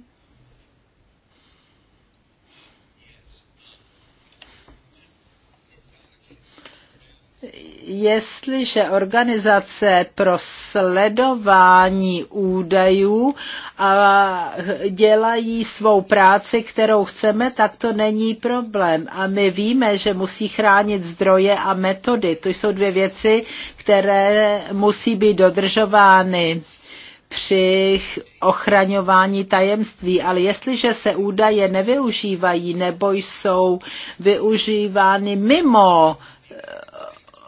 C: jestliže organizace pro sledování údajů a dělají svou práci, kterou chceme, tak to není problém. A my víme, že musí chránit zdroje a metody. To jsou dvě věci, které musí být dodržovány při ochraňování tajemství, ale jestliže se údaje nevyužívají nebo jsou využívány mimo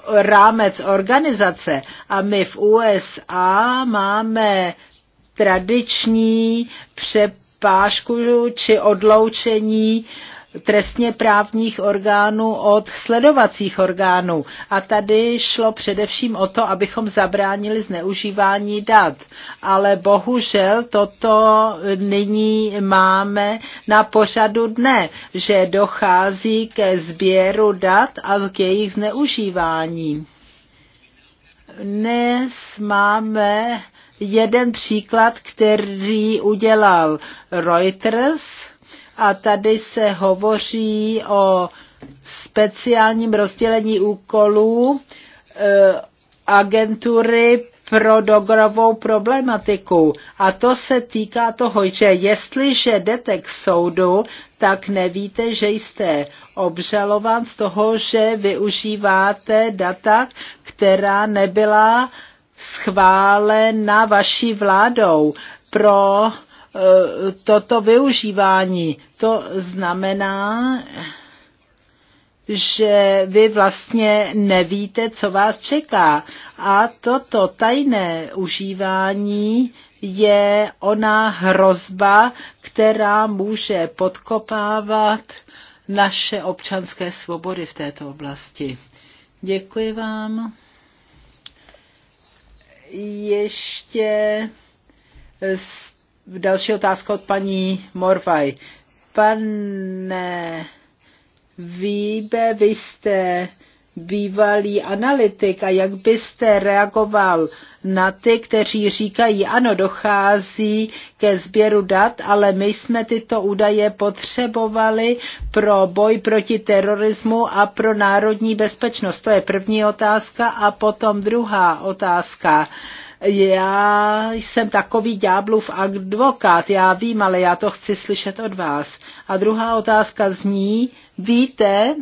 C: rámec organizace a my v USA máme tradiční přepážku či odloučení uh, trestně právních orgánů od sledovacích orgánů. A tady šlo především o to, abychom zabránili zneužívání dat. Ale bohužel toto nyní máme na pořadu dne, že dochází ke sběru dat a k jejich zneužívání. Dnes máme jeden příklad, který udělal Reuters, a tady se hovoří o speciálním rozdělení úkolů eh, agentury pro dogorovou problematiku. A to se týká toho, že jestliže jdete k soudu, tak nevíte, že jste obžalován z toho, že využíváte data, která nebyla schválena vaší vládou pro eh, toto využívání. To znamená, že vy vlastně nevíte, co vás čeká. A toto tajné užívání je ona hrozba, která může podkopávat naše občanské svobody v této oblasti. Děkuji vám. Ještě další otázka od paní Morvaj. Pane Víbe, vy jste bývalý analytik a jak byste reagoval na ty, kteří říkají, ano, dochází ke sběru dat, ale my jsme tyto údaje potřebovali pro boj proti terorismu a pro národní bezpečnost. To je první otázka a potom druhá otázka. Uh, já jsem takový ďáblův advokát, já vím, ale já to chci slyšet od vás. A druhá otázka zní, víte,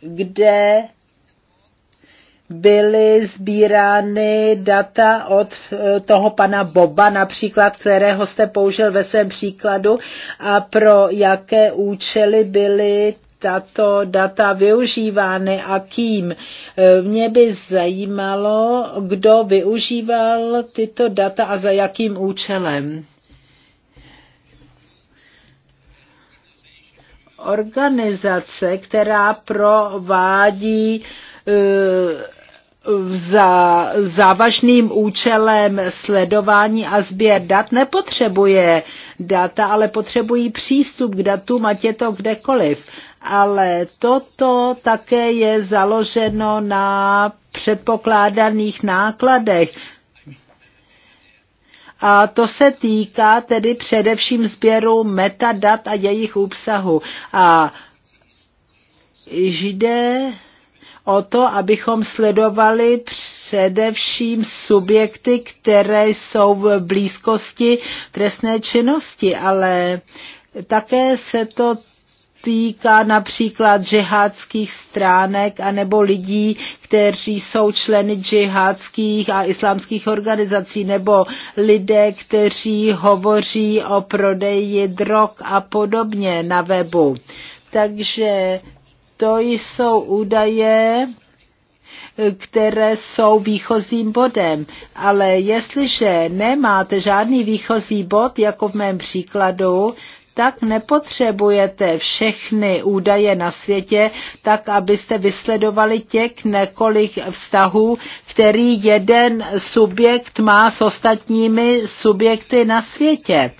C: kde byly sbírány data od eh, toho pana Boba například, kterého jste použil ve svém příkladu a pro jaké účely byly tato data využívány a kým. E, mě by zajímalo, kdo využíval tyto data a za jakým účelem. Organizace, která provádí e, za závažným účelem sledování a sběr dat nepotřebuje data, ale potřebují přístup k datům, ať je to kdekoliv ale toto také je založeno na předpokládaných nákladech. A to se týká tedy především sběru metadat a jejich obsahu. A jde o to, abychom sledovali především subjekty, které jsou v blízkosti trestné činnosti, ale také se to týká například džihádských stránek anebo lidí, kteří jsou členy džihádských a islámských organizací nebo lidé, kteří hovoří o prodeji drog a podobně na webu. Takže to jsou údaje, které jsou výchozím bodem. Ale jestliže nemáte žádný výchozí bod, jako v mém příkladu, tak nepotřebujete všechny údaje na světě, tak abyste vysledovali těch několik vztahů, který jeden subjekt má s ostatními subjekty na světě.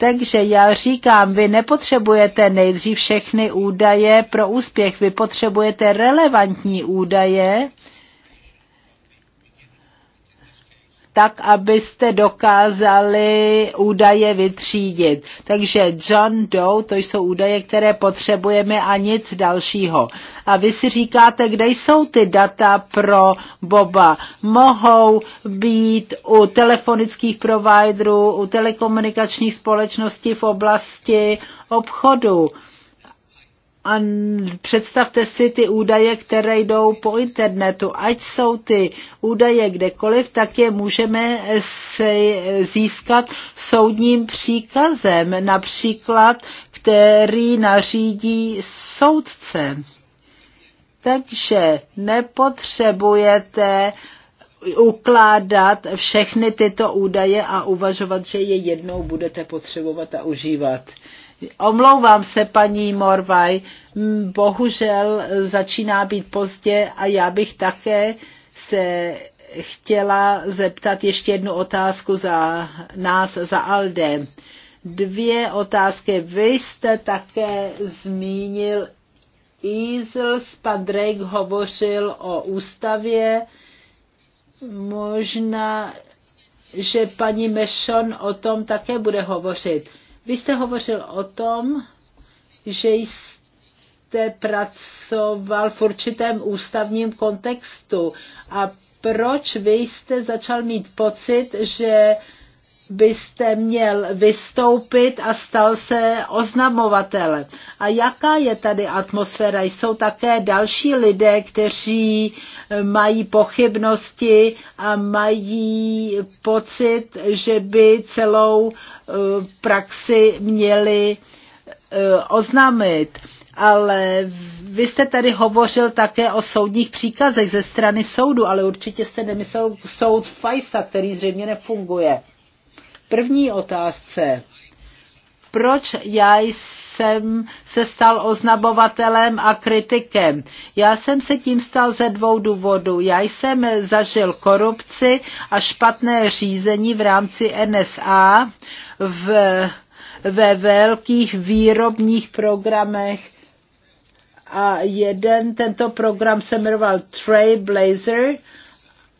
C: Takže já říkám, vy nepotřebujete nejdřív všechny údaje pro úspěch, vy potřebujete relevantní údaje, tak abyste dokázali údaje vytřídit. Takže John Doe, to jsou údaje, které potřebujeme a nic dalšího. A vy si říkáte, kde jsou ty data pro Boba. Mohou být u telefonických providerů, u telekomunikačních společností v oblasti obchodu a představte si ty údaje, které jdou po internetu. Ať jsou ty údaje kdekoliv, tak je můžeme získat soudním příkazem, například, který nařídí soudce. Takže nepotřebujete ukládat všechny tyto údaje a uvažovat, že je jednou budete potřebovat a užívat. Omlouvám se, paní Morvaj, bohužel začíná být pozdě a já bych také se chtěla zeptat ještě jednu otázku za nás, za Alde. Dvě otázky. Vy jste také zmínil Easel, pan Drake hovořil o ústavě. Možná, že paní Mešon o tom také bude hovořit. Vy jste hovořil o tom, že jste pracoval v určitém ústavním kontextu a proč vy jste začal mít pocit, že byste měl vystoupit a stal se oznamovatelem. A jaká je tady atmosféra? Jsou také další lidé, kteří eh, mají pochybnosti a mají pocit, že by celou eh, praxi měli eh, oznámit. Ale vy jste tady hovořil také o soudních příkazech ze strany soudu, ale určitě jste nemyslel soud Fajsa, který zřejmě nefunguje první otázce. Proč já jsem se stal oznabovatelem a kritikem? Já jsem se tím stal ze dvou důvodů. Já jsem zažil korupci a špatné řízení v rámci NSA v, ve velkých výrobních programech a jeden tento program se jmenoval Trailblazer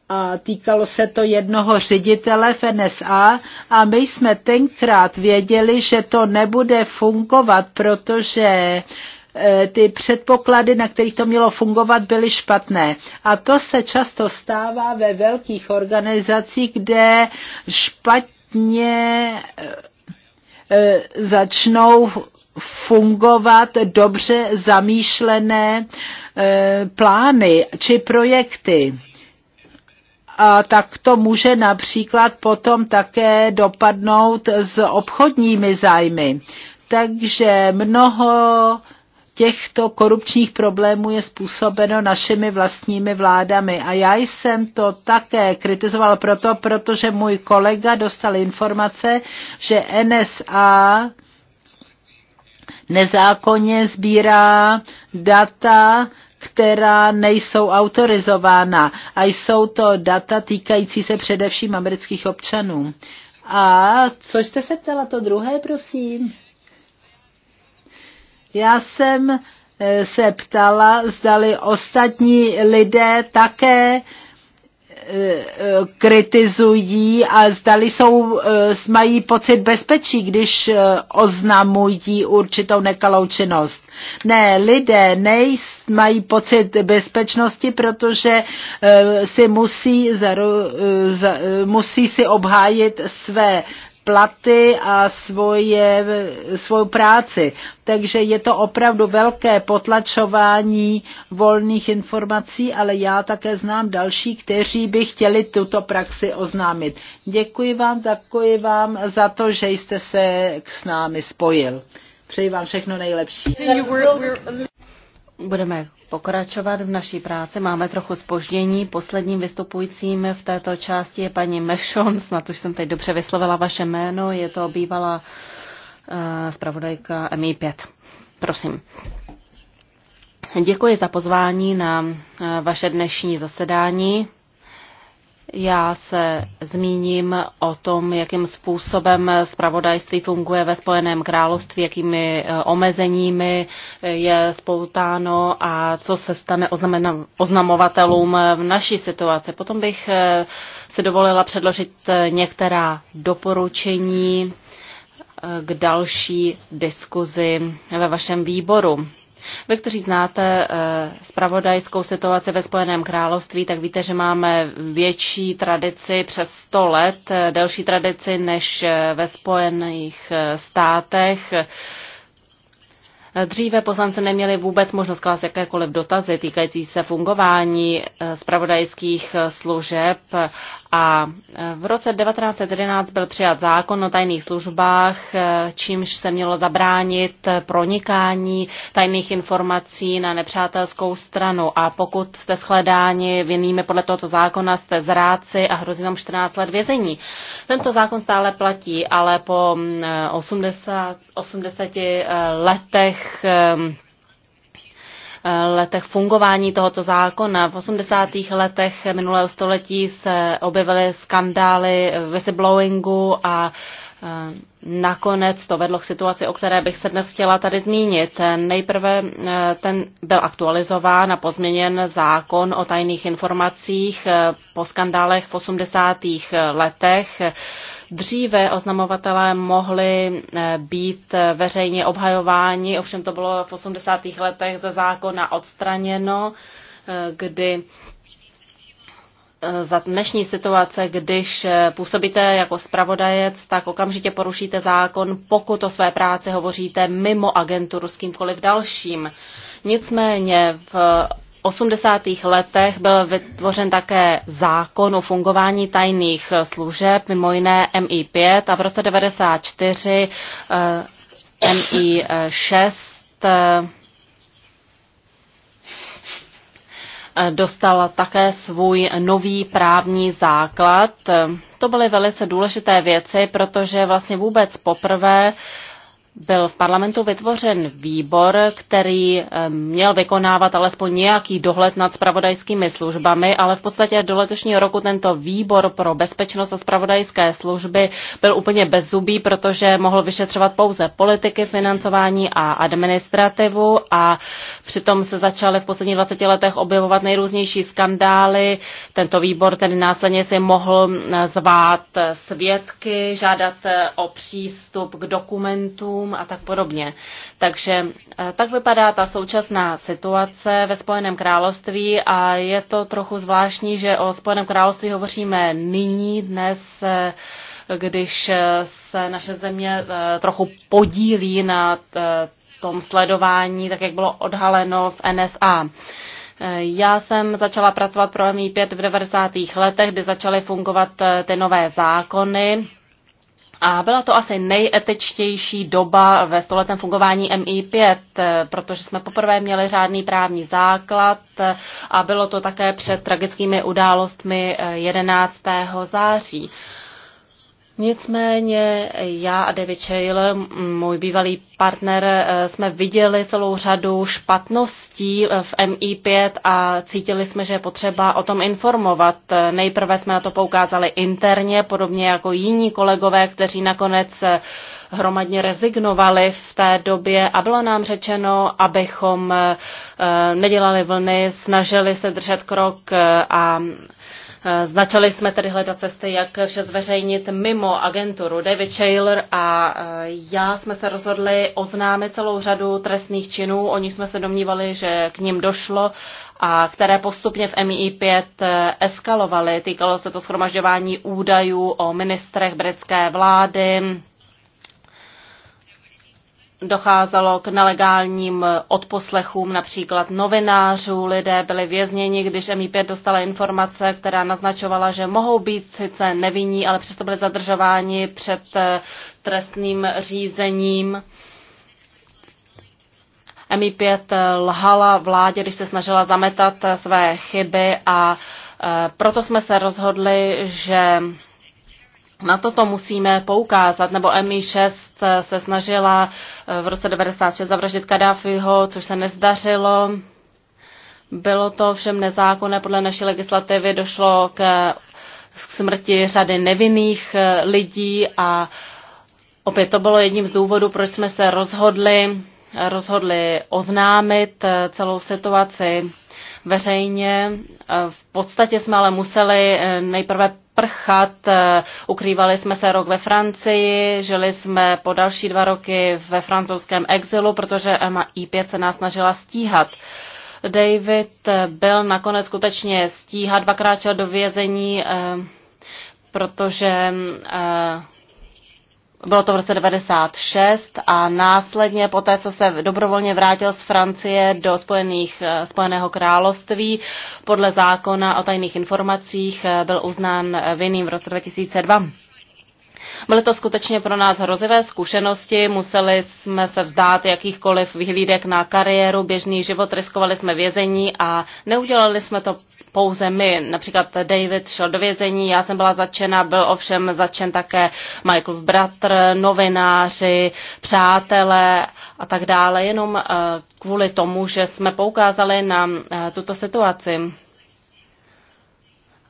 C: a týkalo se to jednoho ředitele v NSA a my jsme tenkrát věděli, že to nebude fungovat, protože e, ty předpoklady, na kterých to mělo fungovat, byly špatné. A to se často stává ve velkých organizacích, kde špatně e, e, začnou fungovat dobře zamýšlené plány či projekty a tak to může například potom také dopadnout s obchodními zájmy. Takže mnoho těchto korupčních problémů je způsobeno našimi vlastními vládami. A já jsem to také kritizoval proto, protože můj kolega dostal informace, že NSA nezákonně sbírá data která nejsou autorizována a jsou to data týkající se především amerických občanů. A co jste se ptala to druhé, prosím? Já jsem eh, se ptala, zdali ostatní lidé také eh, kritizují a zdali jsou, e, mají pocit bezpečí, když e, oznamují určitou nekalou činnost. Ne, lidé nej, mají pocit bezpečnosti, protože e, si musí, musí si obhájit své platy a svoje, svou práci. Takže je to opravdu velké potlačování volných informací, ale já také znám další, kteří by chtěli tuto praxi oznámit. Děkuji vám, děkuji vám za to, že jste se s námi spojil. Přeji vám všechno nejlepší. Budeme pokračovat
B: v naší práci. Máme trochu spoždění. Posledním vystupujícím v této části je paní Mešon. Snad už jsem teď dobře vyslovila vaše jméno. Je to bývalá uh, eh, MI5. Prosím. Děkuji za pozvání na eh, vaše dnešní zasedání. Já se zmíním o tom, jakým způsobem zpravodajství funguje ve Spojeném království, jakými eh, omezeními eh, je spoutáno a co se stane oznamovatelům eh, v naší situaci. Potom bych si dovolila předložit některá doporučení k další diskuzi ve vašem výboru. Vy, kteří znáte spravodajskou eh, situaci ve Spojeném království, tak víte, že máme větší tradici přes 100 let, eh, delší tradici než eh, ve Spojených státech. Dříve poslanci neměli vůbec možnost klást jakékoliv dotazy týkající se fungování spravodajských služeb a e, v roce 1911 byl přijat zákon o tajných službách, e, čímž se mělo zabránit pronikání tajných informací na nepřátelskou stranu. A pokud jste shledáni vinnými podle tohoto zákona, jste zráci a hrozí vám 14 let vězení. Tento zákon stále platí, ale po 80, mm, 80 e, letech letech fungování tohoto zákona. V 80. letech minulého století se objevily skandály whistleblowingu a eh, Nakonec to vedlo k situaci, o které bych se dnes chtěla tady zmínit. Nejprve eh, ten byl aktualizován a pozměněn zákon o tajných informacích eh, po skandálech v 80. letech. Dříve oznamovatelé mohli eh, být eh, veřejně obhajováni, ovšem to bylo v 80. letech ze zákona odstraněno, eh, kdy za dnešní situace, když působíte jako spravodajec, tak okamžitě porušíte zákon, pokud o své práci hovoříte mimo agenturu s kýmkoliv dalším. Nicméně v 80. letech byl vytvořen také zákon o fungování tajných služeb, mimo jiné MI5 a v roce 94 eh, MI6 eh, dostal také svůj nový právní základ. To byly velice důležité věci, protože vlastně vůbec poprvé byl v parlamentu vytvořen výbor, který eh, měl vykonávat alespoň nějaký dohled nad spravodajskými službami, ale v podstatě do letošního roku tento výbor pro bezpečnost a spravodajské služby byl úplně bezzubý, protože mohl vyšetřovat pouze politiky, financování a administrativu a přitom se začaly v posledních 20 letech objevovat nejrůznější skandály. Tento výbor tedy následně si mohl eh, zvát eh, svědky, žádat o přístup k dokumentům, dům a tak podobně. Takže eh, tak vypadá ta současná situace ve Spojeném království a je to trochu zvláštní, že o Spojeném království hovoříme nyní, dnes eh, když eh, se naše země trochu podílí na tom sledování, tak jak bylo odhaleno v NSA. Já jsem začala pracovat pro MI5 v 90. letech, kdy začaly fungovat ty nové zákony a byla to asi nejetečtější doba ve stoletém fungování MI5, protože jsme poprvé měli řádný právní základ a bylo to také před tragickými událostmi 11. září. Nicméně já a David Chale, můj bývalý partner, eh, jsme viděli celou řadu špatností eh, v MI5 a cítili jsme, že je potřeba o tom informovat. Eh, nejprve jsme na to poukázali interně, podobně jako jiní kolegové, kteří nakonec hromadně rezignovali v té době a bylo nám řečeno, abychom nedělali vlny, snažili se držet krok a Eh, Začali jsme tedy hledat cesty, jak vše zveřejnit mimo agenturu. David Shaler a eh, já jsme se rozhodli oznámit celou řadu trestných činů, o nich jsme se domnívali, že k ním došlo a které postupně v MI5 eh, eskalovaly. Týkalo se to schromažďování údajů o ministrech britské vlády, docházelo k nelegálním odposlechům například novinářů, lidé byli vězněni, když MI5 dostala informace, která naznačovala, že mohou být sice nevinní, ale přesto byli zadržováni před eh, trestným řízením. MI5 eh, lhala vládě, když se snažila zametat eh, své chyby a proto jsme se rozhodli, že na toto musíme poukázat, nebo MI6 se snažila eh, v roce 96 zavraždit Kadáfiho, což se nezdařilo. Bylo to všem nezákonné, podle naší legislativy došlo k eh, smrti řady nevinných eh, lidí a opět to bylo jedním z důvodů, proč jsme se rozhodli, rozhodli oznámit celou situaci veřejně. V podstatě jsme ale museli nejprve prchat. Eh, ukrývali jsme se rok ve Francii, žili jsme po další dva roky ve francouzském exilu, protože MI5 se nás snažila stíhat. David eh, byl nakonec skutečně stíhat, dvakrát šel do vězení, eh, protože bylo to v roce 96 a následně po té, co se dobrovolně vrátil z Francie do Spojených, eh, Spojeného království, podle zákona o tajných informacích eh, byl uznán eh, vinným v roce 2002. Byly to skutečně pro nás hrozivé zkušenosti, museli jsme se vzdát jakýchkoliv vyhlídek na kariéru, běžný život, riskovali jsme vězení a neudělali jsme to pouze my. Například David šel do vězení, já jsem byla začena, byl ovšem začen také Michael bratr, novináři, přátelé a tak dále, jenom eh, kvůli tomu, že jsme poukázali na eh, tuto situaci.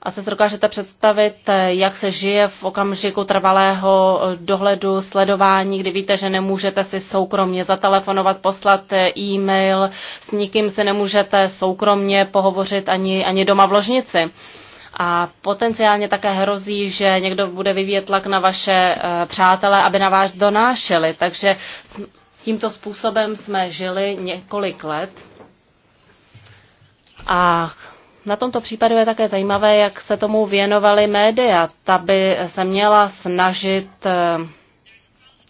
B: A se dokážete představit, eh, jak se žije v okamžiku trvalého eh, dohledu, sledování, kdy víte, že nemůžete si soukromně zatelefonovat, poslat eh, e-mail, s nikým si nemůžete soukromně pohovořit ani, ani doma v ložnici. A potenciálně také hrozí, že někdo bude vyvíjet tlak na vaše přátele, aby na vás donášeli. Takže tímto způsobem jsme žili několik let. A na tomto případu je také zajímavé, jak se tomu věnovaly média. Ta by se měla snažit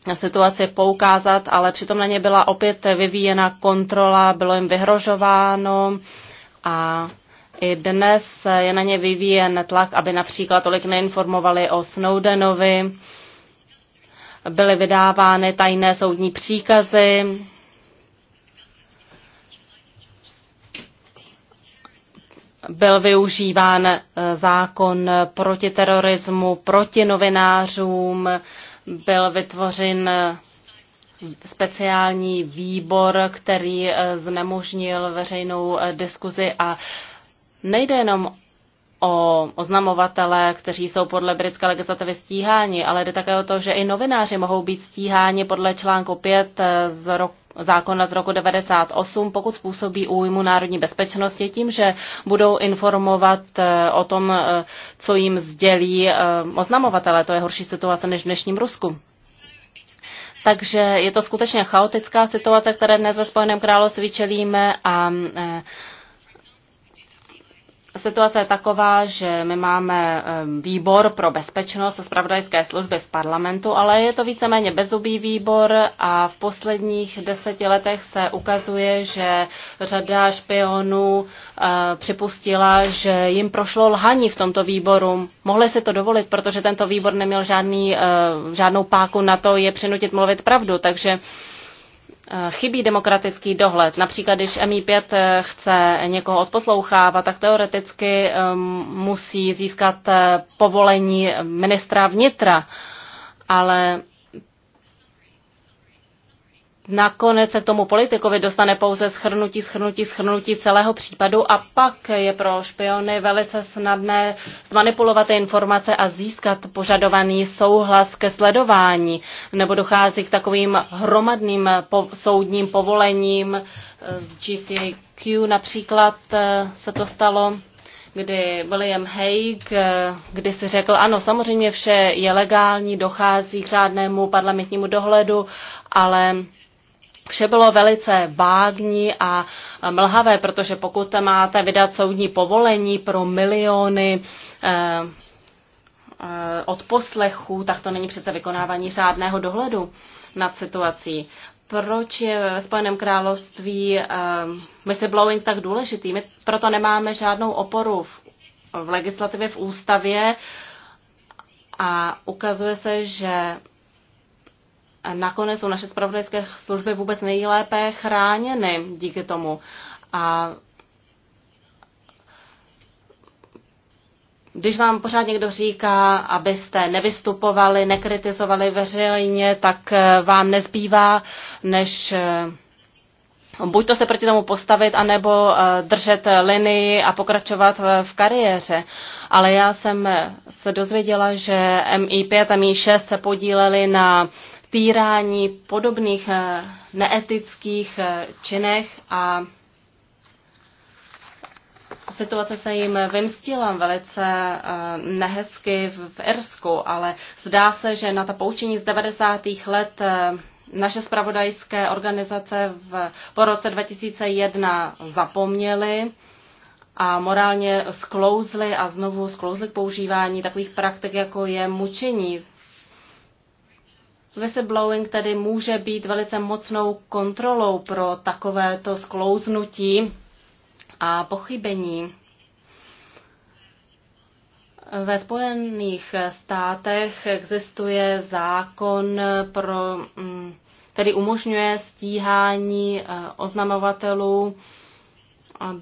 B: eh, situaci poukázat, ale přitom na ně byla opět vyvíjena kontrola, bylo jim vyhrožováno a i dnes je na ně vyvíjen tlak, aby například tolik neinformovali o Snowdenovi, byly vydávány tajné soudní příkazy, byl využíván eh, zákon proti terorismu, proti novinářům, byl vytvořen eh, speciální výbor, který eh, znemožnil veřejnou diskuzi a nejde jenom o oznamovatele, kteří jsou podle britské legislativy stíháni, ale jde také o to, že i novináři mohou být stíháni podle článku 5 z roku zákona z roku 98, pokud způsobí újmu národní bezpečnosti tím, že budou informovat eh, o tom, eh, co jim sdělí eh, oznamovatele. To je horší situace než v dnešním Rusku. Takže je to skutečně chaotická situace, které dnes ve Spojeném království čelíme a Situace je taková, že my máme výbor pro bezpečnost a spravodajské služby v parlamentu, ale je to víceméně bezubý výbor a v posledních deseti letech se ukazuje, že řada špionů eh, připustila, že jim prošlo lhaní v tomto výboru. Mohli si to dovolit, protože tento výbor neměl žádný, eh, žádnou páku na to je přinutit mluvit pravdu, takže Eh, chybí demokratický dohled. Například, když MI5 eh, chce někoho odposlouchávat, tak teoreticky ehm, musí získat eh, povolení ministra vnitra. Ale Nakonec se k tomu politikovi dostane pouze schrnutí, schrnutí, schrnutí celého případu a pak je pro špiony velice snadné zmanipulovat informace a získat požadovaný souhlas ke sledování. Nebo dochází k takovým hromadným po- soudním povolením eh, z GCQ například eh, se to stalo kdy William Hague, eh, kdy si řekl, ano, samozřejmě vše je legální, dochází k řádnému parlamentnímu dohledu, ale Vše bylo velice vágní a mlhavé, protože pokud máte vydat soudní povolení pro miliony eh, eh, odposlechů, tak to není přece vykonávání řádného dohledu nad situací. Proč je ve Spojeném království um, eh, whistleblowing tak důležitý? My proto nemáme žádnou oporu v, v legislativě, v ústavě a ukazuje se, že nakonec jsou naše spravodajské služby vůbec nejlépe chráněny díky tomu. A Když vám pořád někdo říká, abyste nevystupovali, nekritizovali veřejně, tak eh, vám nezbývá, než eh, buď to se proti tomu postavit, anebo eh, držet linii a pokračovat v kariéře. Ale já jsem se dozvěděla, že MI5 a MI6 se podíleli na týrání, podobných eh, neetických eh, činech a situace se jim vymstila velice eh, nehezky v Irsku, ale zdá se, že na ta poučení z 90. let naše spravodajské organizace v, po roce 2001 zapomněly a morálně sklouzly a znovu sklouzly k používání takových praktik, jako je mučení. Whistleblowing tedy může být velice mocnou kontrolou pro takovéto sklouznutí a pochybení. Ve Spojených státech existuje zákon pro, mm, který umožňuje stíhání eh, oznamovatelů.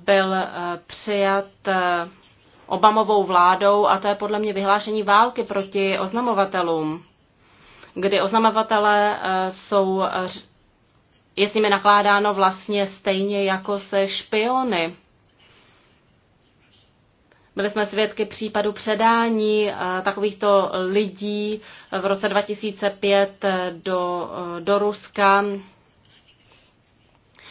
B: Byl eh, přijat eh, Obamovou vládou a to je podle mě vyhlášení války proti oznamovatelům kdy oznamovatelé eh, jsou, eh, je s nimi nakládáno vlastně stejně jako se špiony. Byli jsme svědky případu předání eh, takovýchto lidí v roce 2005 do, do Ruska.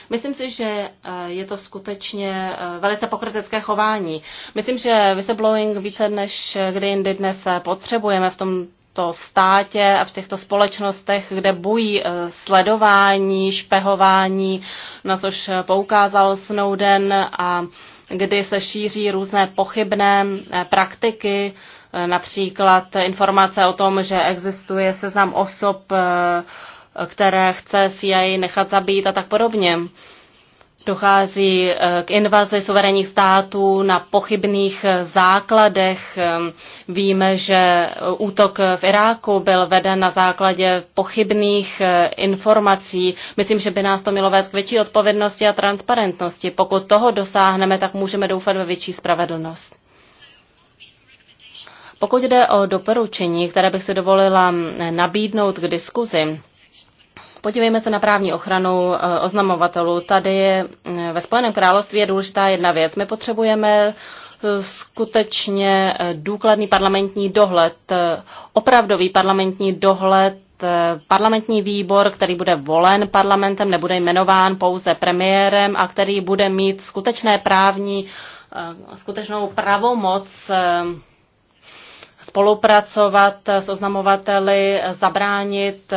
B: Myslím si, že je to skutečně velice pokrytecké chování. Myslím, že whistleblowing více než kdy jindy dnes potřebujeme v tom tomto státě a v těchto společnostech, kde bují eh, sledování, špehování, na což poukázal Snowden a kdy se šíří různé pochybné eh, praktiky, eh, například informace o tom, že existuje seznam osob, které chce CIA nechat zabít a tak podobně. Dochází eh, k invazi suverénních států na pochybných eh, základech. Ehm, víme, že eh, útok v Iráku byl veden na základě pochybných informací. Myslím, že by nás to mělo vést k větší odpovědnosti a transparentnosti. Pokud toho dosáhneme, tak můžeme doufat ve větší spravedlnost. Pokud jde o doporučení, které bych si dovolila nabídnout k diskuzi, Podívejme se na právní ochranu eh, oznamovatelů. Tady eh, ve Spojeném království je důležitá jedna věc. My potřebujeme eh, skutečně důkladný parlamentní dohled, opravdový parlamentní dohled, parlamentní výbor, který bude volen parlamentem, nebude jmenován pouze premiérem a který bude mít skutečné právní, skutečnou pravomoc spolupracovat s oznamovateli, zabránit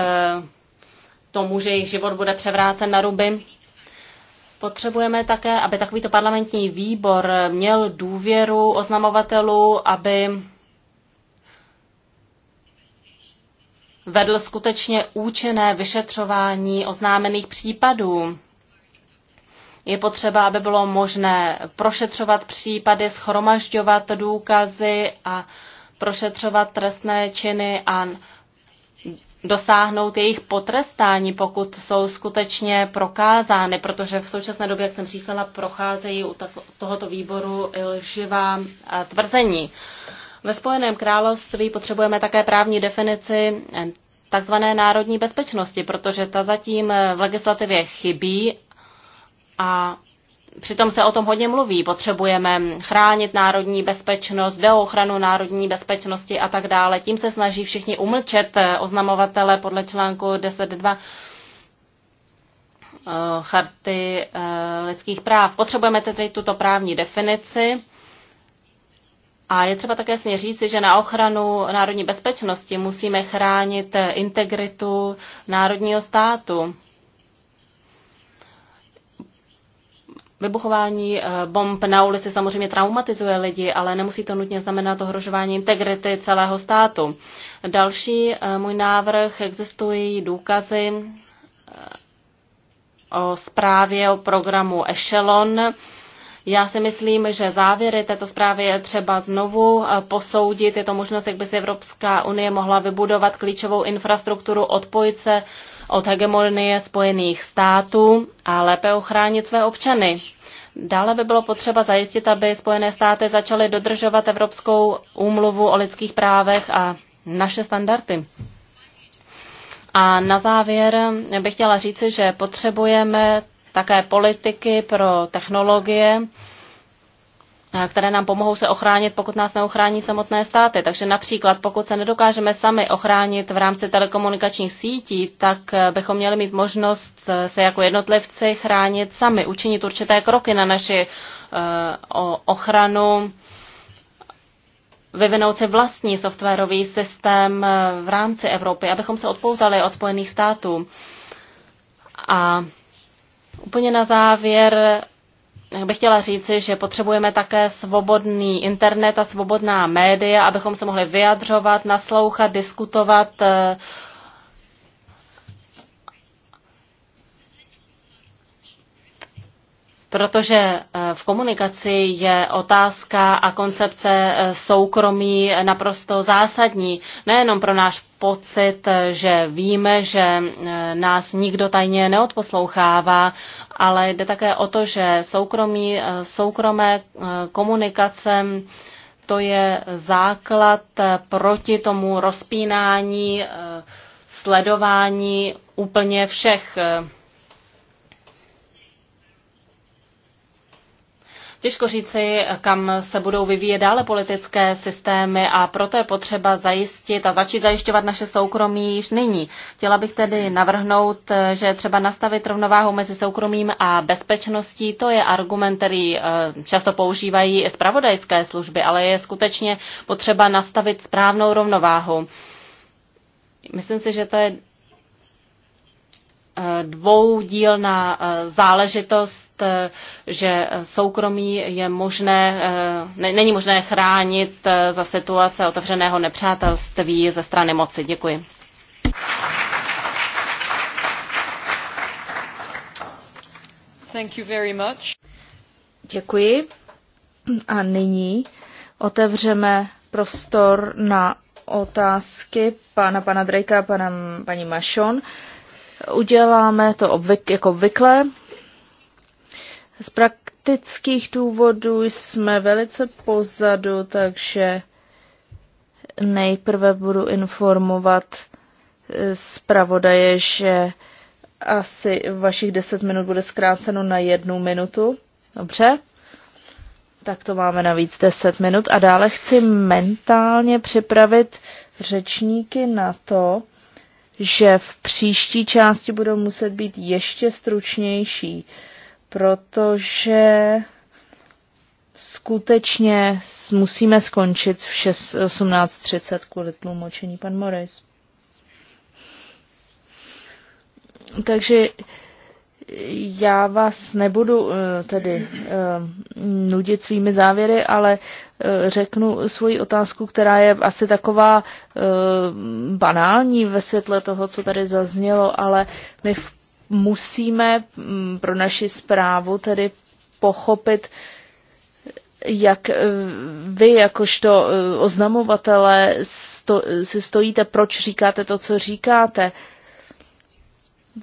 B: tomu, že jejich život bude převrácen na ruby. Potřebujeme také, aby takovýto parlamentní výbor měl důvěru oznamovatelů, aby vedl skutečně účinné vyšetřování oznámených případů. Je potřeba, aby bylo možné prošetřovat případy, schromažďovat důkazy a prošetřovat trestné činy a dosáhnout jejich potrestání, pokud jsou skutečně prokázány, protože v současné době, jak jsem říkala, procházejí u tohoto výboru lživá eh, tvrzení. Ve Spojeném království potřebujeme také právní definici eh, takzvané národní bezpečnosti, protože ta zatím eh, v legislativě chybí a Přitom se o tom hodně mluví. Potřebujeme chránit národní bezpečnost, jde o ochranu národní bezpečnosti a tak dále. Tím se snaží všichni umlčet eh, oznamovatele podle článku 10.2 eh, charty eh, lidských práv. Potřebujeme tedy tuto právní definici. A je třeba také sně říci, že na ochranu národní bezpečnosti musíme chránit integritu národního státu. Vybuchování eh, bomb na ulici samozřejmě traumatizuje lidi, ale nemusí to nutně znamenat ohrožování integrity celého státu. Další eh, můj návrh, existují důkazy eh, o zprávě o programu Echelon. Já si myslím, že závěry této zprávy je třeba znovu posoudit. Je to možnost, jak by si Evropská unie mohla vybudovat klíčovou infrastrukturu, odpojit se od hegemonie Spojených států a lépe ochránit své občany. Dále by bylo potřeba zajistit, aby Spojené státy začaly dodržovat Evropskou úmluvu o lidských právech a naše standardy. A na závěr bych chtěla říci, že potřebujeme také politiky pro technologie, Eh, které nám pomohou se ochránit, pokud nás neochrání samotné státy. Takže například, pokud se nedokážeme sami ochránit v rámci telekomunikačních sítí, tak eh, bychom měli mít možnost eh, se jako jednotlivci chránit sami, učinit určité kroky na naši ochranu, vyvinout si vlastní softwarový systém v rámci Evropy, abychom se odpoutali od Spojených států. A úplně na závěr bych chtěla říci, že potřebujeme také svobodný internet a svobodná média, abychom se mohli vyjadřovat, naslouchat, diskutovat. Eh, protože eh, v komunikaci je otázka a koncepce eh, soukromí naprosto zásadní, nejenom pro náš pocit, že víme, že eh, nás nikdo tajně neodposlouchává, ale jde také o to, že soukromí, eh, soukromé eh, komunikace to je základ proti tomu rozpínání, sledování úplně všech Těžko říci, kam se budou vyvíjet dále politické systémy a proto je potřeba zajistit a začít zajišťovat naše soukromí již nyní. Chtěla bych tedy navrhnout, že třeba nastavit rovnováhu mezi soukromím a bezpečností. To je argument, který eh, často používají i zpravodajské služby, ale je skutečně potřeba nastavit správnou rovnováhu. Myslím si, že to je dvoudílná eh, záležitost, eh, že soukromí je možné, eh, není možné chránit za situace otevřeného nepřátelství ze strany moci. Děkuji. Thank you very much.
A: Děkuji. A nyní otevřeme prostor na otázky pana, pana Drejka, a pana, paní Mašon. Uděláme to obvyk, jako obvykle. Z praktických důvodů jsme velice pozadu, takže nejprve budu informovat eh, zpravodaje, že asi vašich deset minut bude zkráceno na jednu minutu. Dobře? Tak to máme navíc deset minut. A dále chci mentálně připravit řečníky na to, že v příští části budou muset být ještě stručnější, protože skutečně musíme skončit v 18.30 kvůli tlumočení pan Morris. Takže já vás nebudu eh, tedy eh, nudit svými závěry, ale eh, řeknu svoji otázku, která je asi taková banální ve světle toho, co tady zaznělo, ale my musíme mm, pro naši zprávu tedy pochopit, jak vy jakožto oznamovatele si stojíte, proč říkáte to, co říkáte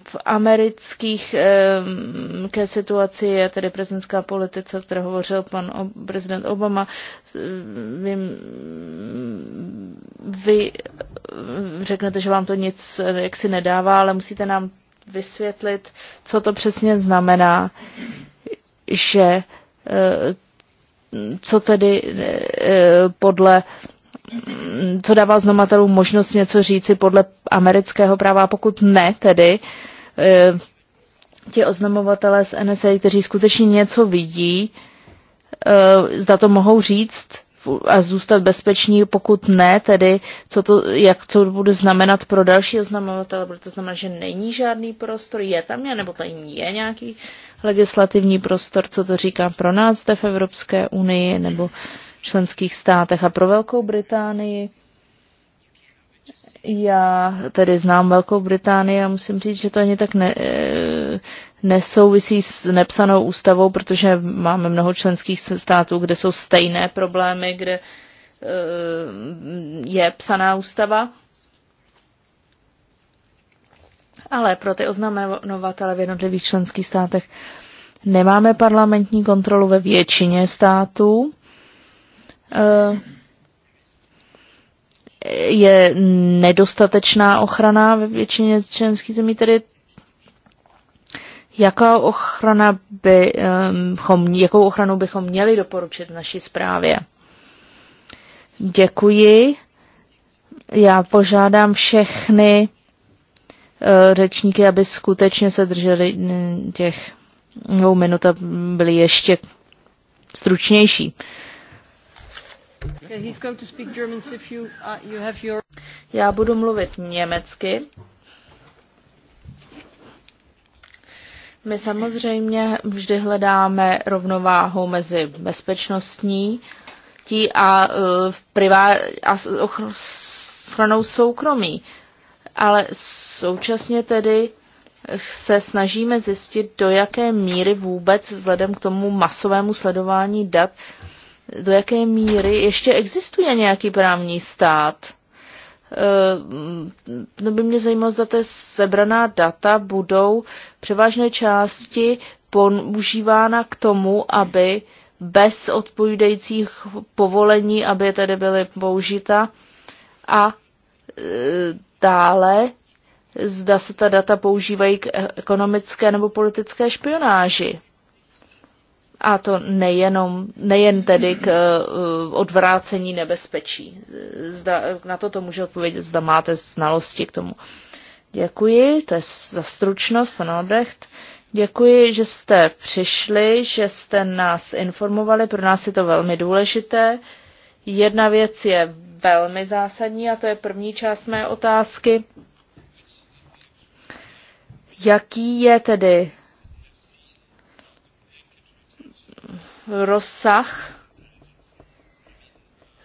A: v amerických ke situaci a tedy prezidentská politice, o které hovořil pan prezident Obama, vy, vy řeknete, že vám to nic eh, jaksi nedává, ale musíte nám vysvětlit, co to přesně znamená, že eh, co tedy eh, podle co dává znamatelům možnost něco říci podle amerického práva, pokud ne, tedy eh, ti oznamovatelé z NSA, kteří skutečně něco vidí, eh, zda to mohou říct a zůstat bezpeční, pokud ne, tedy co to, jak to bude znamenat pro další oznamovatele, bude to znamenat, že není žádný prostor, je tam je, nebo tady je nějaký legislativní prostor, co to říká pro nás zde v Evropské unii, nebo členských státech a pro Velkou Británii. Já tedy znám Velkou Británii a musím říct, že to ani tak ne, e, nesouvisí s nepsanou ústavou, protože máme mnoho členských států, kde jsou stejné problémy, kde e, je psaná ústava. Ale pro ty oznamenovatele v jednotlivých členských státech nemáme parlamentní kontrolu ve většině států Eh, je nedostatečná ochrana ve většině členských zemí, tedy jaká ochrana bychom, ehm, jakou ochranu bychom měli doporučit naší zprávě. Děkuji. Já požádám všechny eh, řečníky, aby skutečně se drželi mm, těch dvou minut a byli ještě stručnější. Já budu mluvit německy. My samozřejmě vždy hledáme rovnováhu mezi bezpečnostní tí a, e, v privá- a ochranou soukromí. Ale současně tedy se snažíme zjistit, do jaké míry vůbec vzhledem k tomu masovému sledování dat do jaké míry ještě existuje nějaký právní stát. Eh, no by mě zajímalo, zda ty sebraná data budou převážné části používána k tomu, aby bez odpovídajících povolení, aby tedy byly použita a eh, dále zda se ta data používají k ekonomické nebo politické špionáži. A to nejenom, nejen tedy k eh, odvrácení nebezpečí. Zda, na to to může odpovědět, zda máte znalosti k tomu. Děkuji, to je za stručnost, pan Albrecht. Děkuji, že jste přišli, že jste nás informovali, pro nás je to velmi důležité. Jedna věc je velmi zásadní a to je první část mé otázky. Jaký je tedy rozsah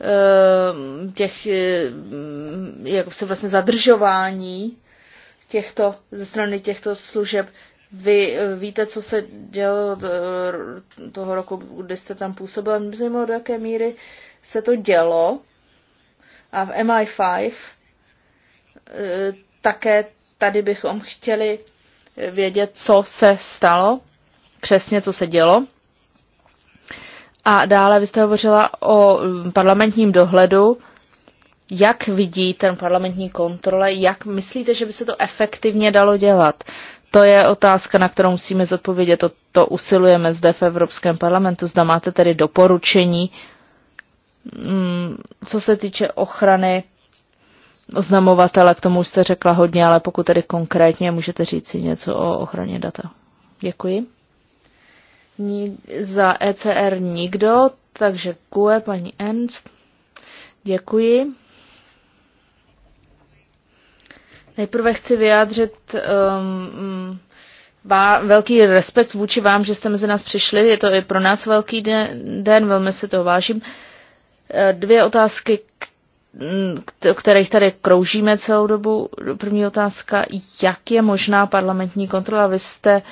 A: eh, těch, eh, jak se vlastně zadržování těchto, ze strany těchto služeb. Vy eh, víte, co se dělo toho roku, kdy jste tam působil, nevím, do jaké míry se to dělo. A v MI5 také tady bychom chtěli vědět, co se stalo, přesně co se dělo. A dále vy jste hovořila o mm, parlamentním dohledu. Jak vidí ten parlamentní kontrole? Jak myslíte, že by se to efektivně dalo dělat? To je otázka, na kterou musíme zodpovědět. To, to usilujeme zde v Evropském parlamentu. Zda máte tedy doporučení, mm, co se týče ochrany oznamovatele, k tomu jste řekla hodně, ale pokud tedy konkrétně můžete říct si něco o ochraně data. Děkuji. Ni- za ECR nikdo, takže kue paní Ernst, děkuji. Nejprve chci vyjádřit um, vá, velký respekt vůči vám, že jste mezi nás přišli. Je to i pro nás velký den, den velmi si to vážím. Eh, dvě otázky, které kterých tady kroužíme celou dobu. První otázka, jak je možná parlamentní kontrola? Vy jste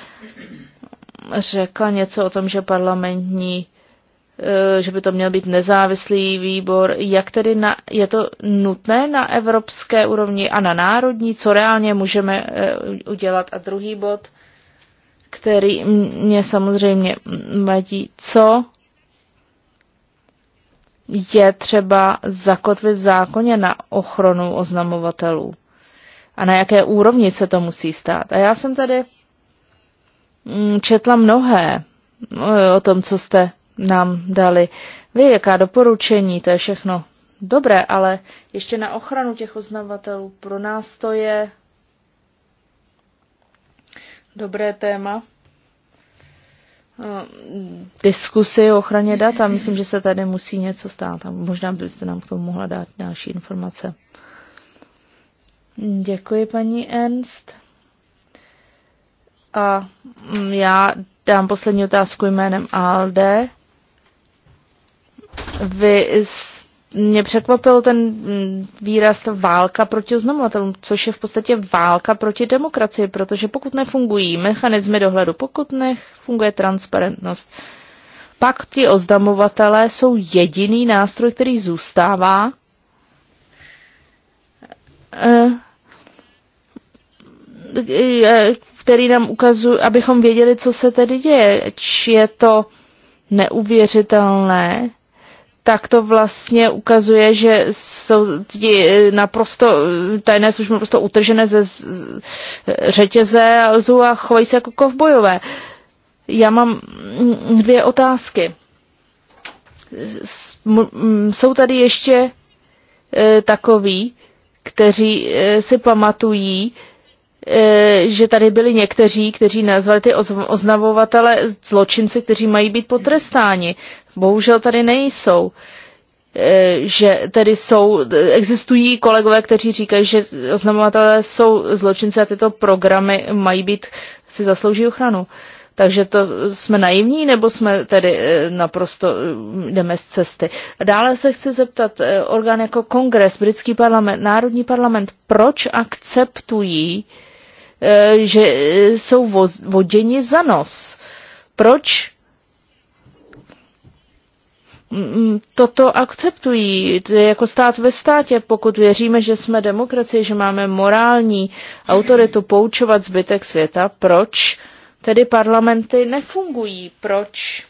A: řekla něco o tom, že parlamentní, e, že by to měl být nezávislý výbor. Jak tedy na, je to nutné na evropské úrovni a na národní, co reálně můžeme e, udělat? A druhý bod, který mě samozřejmě vadí, co je třeba zakotvit v zákoně na ochranu oznamovatelů a na jaké úrovni se to musí stát. A já jsem tady Mm, četla mnohé eh, o tom, co jste nám dali. Vy, jaká doporučení, to je všechno dobré, ale ještě na ochranu těch oznavatelů pro nás to je dobré téma. Eh, diskusy o ochraně dat a myslím, že se tady musí něco stát a možná byste nám k tomu mohla dát další informace. Děkuji, paní Ernst. A mm, já dám poslední otázku jménem Alde. Vy mě překvapil ten mm, výraz ta válka proti oznamovatelům, což je v podstatě válka proti demokracii, protože pokud nefungují mechanismy dohledu, pokud nefunguje transparentnost, pak ty oznamovatelé jsou jediný nástroj, který zůstává eh, eh, který nám ukazuje, abychom věděli, co se tedy děje. Či je to neuvěřitelné, tak to vlastně ukazuje, že jsou ti eh, naprosto, tajné služby naprosto utržené ze řetěze a chovají se jako kovbojové. Já mám dvě otázky. Jsou tady ještě eh, takoví, kteří eh, si pamatují, E, že tady byli někteří, kteří nazvali ty oznamovatele zločinci, kteří mají být potrestáni. Bohužel tady nejsou. E, že tedy jsou, existují kolegové, kteří říkají, že oznamovatelé jsou zločinci a tyto programy mají být, si zaslouží ochranu. Takže to jsme naivní, nebo jsme tedy e, naprosto jdeme z cesty. Dále se chci zeptat, orgán jako kongres, britský parlament, národní parlament, proč akceptují uh, E, že jsou voděni za nos. Proč toto akceptují jako stát ve státě, pokud věříme, že jsme demokracie, že máme morální autoritu poučovat zbytek světa, proč tedy parlamenty nefungují, proč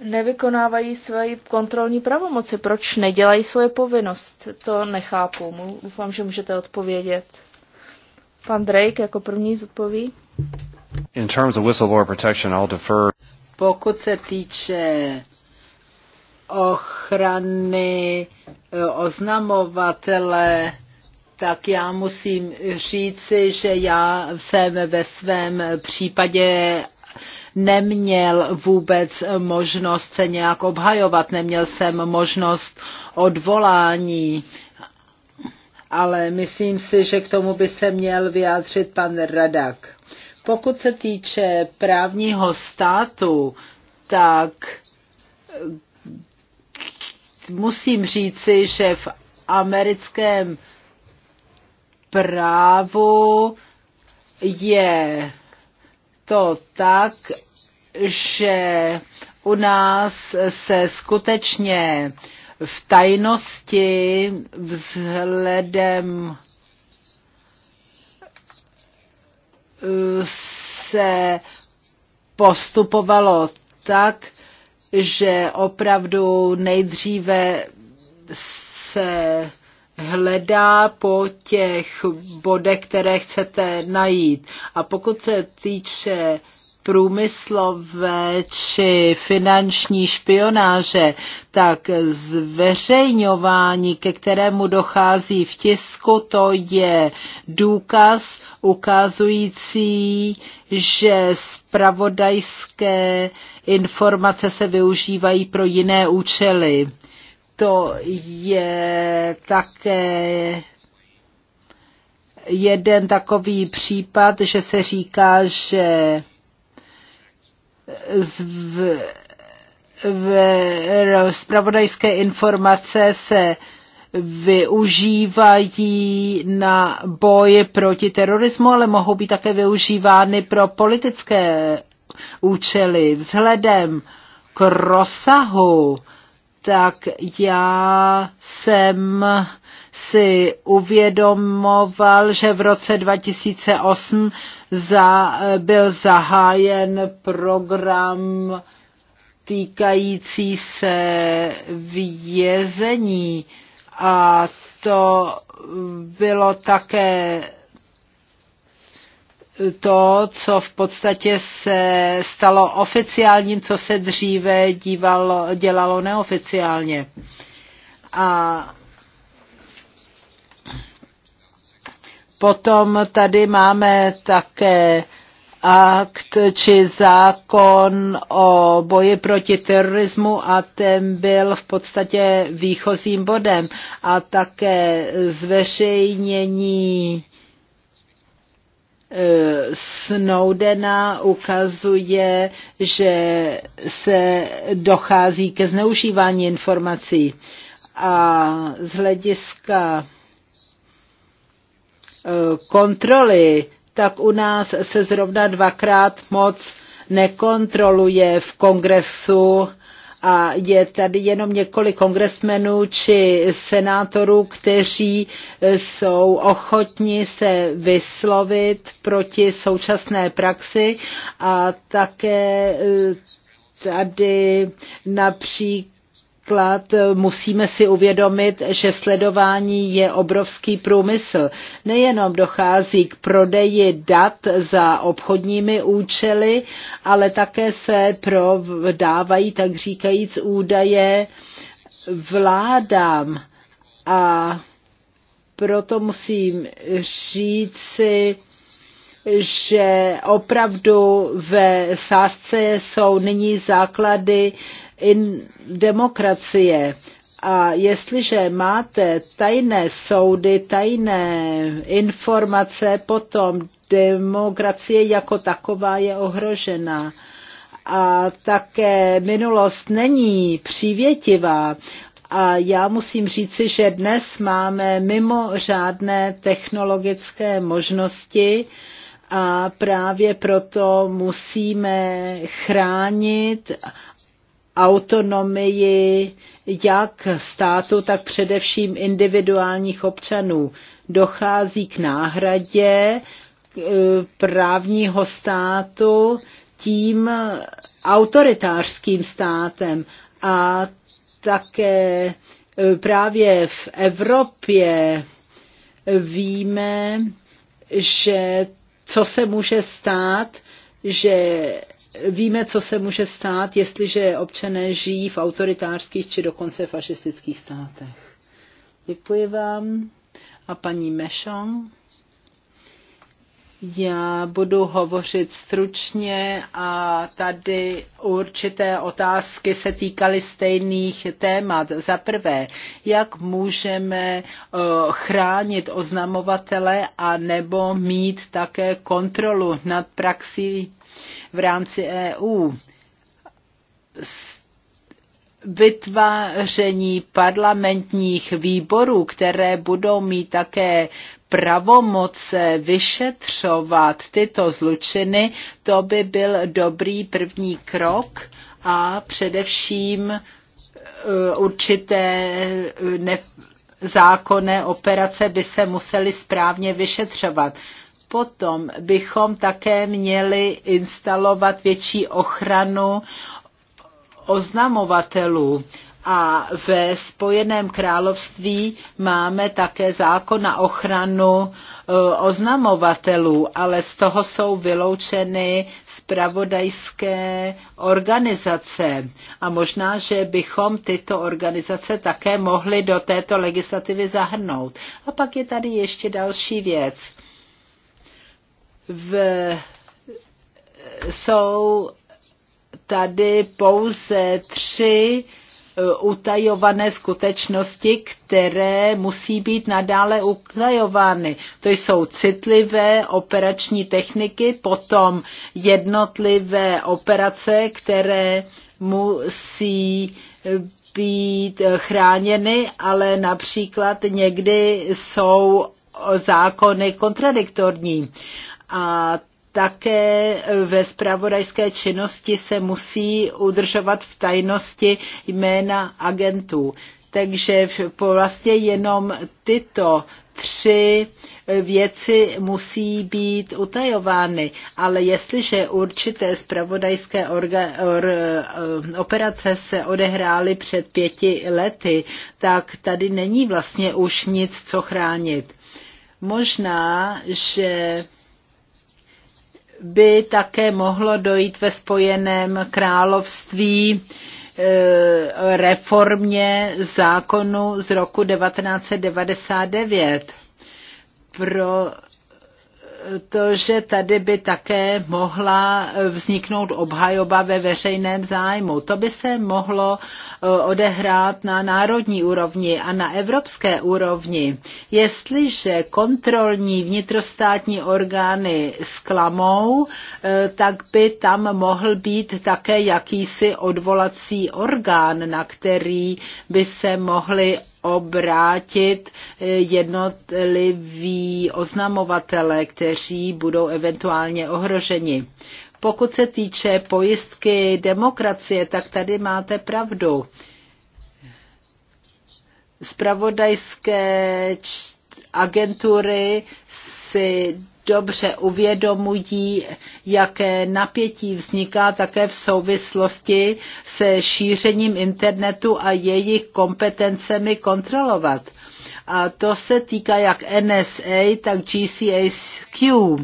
A: nevykonávají své kontrolní pravomoci, proč nedělají svoje povinnost, to nechápu. Doufám, že můžete odpovědět. Pan Drake jako první zodpoví.
B: In terms of whistleblower protection, I'll defer.
C: Pokud se týče ochrany eh, oznamovatele, tak já musím říci, že já jsem ve svém případě neměl vůbec možnost se nějak obhajovat, neměl jsem možnost odvolání ale myslím si, že k tomu by se měl vyjádřit pan Radak. Pokud se týče právního státu, tak eh, musím říci, že v americkém právu je to tak, že u nás se skutečně uh, v tajnosti vzhledem eh, se postupovalo tak, že opravdu nejdříve se hledá po těch bodech, které chcete najít. A pokud se týče průmyslové či finanční špionáže, tak zveřejňování, ke kterému dochází v tisku, to je důkaz ukazující, že spravodajské informace se využívají pro jiné účely. To je také jeden takový případ, že se říká, že v, spravodajské informace se využívají na boje proti terorismu, ale mohou být také využívány pro politické účely. Vzhledem k rozsahu, tak já jsem si uvědomoval, že v roce 2008 za, byl zahájen program týkající se vězení a to bylo také to, co v podstatě se stalo oficiálním, co se dříve dívalo, dělalo neoficiálně. A Potom tady máme také akt či zákon o boji proti terorismu a ten byl v podstatě výchozím bodem a také zveřejnění e, Snowdena ukazuje, že se dochází ke zneužívání informací. A z hlediska kontroly, tak u nás se zrovna dvakrát moc nekontroluje v kongresu a je tady jenom několik kongresmenů či senátorů, kteří jsou ochotni se vyslovit proti současné praxi a také eh, tady například Například eh, musíme si uvědomit, že sledování je obrovský průmysl. Nejenom dochází k prodeji dat za obchodními účely, ale také se prodávají, tak říkajíc, údaje vládám. A proto musím říci, že opravdu ve sázce jsou nyní základy in demokracie. A jestliže máte tajné soudy, tajné informace, potom demokracie jako taková je ohrožena. A také minulost není přívětivá. A já musím říci, že dnes máme mimořádné technologické možnosti a právě proto musíme chránit autonomii jak státu, tak především individuálních občanů. Dochází k náhradě eh, právního státu tím autoritářským státem a také eh, právě v Evropě víme, že co se může stát, že víme, co se může stát, jestliže občané žijí v autoritářských či dokonce fašistických státech. Děkuji vám. A paní Mešon. Já budu hovořit stručně a tady určité otázky se týkaly stejných témat. Za prvé, jak můžeme eh, chránit oznamovatele a nebo mít také kontrolu nad praxí v rámci EU. Vytváření parlamentních výborů, které budou mít také pravomoce vyšetřovat tyto zločiny, to by byl dobrý první krok a především e, určité e, ne, zákonné operace by se musely správně vyšetřovat. Potom bychom také měli instalovat větší ochranu oznamovatelů. A ve Spojeném království máme také zákon na ochranu e, oznamovatelů, ale z toho jsou vyloučeny spravodajské organizace. A možná, že bychom tyto organizace také mohli do této legislativy zahrnout. A pak je tady ještě další věc v, jsou tady pouze tři eh, utajované skutečnosti, které musí být nadále utajovány. To jsou citlivé operační techniky, potom jednotlivé operace, které musí být chráněny, ale například někdy jsou zákony kontradiktorní. A také ve spravodajské činnosti se musí udržovat v tajnosti jména agentů. Takže vlastně jenom tyto tři věci musí být utajovány, ale jestliže určité spravodajské orga, or, eh, operace se odehrály před pěti lety, tak tady není vlastně už nic, co chránit. Možná, že by také mohlo dojít ve Spojeném království e, reformě zákonu z roku 1999. Pro to, že tady by také mohla vzniknout obhajoba ve veřejném zájmu. To by se mohlo eh, odehrát na národní úrovni a na evropské úrovni. Jestliže kontrolní vnitrostátní orgány zklamou, eh, tak by tam mohl být také jakýsi odvolací orgán, na který by se mohli obrátit eh, jednotliví oznamovatele, kteří kteří budou eventuálně ohroženi. Pokud se týče pojistky demokracie, tak tady máte pravdu. Spravodajské agentury si dobře uvědomují, jaké napětí vzniká také v souvislosti se šířením internetu a jejich kompetencemi kontrolovat. A to se týká jak NSA, tak GCSQ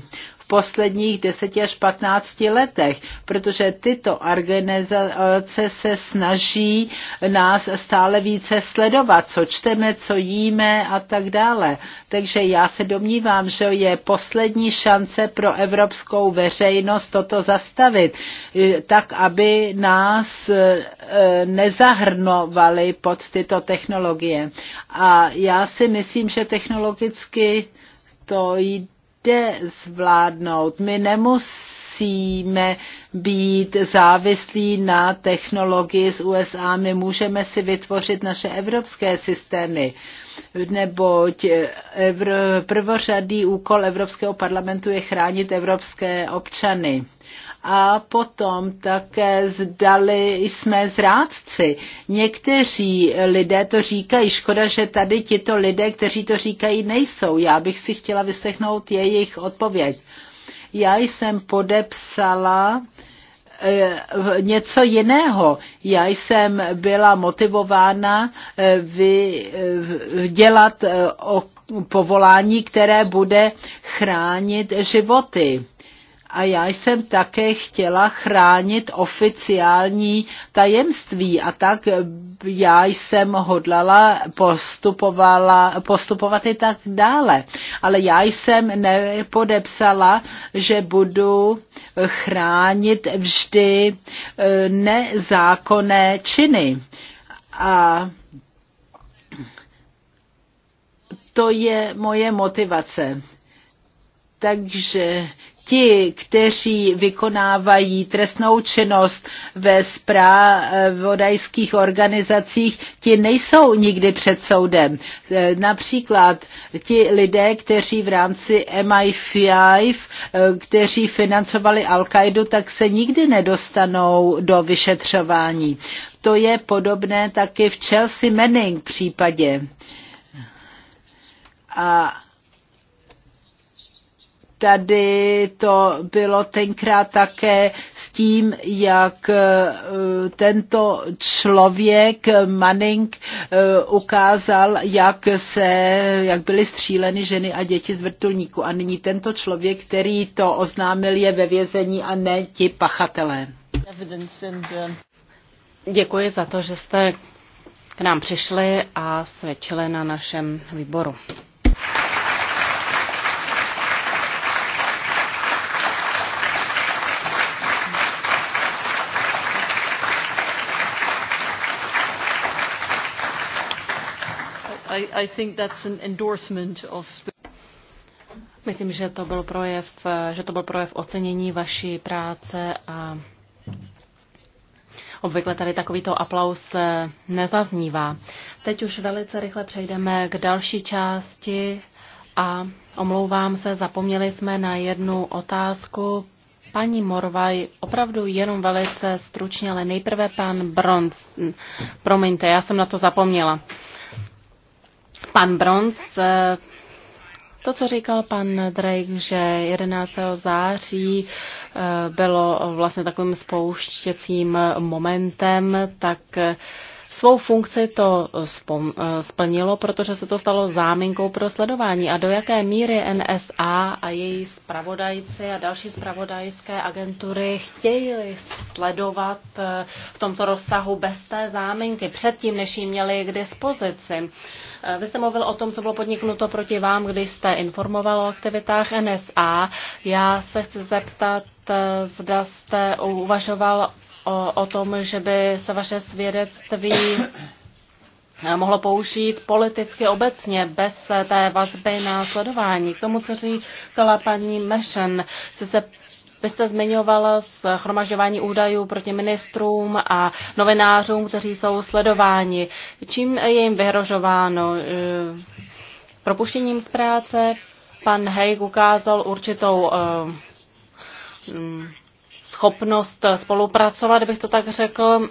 C: posledních 10 až 15 letech, protože tyto organizace se snaží nás stále více sledovat, co čteme, co jíme a tak dále. Takže já se domnívám, že je poslední šance pro evropskou veřejnost toto zastavit, eh, tak aby nás eh, nezahrnovali pod tyto technologie. A já si myslím, že technologicky to jde jde zvládnout. My nemusíme být závislí na technologii z USA. My můžeme si vytvořit naše evropské systémy neboť prvořadý úkol Evropského parlamentu je chránit evropské občany a potom také zdali jsme zrádci. Někteří lidé to říkají, škoda, že tady tito lidé, kteří to říkají, nejsou. Já bych si chtěla vyslechnout jejich odpověď. Já jsem podepsala eh, něco jiného. Já jsem byla motivována eh, eh, dělat povolání, které bude chránit životy a já jsem také chtěla chránit oficiální tajemství a tak já jsem hodlala postupovala, postupovat i tak dále. Ale já jsem nepodepsala, že budu chránit vždy eh, nezákonné činy. A to je moje motivace. Takže ti, kteří vykonávají trestnou činnost ve spravodajských organizacích, ti nejsou nikdy před soudem. E, například ti lidé, kteří v rámci MI5, e, kteří financovali Al-Qaidu, tak se nikdy nedostanou do vyšetřování. To je podobné taky v Chelsea Manning případě. A tady to bylo tenkrát také s tím, jak eh, tento člověk Manning eh, ukázal, jak, se, jak byly stříleny ženy a děti z vrtulníku. A nyní tento člověk, který to oznámil, je ve vězení a ne ti pachatelé.
B: Uh, Děkuji za to, že jste k nám přišli a svědčili na našem výboru. I, think that's an endorsement of the... Myslím, že to byl projev, eh, že to byl projev ocenění vaší práce a obvykle tady takovýto aplaus eh, nezaznívá. Teď už velice rychle přejdeme k další části a omlouvám se, zapomněli jsme na jednu otázku. Paní Morvaj, opravdu jenom velice stručně, ale nejprve pan Bronz. Promiňte, já jsem na to zapomněla pan Bronz. Eh, to, co říkal pan Drake, že 11. září eh, bylo vlastně takovým spouštěcím momentem, tak eh, Svou funkci to eh, eh, splnilo, protože se to stalo záminkou pro sledování. A do jaké míry NSA a její spravodajci a další spravodajské agentury chtějí sledovat eh, v tomto rozsahu bez té záminky, předtím, než ji měli k dispozici. Vy jste mluvil o tom, co bylo podniknuto proti vám, když jste informoval o aktivitách NSA. Já se chci zeptat, zda jste uvažoval o, o tom, že by se vaše svědectví mohlo použít politicky obecně, bez té vazby na sledování. K tomu, co říkala paní Mešen, se se vy jste zmiňovala schromažďování údajů proti ministrům a novinářům, kteří jsou sledováni. Čím je jim vyhrožováno? Eh, propuštěním z práce? Pan Hejk ukázal určitou eh, mm, schopnost spolupracovat, bych to tak řekl,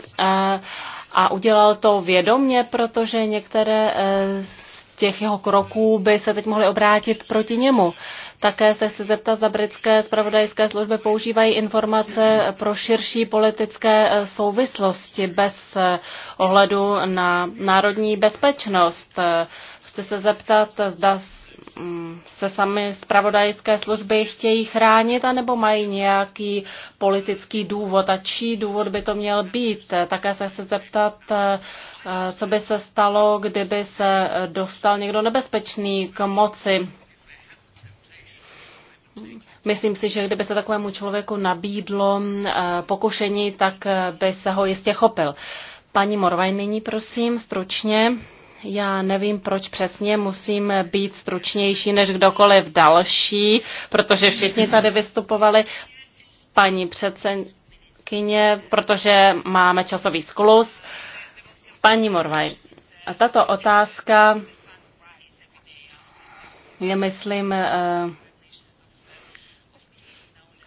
B: a udělal to vědomně, protože některé e, z těch jeho kroků by se teď mohly obrátit proti němu. Také se chci zeptat, za britské spravodajské služby používají informace pro širší politické e, souvislosti bez e, ohledu na národní bezpečnost. Chci se zeptat, zda Mm, se sami zpravodajské služby chtějí chránit, anebo mají nějaký politický důvod a čí důvod by to měl být. Také se chci zeptat, eh, eh, co by se stalo, kdyby se dostal někdo nebezpečný k moci. Myslím si, že kdyby se takovému člověku nabídlo eh, pokušení, tak by se ho jistě chopil. Paní Morvaj nyní, prosím, stručně. Já nevím, proč přesně musím být stručnější než kdokoliv další, protože všichni tady vystupovali. Paní předsedkyně, protože máme časový sklus. Paní Morvaj, tato otázka je, myslím, eh,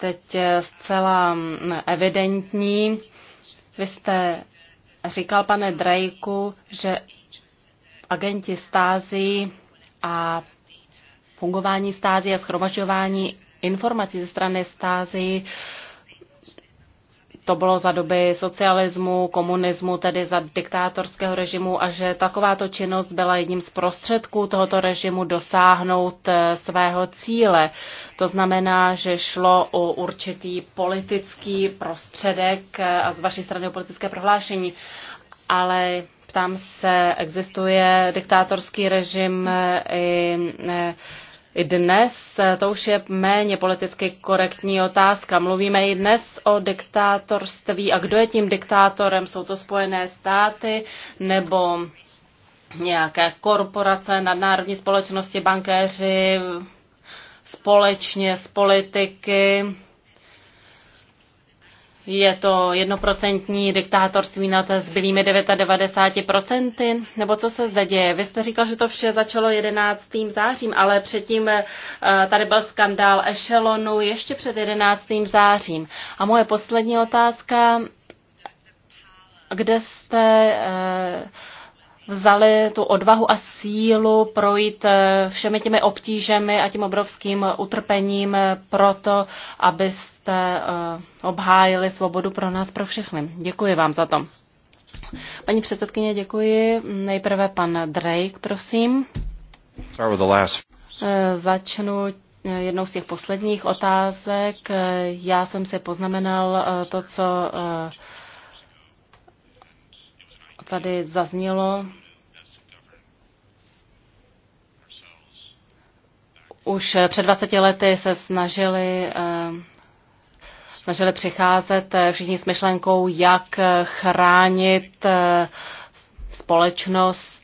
B: teď zcela evidentní. Vy jste říkal, pane Drejku, že agenti stázy a fungování stázy a schromažďování informací ze strany stázy. to bylo za doby socialismu, komunismu, tedy za diktátorského režimu a že takováto činnost byla jedním z prostředků tohoto režimu dosáhnout eh, svého cíle. To znamená, že šlo o určitý politický prostředek eh, a z vaší strany o politické prohlášení. Ale Ptám se, existuje diktátorský režim e, i, e, i dnes? To už je méně politicky korektní otázka. Mluvíme i dnes o diktátorství. A kdo je tím diktátorem? Jsou to Spojené státy nebo nějaké korporace, nadnárodní společnosti, bankéři společně s politiky? Je to jednoprocentní diktátorství nad zbylými 99%? Nebo co se zde děje? Vy jste říkal, že to vše začalo 11. zářím, ale předtím eh, tady byl skandál Echelonu ještě před 11. zářím. A moje poslední otázka, kde jste eh, vzali tu odvahu a sílu projít eh, všemi těmi obtížemi a tím obrovským utrpením proto, abyste eh, obhájili svobodu pro nás, pro všechny. Děkuji vám za to. Paní předsedkyně, děkuji. Nejprve pan Drake, prosím. Eh, začnu jednou z těch posledních otázek. Já jsem si poznamenal to, co tady zaznělo už eh, před 20 lety se snažili eh, snažili přicházet eh, všichni s myšlenkou, jak chránit společnost.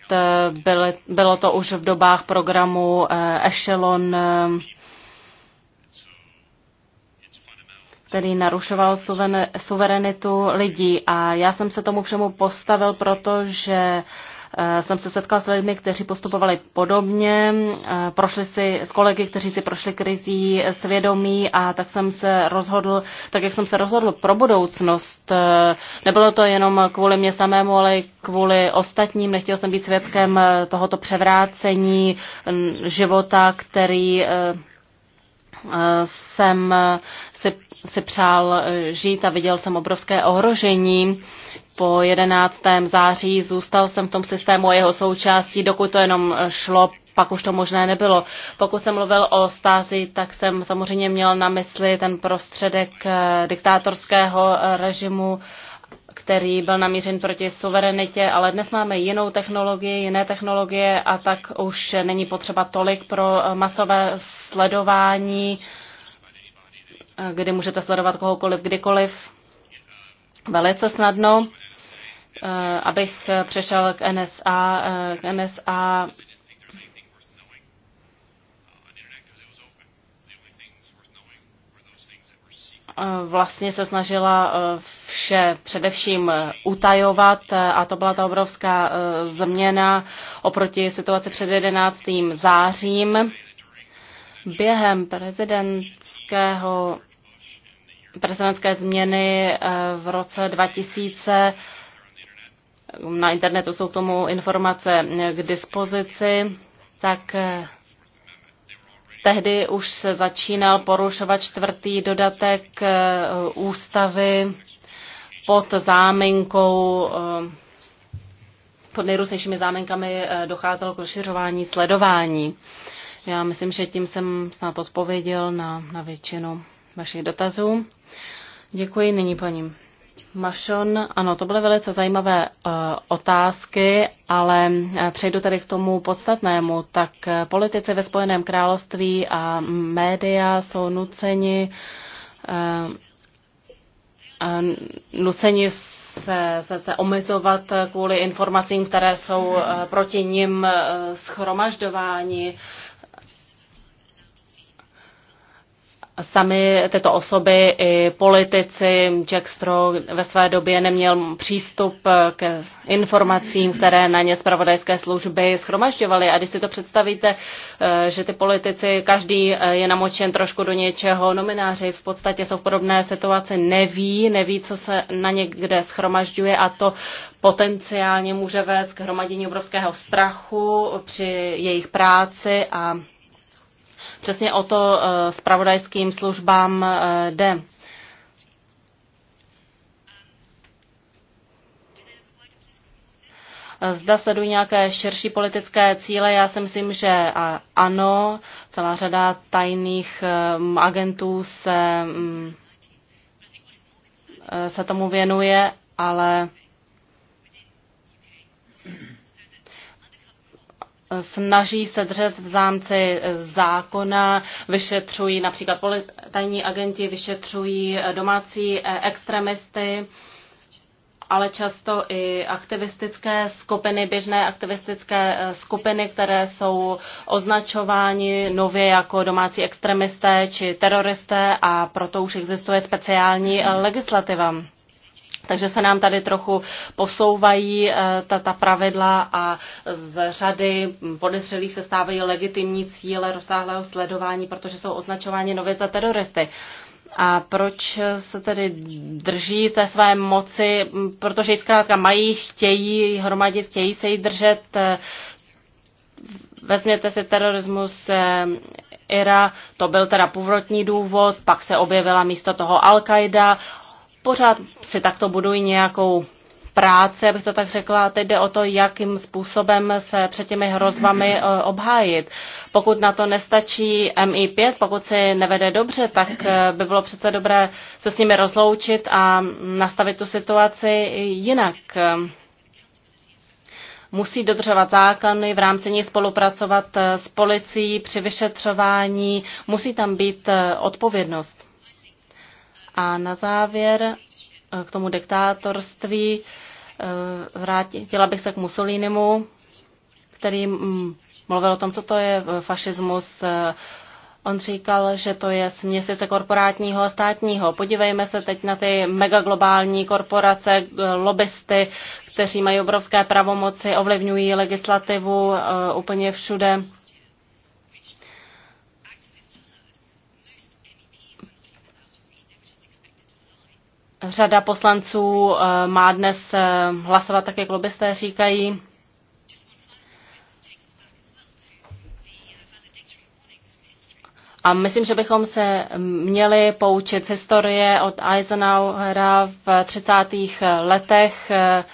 B: Bylo to už v dobách programu Echelon, který narušoval suverenitu lidí. A já jsem se tomu všemu postavil, protože Eh, jsem se setkala s lidmi, kteří postupovali podobně, eh, prošli si s kolegy, kteří si prošli krizí svědomí a tak jsem se rozhodl, tak jak jsem se rozhodl pro budoucnost. Eh, nebylo to jenom kvůli mě samému, ale i kvůli ostatním. Nechtěl jsem být svědkem tohoto převrácení mm, života, který jsem si, si přál žít a viděl jsem obrovské ohrožení po 11. září. Zůstal jsem v tom systému a jeho součástí, dokud to jenom eh, šlo, pak už to možné nebylo. Pokud jsem mluvil o stáři, tak jsem samozřejmě měl na mysli ten prostředek eh, diktátorského eh, režimu, který byl namířen proti suverenitě, ale dnes máme jinou technologii, jiné technologie a tak už není potřeba tolik pro masové sledování, kdy můžete sledovat kohokoliv, kdykoliv velice snadno. Eh, abych přešel k NSA, eh, k NSA eh, vlastně se snažila vše především utajovat a to byla ta obrovská změna oproti situaci před 11. zářím. Během prezidentského prezidentské změny v roce 2000 na internetu jsou k tomu informace k dispozici, tak eh, tehdy už se začínal porušovat čtvrtý dodatek eh, ústavy pod záminkou, eh, pod nejrůznějšími záminkami docházelo k rozšiřování sledování. Já myslím, že tím jsem snad odpověděl na, na většinu vašich dotazů. Děkuji nyní paní Mašon, ano, to byly velice zajímavé uh, otázky, ale eh, přejdu tady k tomu podstatnému. Tak eh, politici ve Spojeném království a média jsou nuceni, uh, uh, nuceni se, se, se omezovat kvůli informacím, které jsou uh, proti nim uh, schromaždováni. Uh, Sami tyto osoby i politici, Jack Straw ve své době neměl přístup k informacím, které na ně zpravodajské služby schromažďovaly. A když si to představíte, eh, že ty politici, každý eh, je namočen trošku do něčeho, nomináři v podstatě jsou v podobné situaci, neví, neví, co se na někde schromažďuje a to potenciálně může vést k hromadění obrovského strachu při jejich práci a Přesně o to spravodajským eh, službám eh, jde. Zda sledují nějaké širší politické cíle, já si myslím, že ano, celá řada tajných eh, agentů se, mm, se tomu věnuje, ale snaží se držet v zámci zákona, vyšetřují například tajní agenti, vyšetřují domácí eh, extremisty, ale často i aktivistické skupiny, běžné aktivistické eh, skupiny, které jsou označováni nově jako domácí extremisté či teroristé a proto už existuje speciální eh, legislativa. Takže se nám tady trochu posouvají eh, ta, ta pravidla a z řady podezřelých se stávají legitimní cíle rozsáhlého sledování, protože jsou označováni nově za teroristy. A proč se tedy drží té své moci? Protože ji zkrátka mají, chtějí hromadit, chtějí se jí držet. Eh, vezměte si terorismus eh, Ira, to byl teda původní důvod, pak se objevila místo toho Al-Qaida, pořád si takto budují nějakou práce, abych to tak řekla, a teď jde o to, jakým způsobem se před těmi hrozbami e, obhájit. Pokud na to nestačí MI5, pokud si nevede dobře, tak e, by bylo přece dobré se s nimi rozloučit a nastavit tu situaci jinak. E, musí dodržovat zákony, v rámci ní spolupracovat s policií při vyšetřování, musí tam být odpovědnost. A na závěr eh, k tomu diktátorství eh, vrátila bych se k Mussolinimu, který mm, mluvil o tom, co to je eh, fašismus. On říkal, že to je směsice korporátního a státního. Podívejme se teď na ty megaglobální korporace, lobbysty, kteří mají obrovské pravomoci, ovlivňují legislativu úplně všude. Řada poslanců eh, má dnes eh, hlasovat tak, jak lobbysté říkají. A myslím, že bychom se měli poučit z historie od Eisenhowera v 30. letech eh,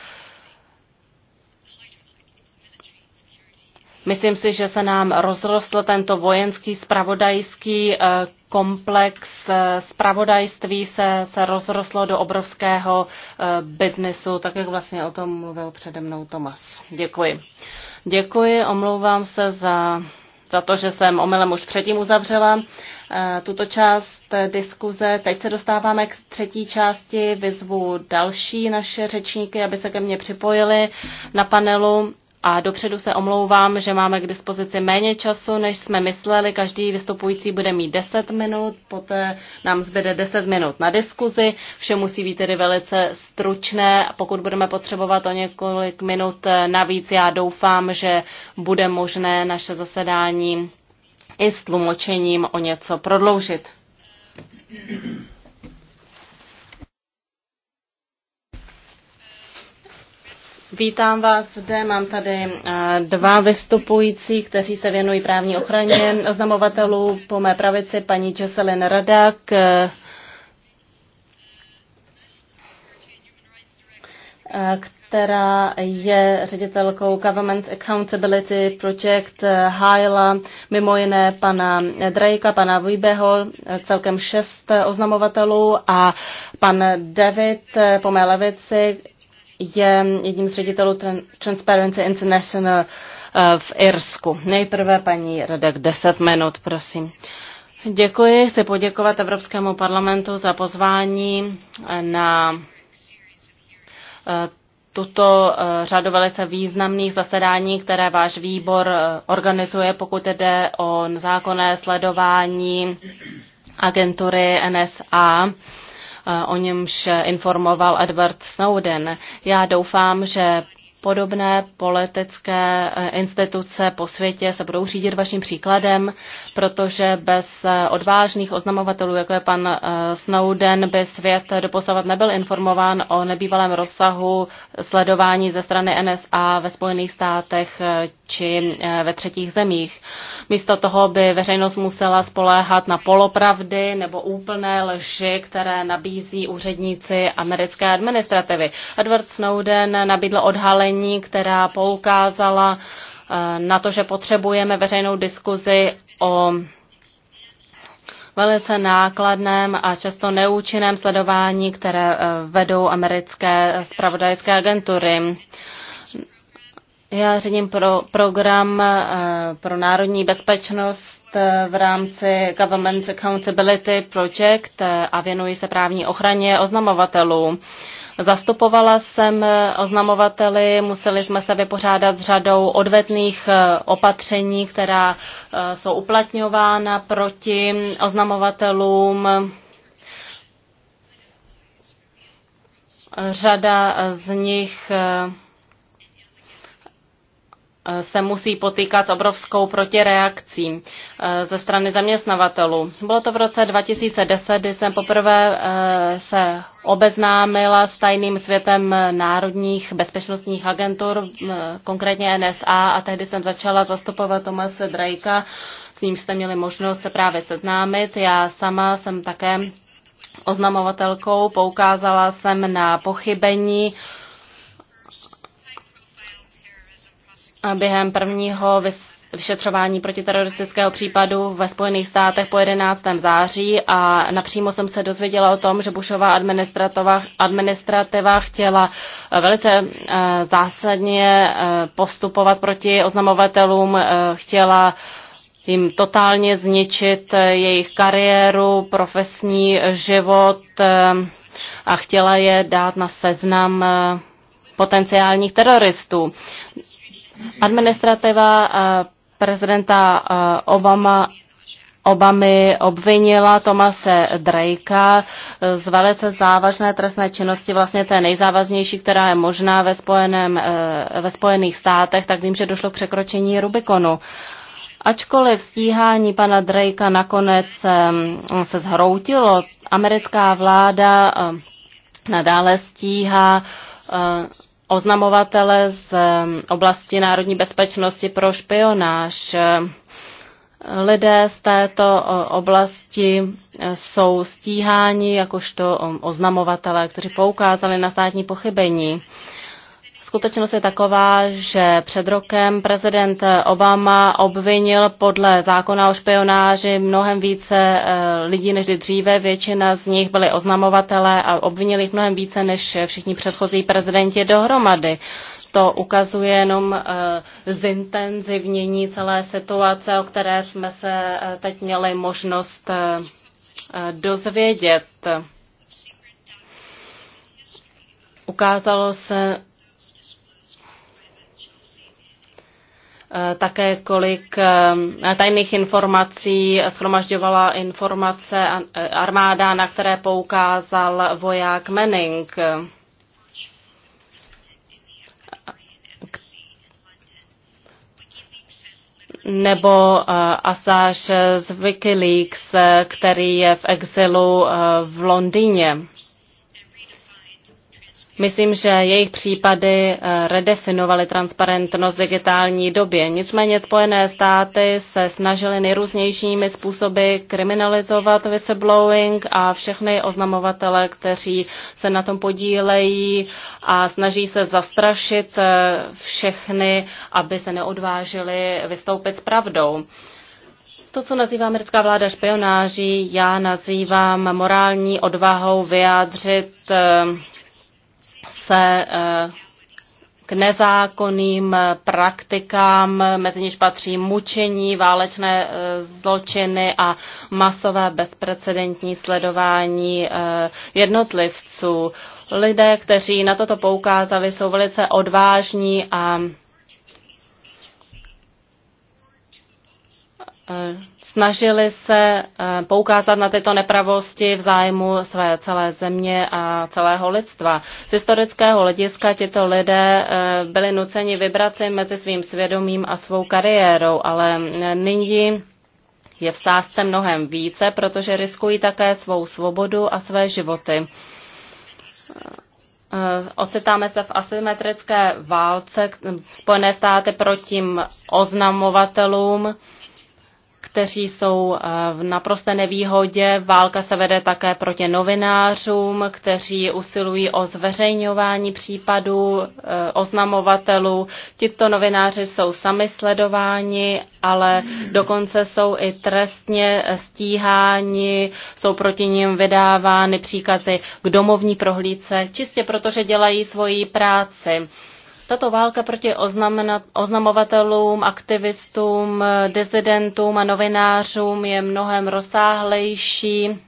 B: Myslím si, že se nám rozrostl tento vojenský spravodajský eh, komplex eh, spravodajství se, se rozrostlo do obrovského eh, biznesu, tak jak vlastně o tom mluvil přede mnou Tomas. Děkuji. Děkuji, omlouvám se za, za to, že jsem omylem už předtím uzavřela tuto část diskuze. Teď se dostáváme k třetí části. Vyzvu další naše řečníky, aby se ke mně připojili na panelu a dopředu se omlouvám, že máme k dispozici méně času, než jsme mysleli. Každý vystupující bude mít 10 minut, poté nám zbyde 10 minut na diskuzi. Vše musí být tedy velice stručné. Pokud budeme potřebovat o několik minut navíc, já doufám, že bude možné naše zasedání i s tlumočením o něco prodloužit. Vítám vás zde, mám tady eh, dva vystupující, kteří se věnují právní ochraně oznamovatelů. Po mé pravici paní Česelin Radak, eh, která je ředitelkou Government Accountability Project Hájla, mimo jiné pana Drakea, pana Vujbeho, celkem šest oznamovatelů a pan David eh, po mé levici, je jedním z ředitelů Transparency International eh, v Irsku. Nejprve paní Radek, 10 minut, prosím. Děkuji, chci poděkovat Evropskému parlamentu za pozvání eh, na eh, tuto řadu velice významných zasedání, které váš výbor organizuje, pokud jde o zákonné sledování agentury NSA o němž informoval Edward Snowden. Já doufám, že podobné politické eh, instituce po světě se budou řídit vaším příkladem, protože bez eh, odvážných oznamovatelů, jako je pan eh, Snowden, by svět doposavat nebyl informován o nebývalém rozsahu sledování ze strany NSA ve Spojených státech eh, či eh, ve třetích zemích. Místo toho by veřejnost musela spoléhat na polopravdy nebo úplné lži, které nabízí úředníci americké administrativy. Edward Snowden nabídl odhalení, která poukázala eh, na to, že potřebujeme veřejnou diskuzi o velice nákladném a často neúčinném sledování, které eh, vedou americké spravodajské agentury. Já řídím pro, program eh, pro národní bezpečnost eh, v rámci Government Accountability Project a věnuji se právní ochraně oznamovatelů. Zastupovala jsem eh, oznamovateli, museli jsme se vypořádat s řadou odvetných eh, opatření, která eh, jsou uplatňována proti oznamovatelům. Řada z nich Eh, se musí potýkat s obrovskou protireakcí eh, ze strany zaměstnavatelů. Bylo to v roce 2010, kdy jsem poprvé eh, se obeznámila s tajným světem národních bezpečnostních agentur, konkrétně NSA, a tehdy jsem začala zastupovat Tomase Drakea, s ním jste měli možnost se právě seznámit. Já sama jsem také oznamovatelkou, poukázala jsem na pochybení, během prvního vyšetřování protiteroristického případu ve Spojených státech po 11. září a napřímo jsem se dozvěděla o tom, že Bushová administrativa, administrativa chtěla eh, velice eh, zásadně eh, postupovat proti oznamovatelům, chtěla jim totálně zničit jejich kariéru, profesní život a chtěla je dát na seznam potenciálních teroristů. Administrativa eh, prezidenta eh, Obama Obamy obvinila Tomase Drakea eh, z velice závažné trestné činnosti, vlastně té nejzávažnější, která je možná ve, spojeném, ve Spojených státech, tak vím, že došlo k překročení Rubikonu. Ačkoliv stíhání pana Drakea nakonec se zhroutilo, americká vláda nadále stíhá oznamovatele z um, oblasti národní bezpečnosti pro špionáž. Lidé z této oblasti e, jsou stíháni jakožto oznamovatele, kteří poukázali na státní pochybení. Skutečnost je taková, že před rokem prezident Obama obvinil podle zákona o špionáži mnohem více eh, lidí než dříve. Většina z nich byly oznamovatele a obvinil jich mnohem více než všichni předchozí prezidenti dohromady. To ukazuje jenom eh, zintenzivnění celé situace, o které jsme se eh, teď měli možnost dozvědět. Ukázalo se Eh, také kolik eh, tajných informací schromažďovala informace eh, armáda, na které poukázal voják Manning. nebo Assange z Wikileaks, který je v exilu v Londýně. Myslím, že jejich případy eh, redefinovaly transparentnost digitální době. Nicméně Spojené státy se snažily nejrůznějšími způsoby kriminalizovat whistleblowing a všechny oznamovatele, kteří se na tom podílejí a snaží se zastrašit eh, všechny, aby se neodvážili vystoupit s pravdou. To, co nazývá americká vláda špionáží, já nazývám morální odvahou vyjádřit eh, se eh, k nezákonným eh, praktikám, mezi něž patří mučení, válečné eh, zločiny a masové bezprecedentní sledování jednotlivců. Lidé, kteří na toto poukázali, jsou velice odvážní a Eh, snažili se eh, poukázat na tyto nepravosti v zájmu své celé země a celého lidstva. Z historického hlediska tito lidé eh, byli nuceni vybrat si mezi svým svědomím a svou kariérou, ale nyní je v sázce mnohem více, protože riskují také svou svobodu a své životy. Ocitáme se v asymetrické válce Spojené státy proti oznamovatelům kteří jsou eh, v naprosté nevýhodě. Válka se vede také proti novinářům, kteří usilují o zveřejňování případů eh, oznamovatelů. Tito novináři jsou sami sledováni, ale dokonce jsou i trestně stíháni, jsou proti ním vydávány příkazy k domovní prohlídce, čistě protože dělají svoji práci. Tato válka proti oznamovatelům, aktivistům, dezidentům a novinářům je mnohem rozsáhlejší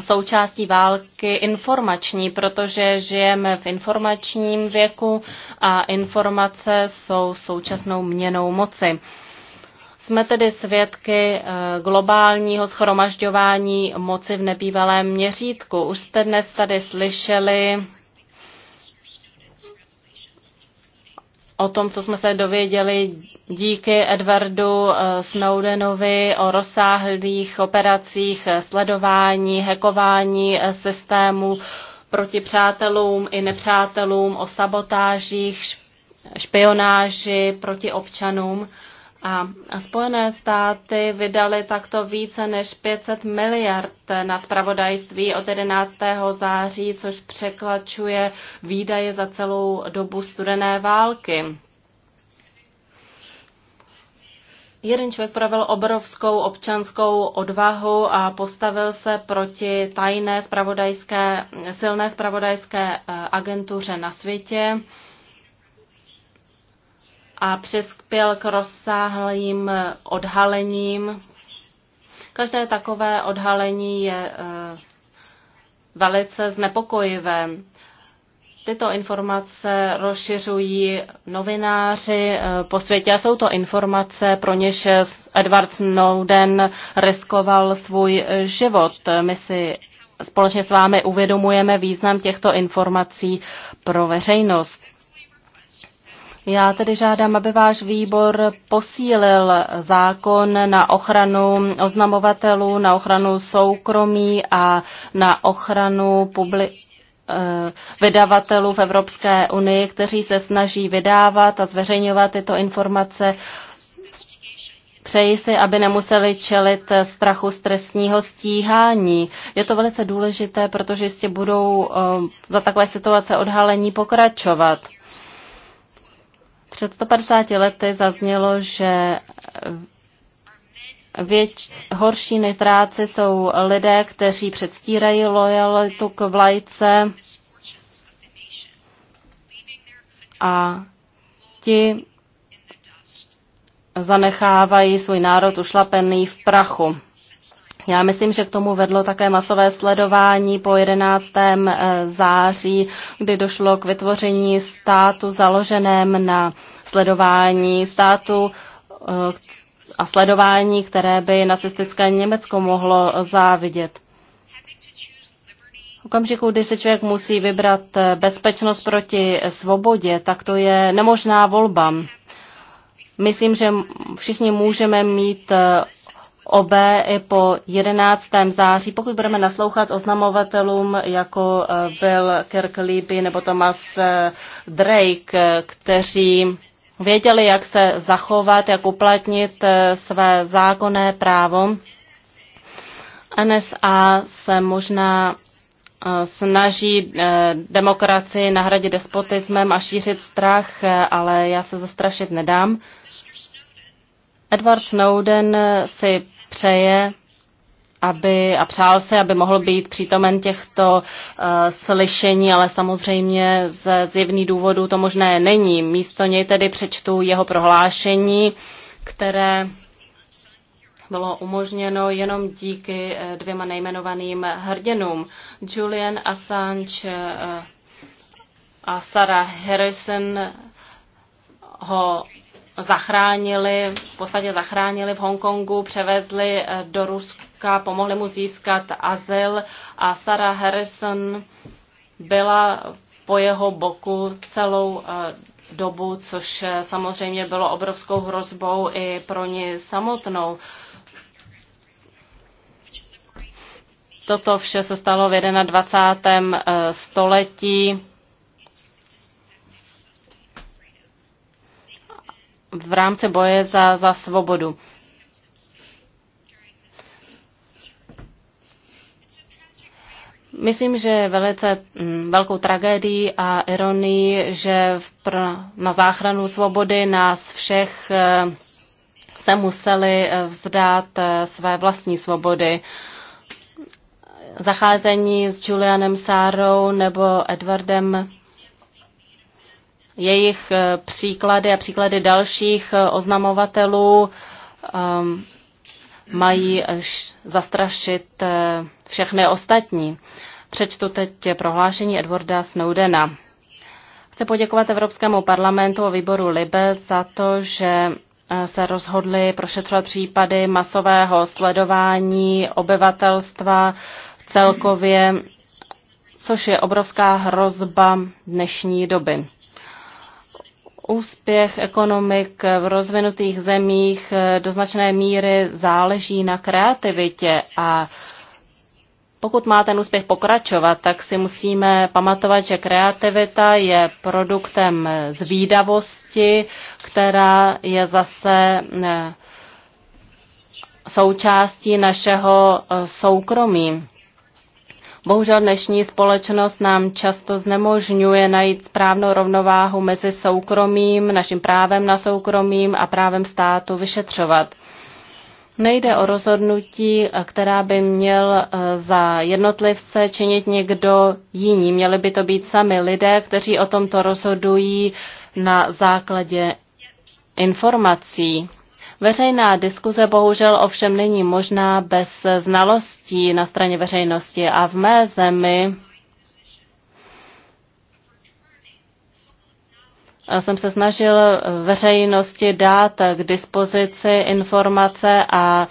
B: součástí války informační, protože žijeme v informačním věku a informace jsou současnou měnou moci. Jsme tedy svědky eh, globálního schromažďování moci v nebývalém měřítku. Už jste dnes tady slyšeli o tom, co jsme se dověděli díky Edwardu eh, Snowdenovi o rozsáhlých operacích eh, sledování, hackování eh, systému proti přátelům i nepřátelům, o sabotážích, špionáži proti občanům. A Spojené státy vydali takto více než 500 miliard na spravodajství od 11. září, což překlačuje výdaje za celou dobu studené války. Jeden člověk projevil obrovskou občanskou odvahu a postavil se proti tajné spravodajské, silné spravodajské eh, agentuře na světě a přespěl k rozsáhlým odhalením. Každé takové odhalení je eh, velice znepokojivé. Tyto informace rozšiřují novináři eh, po světě a jsou to informace, pro něž Edward Snowden riskoval svůj život. My si společně s vámi uvědomujeme význam těchto informací pro veřejnost. Já tedy žádám, aby váš výbor posílil zákon na ochranu oznamovatelů, na ochranu soukromí a na ochranu publi- eh, vydavatelů v Evropské unii, kteří se snaží vydávat a zveřejňovat tyto informace. Přeji si, aby nemuseli čelit strachu z trestního stíhání. Je to velice důležité, protože jistě budou eh, za takové situace odhalení pokračovat. Před 150 lety zaznělo, že věč, horší než zráci jsou lidé, kteří předstírají lojalitu k vlajce a ti zanechávají svůj národ ušlapený v prachu. Já myslím, že k tomu vedlo také masové sledování po 11. Eh, září, kdy došlo k vytvoření státu založeném na sledování státu eh, a sledování, které by nacistické Německo mohlo závidět. V okamžiku, kdy se člověk musí vybrat eh, bezpečnost proti svobodě, tak to je nemožná volba. Myslím, že všichni můžeme mít OB i po 11. září, pokud budeme naslouchat oznamovatelům, jako eh, byl Kirk Leiby nebo Thomas eh, Drake, eh, kteří věděli, jak se zachovat, jak uplatnit své zákonné právo. NSA se možná snaží demokracii nahradit despotismem a šířit strach, ale já se zastrašit nedám. Edward Snowden si přeje aby, a přál se, aby mohl být přítomen těchto uh, slyšení, ale samozřejmě ze zjevných důvodů to možné není. Místo něj tedy přečtu jeho prohlášení, které bylo umožněno jenom díky eh, dvěma nejmenovaným hrdinům. Julian Assange eh, a Sarah Harrison ho zachránili, v podstatě zachránili v Hongkongu, převezli eh, do Ruska, pomohli mu získat azyl a Sarah Harrison byla po jeho boku celou eh, dobu, což eh, samozřejmě bylo obrovskou hrozbou i pro ní samotnou. Toto vše se stalo v 21. století v rámci boje za, za svobodu. Myslím, že je velice mm, velkou tragédií a ironii, že pr- na záchranu svobody nás všech eh, se museli eh, vzdát eh, své vlastní svobody. Zacházení s Julianem Sárou nebo Edwardem jejich eh, příklady a příklady dalších eh, oznamovatelů ehm, mají eh, zastrašit všechny ostatní. Přečtu teď prohlášení Edwarda Snowdena. Chci poděkovat Evropskému parlamentu a výboru Libe za to, že se rozhodli prošetřovat případy masového sledování obyvatelstva celkově, což je obrovská hrozba dnešní doby. Úspěch ekonomik v rozvinutých zemích eh, do značné míry záleží na kreativitě a pokud má ten úspěch pokračovat, tak si musíme pamatovat, že kreativita je produktem zvídavosti, která je zase eh, součástí našeho eh, soukromí. Bohužel dnešní společnost nám často znemožňuje najít správnou rovnováhu mezi soukromím, naším právem na soukromím a právem státu vyšetřovat. Nejde o rozhodnutí, která by měl eh, za jednotlivce činit někdo jiný. Měli by to být sami lidé, kteří o tomto rozhodují na základě informací. Veřejná diskuze bohužel ovšem není možná bez znalostí na straně veřejnosti a v mé zemi jsem se snažil veřejnosti dát k dispozici informace a e,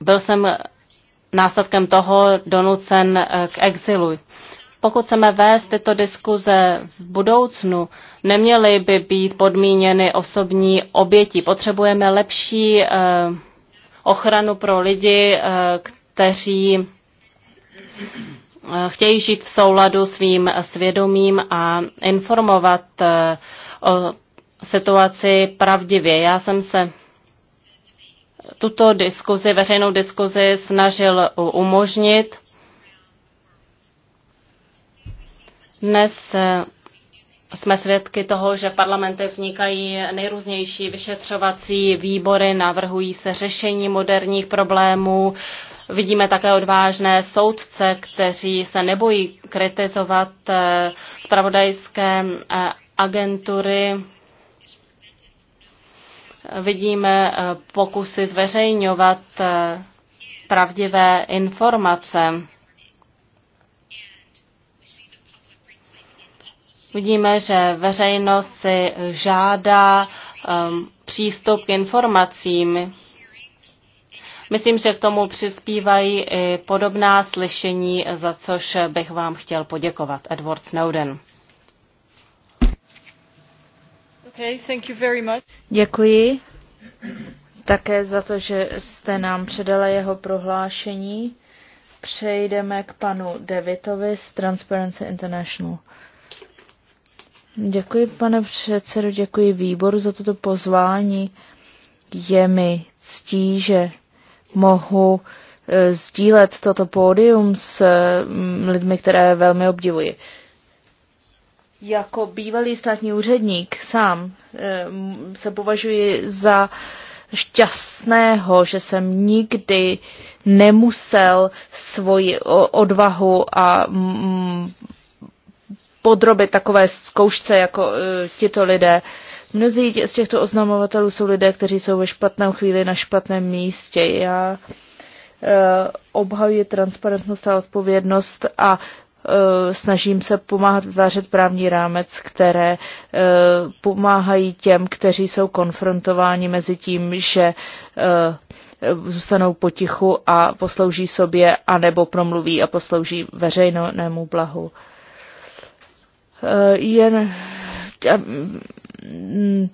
B: byl jsem následkem toho donucen k exilu pokud chceme vést tyto diskuze v budoucnu, neměly by být podmíněny osobní oběti. Potřebujeme lepší eh, ochranu pro lidi, eh, kteří eh, chtějí žít v souladu svým svědomím a informovat o situaci pravdivě. Já jsem se tuto diskuzi, veřejnou diskuzi snažil umožnit Dnes eh, jsme svědky toho, že parlamenty vznikají nejrůznější vyšetřovací výbory, navrhují se řešení moderních problémů. Vidíme také odvážné soudce, kteří se nebojí kritizovat spravodajské eh, eh, agentury. Vidíme pokusy zveřejňovat pravdivé informace. Vidíme, že veřejnost si žádá um, přístup k informacím. Myslím, že k tomu přispívají i podobná slyšení, za což bych vám chtěl poděkovat. Edward Snowden. Okay,
A: thank you very much. Děkuji také za to, že jste nám předala jeho prohlášení. Přejdeme k panu Devitovi z Transparency International. Děkuji, pane předsedo, děkuji výboru za toto pozvání. Je mi ctí, že mohu e, sdílet toto pódium s mm, lidmi, které velmi obdivuji. Jako bývalý státní úředník sám e, se považuji za šťastného, že jsem nikdy nemusel svoji odvahu a mm, podrobit takové zkoušce jako uh, tito lidé. Mnozí z těchto oznamovatelů jsou lidé, kteří jsou ve špatné chvíli na špatném místě. Já uh, obhajuji transparentnost a odpovědnost a e, snažím se pomáhat vytvářet právní rámec, které pomáhají těm, kteří jsou konfrontováni mezi tím, že zůstanou potichu a poslouží sobě, anebo promluví a poslouží veřejnému blahu. Eh, jen mm,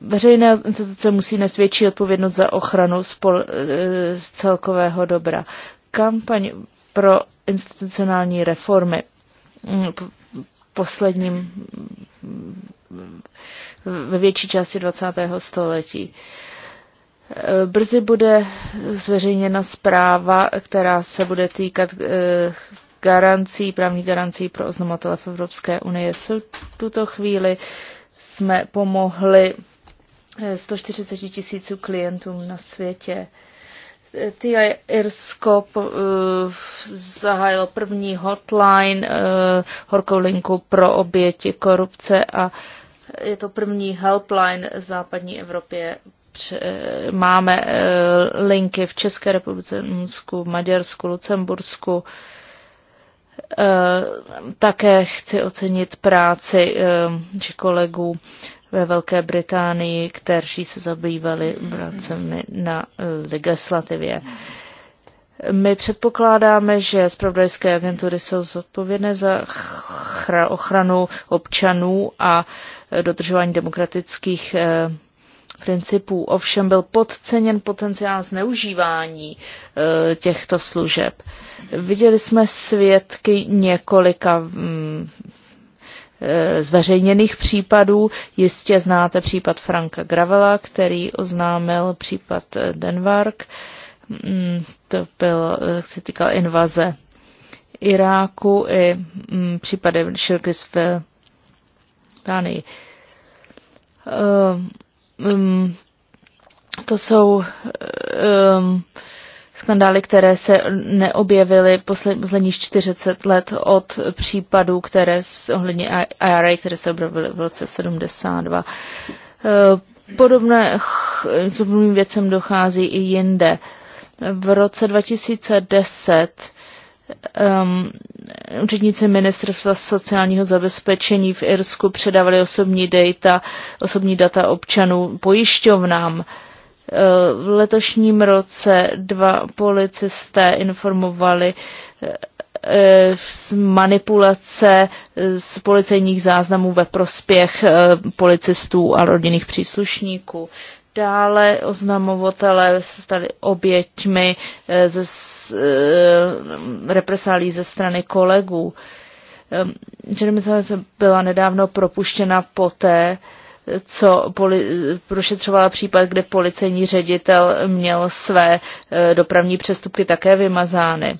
A: veřejné instituce musí nést větší odpovědnost za ochranu spol, eh, celkového dobra. Kampaň pro institucionální reformy mm, posledním mm, ve větší části 20. století. Eh, brzy bude zveřejněna zpráva, která se bude týkat garancí, právní garancí pro oznamatele v Evropské unii. V tuto chvíli jsme pomohli 140 eh, tisíců klientům na světě. Ty Irsko eh, zahájilo první hotline, eh, horkou linku pro oběti korupce a je to první helpline v západní Evropě. Máme linky v České republice, v Maďarsku, Lucembursku Eh, také chci ocenit práci či eh, kolegů ve Velké Británii, kteří se zabývali pracemi na eh, legislativě. My předpokládáme, že zpravodajské agentury jsou zodpovědné za ochranu občanů a dodržování demokratických principů. Ovšem byl podceněn potenciál zneužívání e, těchto služeb. Viděli jsme svědky několika mm, e, zveřejněných případů. Jistě znáte případ Franka Gravela, který oznámil případ e, Mm, To byl, e, se týkal invaze Iráku i mm, případy Širkis v Dánii um, to jsou um, skandály, které se neobjevily posled, posledních 40 let od případů, které ohledně IRA, které se objevily v roce 72. Ehm, podobné podobným věcem dochází i jinde. V roce 2010 um, úředníci ministerstva sociálního zabezpečení v Irsku předávali osobní data, osobní data občanů pojišťovnám. Uh, v letošním roce dva policisté informovali uh, uh, z manipulace z policejních záznamů ve prospěch policistů a rodinných příslušníků. Dále oznamovatele se stali oběťmi eh, ze eh, represálí ze strany kolegů. Eh, Jeremy byla nedávno propuštěna poté, co poli- prošetřovala případ, kde policejní ředitel měl své dopravní přestupky také vymazány.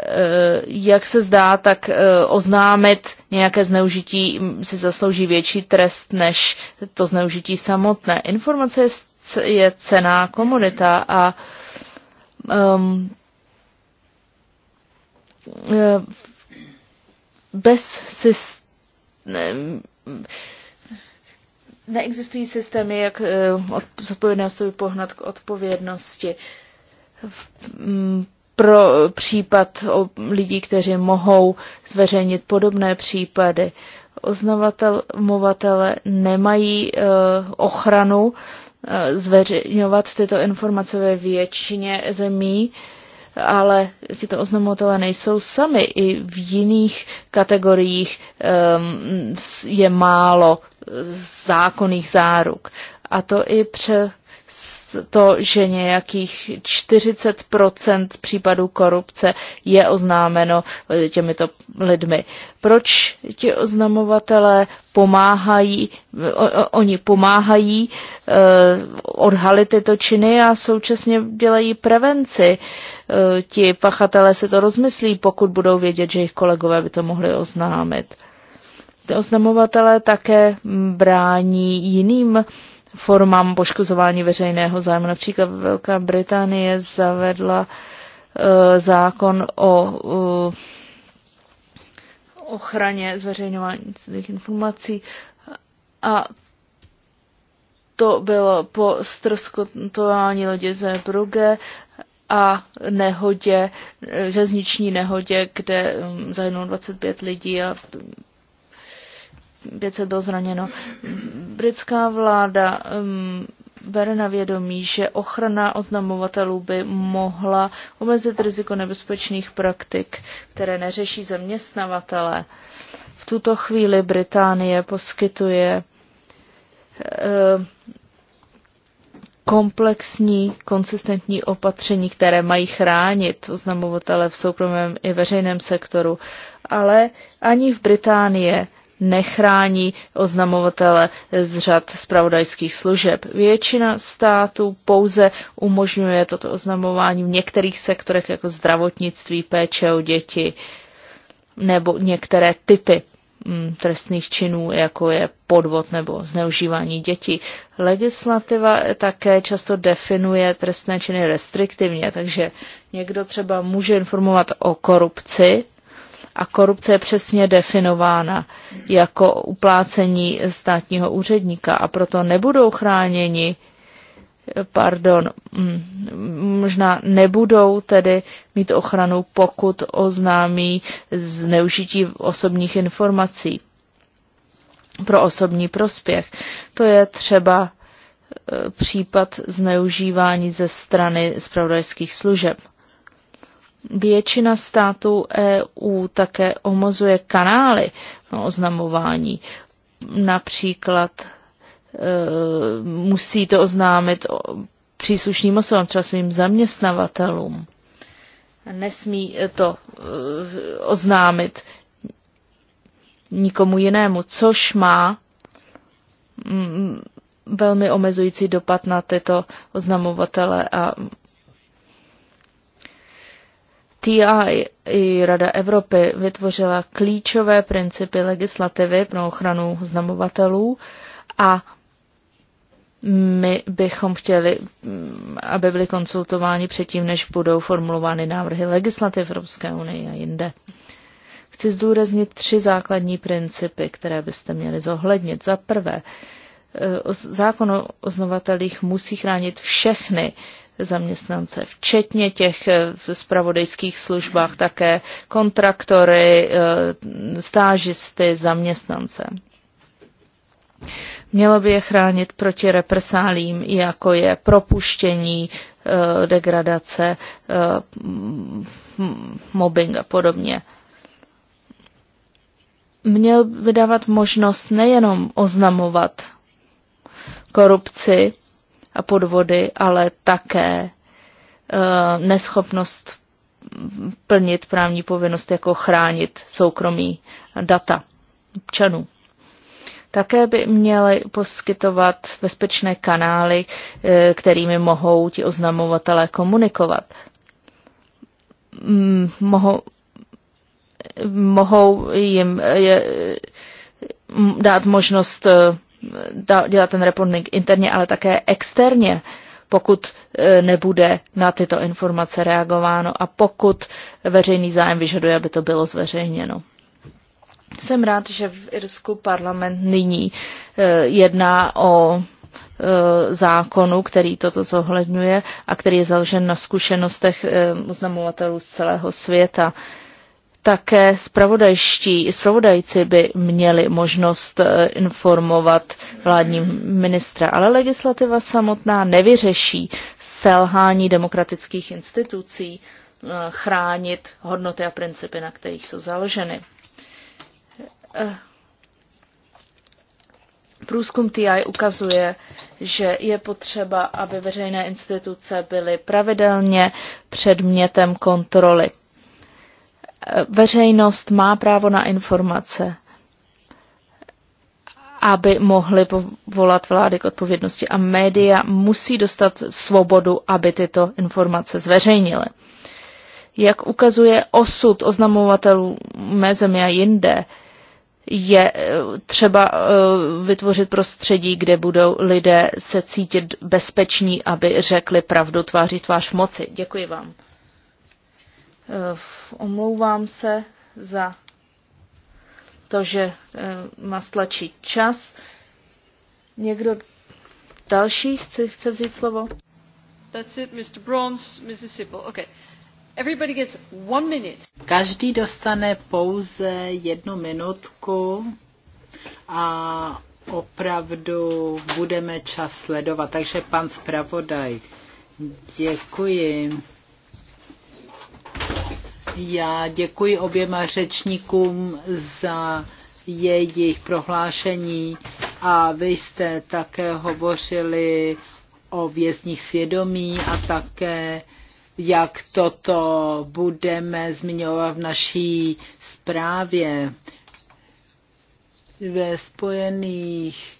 A: Eh, jak se zdá, tak eh, oznámit nějaké zneužití si zaslouží větší trest než to zneužití samotné. Informace je cená komunita a um, bez systému neexistují systémy, jak zodpovědnost pohnat k odpovědnosti. V, pro případ o lidí, kteří mohou zveřejnit podobné případy. Oznamovatele nemají eh, ochranu eh, zveřejňovat tyto informace ve většině zemí, ale tyto oznamovatele nejsou sami. I v jiných kategoriích eh, je málo zákonných záruk. A to i pře to, že nějakých 40 případů korupce je oznámeno těmito lidmi. Proč ti oznamovatelé pomáhají, oni pomáhají eh, odhalit tyto činy a současně dělají prevenci. Eh, ti pachatelé si to rozmyslí, pokud budou vědět, že jejich kolegové by to mohli oznámit. Oznamovatelé také brání jiným formám poškozování veřejného zájmu. Například Velká Británie zavedla eh, zákon o eh, ochraně zveřejňování informací a to bylo po stroskotování lodě Zeebrugge a nehodě, železniční nehodě, kde hm, zahynulo 25 lidí a 500 bylo zraněno. Britská vláda um, bere na vědomí, že ochrana oznamovatelů by mohla omezit riziko nebezpečných praktik, které neřeší zaměstnavatele. V tuto chvíli Británie poskytuje eh, komplexní, konsistentní opatření, které mají chránit oznamovatele v soukromém i veřejném sektoru, ale ani v Británii nechrání oznamovatele z řad spravodajských služeb. Většina států pouze umožňuje toto oznamování v některých sektorech jako zdravotnictví, péče o děti nebo některé typy mm, trestných činů, jako je podvod nebo zneužívání dětí. Legislativa také často definuje trestné činy restriktivně, takže někdo třeba může informovat o korupci, a korupce je přesně definována jako uplácení státního úředníka a proto nebudou chráněni pardon, mm, možná nebudou tedy mít ochranu, pokud oznámí zneužití osobních informací pro osobní prospěch. To je třeba e, případ zneužívání ze strany zpravodajských služeb. Většina států EU také omozuje kanály na oznamování. Například e, musí to oznámit příslušným osobám, třeba svým zaměstnavatelům. Nesmí to e, oznámit nikomu jinému, což má mm, velmi omezující dopad na tyto oznamovatele a TIA i Rada Evropy vytvořila klíčové principy legislativy pro ochranu oznamovatelů a my bychom chtěli, mm, aby byly konsultováni předtím, než budou formulovány návrhy legislativ Evropské unie a jinde. Chci zdůraznit tři základní principy, které byste měli zohlednit. Za prvé, e, zákon o oznamovatelích musí chránit všechny zaměstnance, včetně těch eh, v spravodajských službách, také kontraktory, eh, stážisty, zaměstnance. Mělo by je chránit proti represálím, jako je propuštění, eh, degradace, mobbing a podobně. Měl by dávat možnost nejenom oznamovat korupci, a podvody, ale také eh, neschopnost plnit právní povinnost, jako chránit soukromí data občanů. Také by měly poskytovat bezpečné kanály, eh, kterými mohou ti oznamovatelé komunikovat. Mm, mohou, mohou jim eh, je, dát možnost dělat ten reporting interně, ale také externě, pokud e, nebude na tyto informace reagováno a pokud veřejný zájem vyžaduje, aby to bylo zveřejněno. Jsem rád, že v Irsku parlament nyní e, jedná o e, zákonu, který toto zohledňuje a který je založen na zkušenostech oznamovatelů z celého světa také spravodajští, spravodajci by měli možnost eh, informovat vládní ministra, ale legislativa samotná nevyřeší selhání demokratických institucí eh, chránit hodnoty a principy, na kterých jsou založeny. Eh, průzkum TI ukazuje, že je potřeba, aby veřejné instituce byly pravidelně předmětem kontroly Veřejnost má právo na informace, aby mohly povolat vlády k odpovědnosti a média musí dostat svobodu, aby tyto informace zveřejnily. Jak ukazuje osud oznamovatelů mé země a jinde, je eh, třeba eh, vytvořit prostředí, kde budou lidé se cítit bezpeční, aby řekli pravdu tváří tvář moci. Děkuji vám. Eh, omlouvám se za to, že eh, nás tlačí čas. Někdo další chce, chce vzít slovo?
B: That's it, Mr. Bronze, Mrs. Sippel. Okay. Everybody gets one minute.
C: Každý dostane pouze jednu minutku a opravdu budeme čas sledovat. Takže pan zpravodaj, děkuji. Já děkuji oběma řečníkům za jejich prohlášení a vy jste také hovořili o vězních svědomí a také jak toto budeme zmiňovat v naší zprávě. Ve Spojených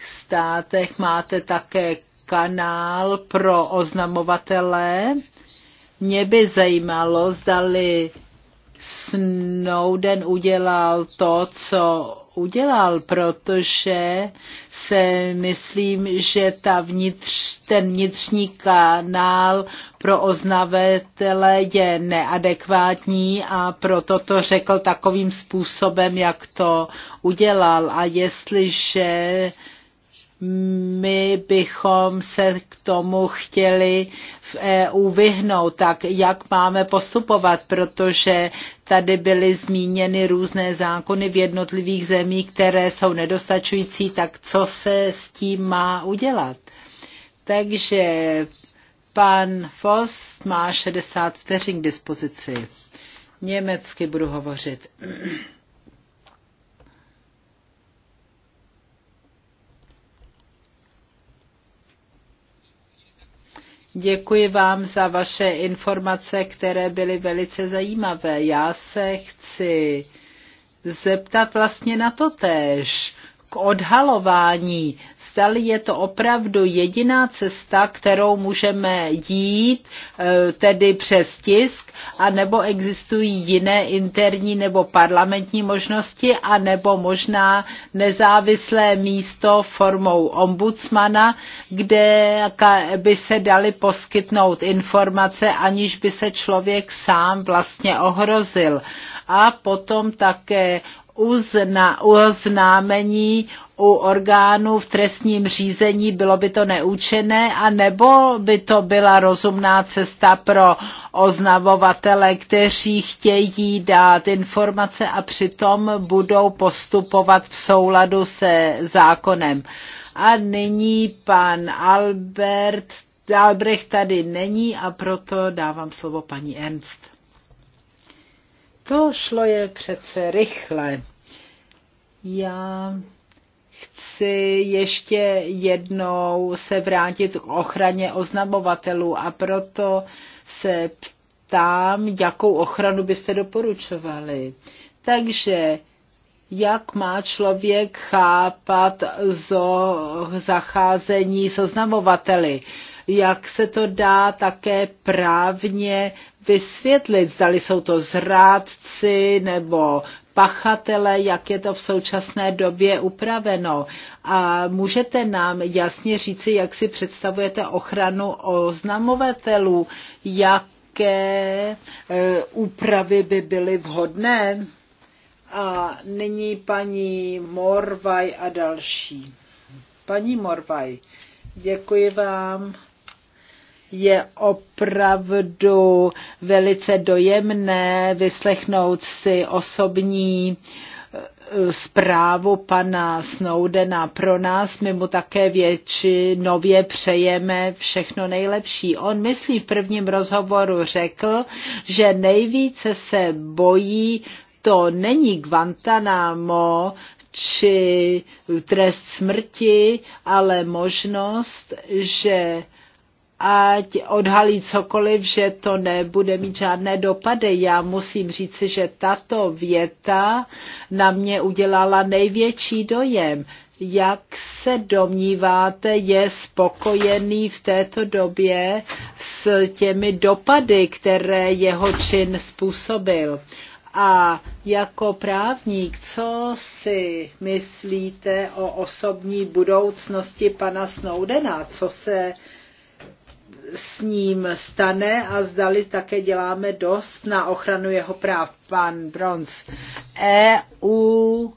C: státech máte také kanál pro oznamovatele mě by zajímalo, zdali Snowden udělal to, co udělal, protože se myslím, že ta vnitř, ten vnitřní kanál pro oznavatele je neadekvátní a proto to řekl takovým způsobem, jak to udělal. A jestliže my bychom se k tomu chtěli v EU vyhnout, tak jak máme postupovat, protože tady byly zmíněny různé zákony v jednotlivých zemích, které jsou nedostačující, tak co se s tím má udělat? Takže pan Foss má 60 vteřin k dispozici. Německy budu hovořit. Děkuji vám za vaše informace, které byly velice zajímavé. Já se chci zeptat vlastně na to též odhalování, zdali je to opravdu jediná cesta, kterou můžeme jít, eh, tedy přes tisk, a nebo existují jiné interní nebo parlamentní možnosti, a nebo možná nezávislé místo formou ombudsmana, kde by se dali poskytnout informace, aniž by se člověk sám vlastně ohrozil. A potom také uzna, oznámení u orgánů v trestním řízení, bylo by to neúčinné, nebo by to byla rozumná cesta pro oznavovatele, kteří chtějí dát informace a přitom budou postupovat v souladu se zákonem. A nyní pan Albert Albrecht tady není a proto dávám slovo paní Ernst. To šlo je přece rychle. Já chci ještě jednou se vrátit k ochraně oznamovatelů a proto se ptám, jakou ochranu byste doporučovali. Takže jak má člověk chápat zo zacházení s oznamovateli? Jak se to dá také právně vysvětlit, zdali jsou to zrádci nebo pachatele, jak je to v současné době upraveno. A můžete nám jasně říci, jak si představujete ochranu oznamovatelů, jaké e, úpravy by byly vhodné. A nyní paní Morvaj a další. Paní Morvaj, děkuji vám je opravdu velice dojemné vyslechnout si osobní eh, zprávu pana Snowdena pro nás. My mu také většinově přejeme všechno nejlepší. On, myslí, v prvním rozhovoru řekl, že nejvíce se bojí to není Guantanamo či trest smrti, ale možnost, že ať odhalí cokoliv, že to nebude mít žádné dopady. Já musím říci, že tato věta na mě udělala největší dojem. Jak se domníváte, je spokojený v této době s těmi dopady, které jeho čin způsobil? A jako právník, co si myslíte o osobní budoucnosti pana Snowdena? Co se uh, s ním stane a zdali také děláme dost na ochranu jeho práv. Pan Bronz, EU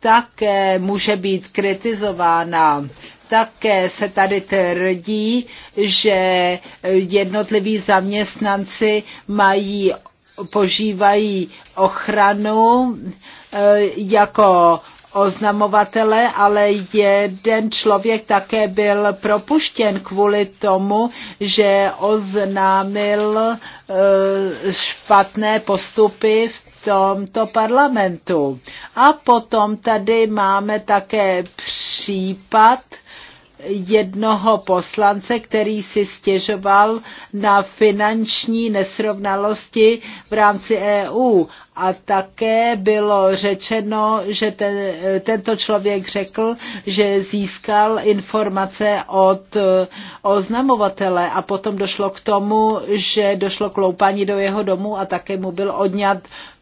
C: také může být kritizována také se tady tvrdí, že jednotliví zaměstnanci mají, požívají ochranu e, jako oznamovatele, ale jeden člověk také byl propuštěn kvůli tomu, že oznámil e, špatné postupy v tomto parlamentu. A potom tady máme také případ jednoho poslance, který si stěžoval na finanční nesrovnalosti v rámci EU. A také bylo řečeno, že ten, tento člověk řekl, že získal informace od e, oznamovatele a potom došlo k tomu, že došlo k loupání do jeho domu a také mu byl odňat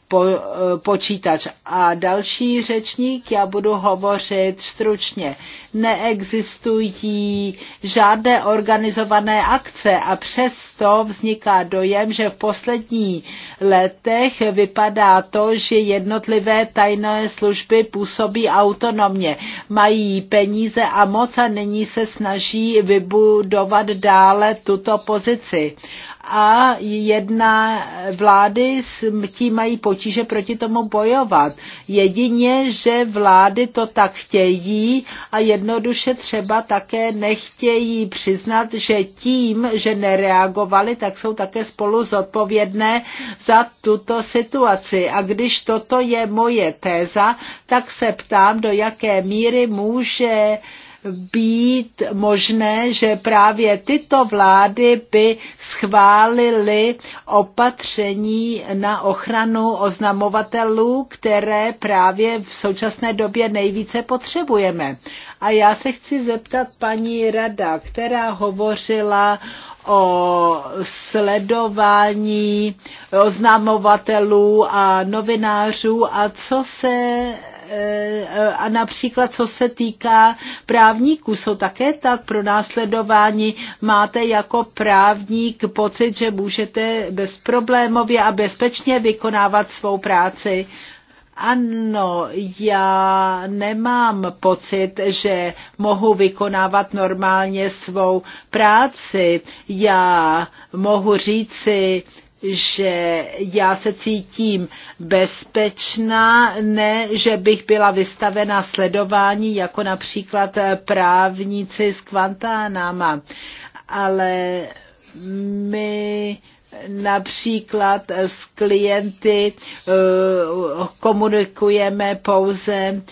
C: po, eh, počítač. A další řečník, já budu hovořit stručně. Neexistují žádné organizované akce a přesto vzniká dojem, že v posledních letech vypadá to, že jednotlivé tajné služby působí autonomně. Mají peníze a moc a nyní se snaží vybudovat dále tuto pozici a jedna vlády s tím mají potíže proti tomu bojovat. Jedině, že vlády to tak chtějí a jednoduše třeba také nechtějí přiznat, že tím, že nereagovali, tak jsou také spolu zodpovědné za tuto situaci. A když toto je moje téza, tak se ptám, do jaké míry může být možné, že právě tyto vlády by schválily opatření na ochranu oznamovatelů, které právě v současné době nejvíce potřebujeme. A já se chci zeptat paní Rada, která hovořila o sledování oznamovatelů a novinářů a co se Eh, a například co se týká právníků, jsou také tak pro následování. Máte jako právník pocit, že můžete bezproblémově a bezpečně vykonávat svou práci. Ano, já nemám pocit, že mohu vykonávat normálně svou práci. Já mohu říci, že já se cítím bezpečná, ne, že bych byla vystavena sledování, jako například právníci z Kvantánama. Ale my například s klienty eh, komunikujeme pouze eh,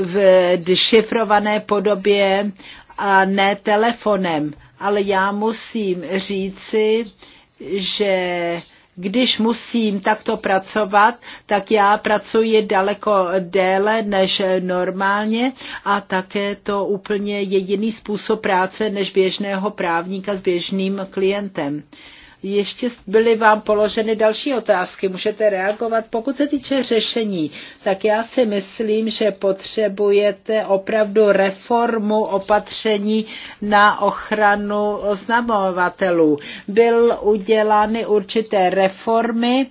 C: v dešifrované podobě a ne telefonem. Ale já musím říci, že když musím takto pracovat, tak já pracuji daleko déle než normálně a také to úplně jediný způsob práce než běžného právníka s běžným klientem ještě byly vám položeny další otázky, můžete reagovat. Pokud se týče řešení, tak já si myslím, že potřebujete opravdu reformu opatření na ochranu oznamovatelů. Byl udělány určité reformy,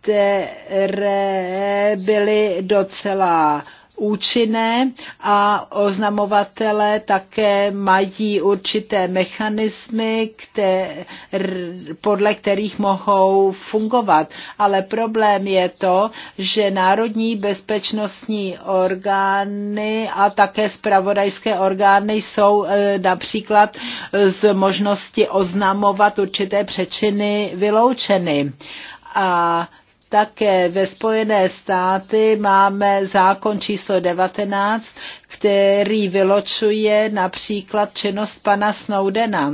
C: které byly docela účinné a oznamovatele také mají určité mechanismy, které, podle kterých mohou fungovat. Ale problém je to, že národní bezpečnostní orgány a také spravodajské orgány jsou e, například e, z možnosti oznamovat určité přečiny vyloučeny. A také ve Spojené státy máme zákon číslo 19, který vyločuje například činnost pana Snowdena.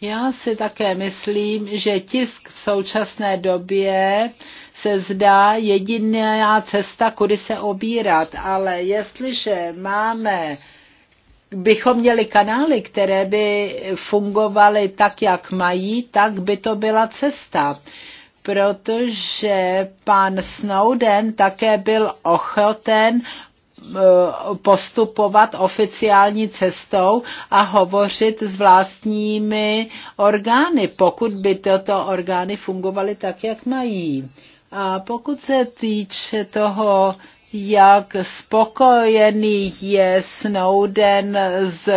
C: Já si také myslím, že tisk v současné době se zdá jediná cesta, kudy se obírat, ale jestliže máme bychom měli kanály, které by fungovaly tak, jak mají, tak by to byla cesta. Protože pan Snowden také byl ochoten e, postupovat oficiální cestou a hovořit s vlastními orgány, pokud by tyto orgány fungovaly tak, jak mají. A pokud se týče toho jak spokojený je Snowden z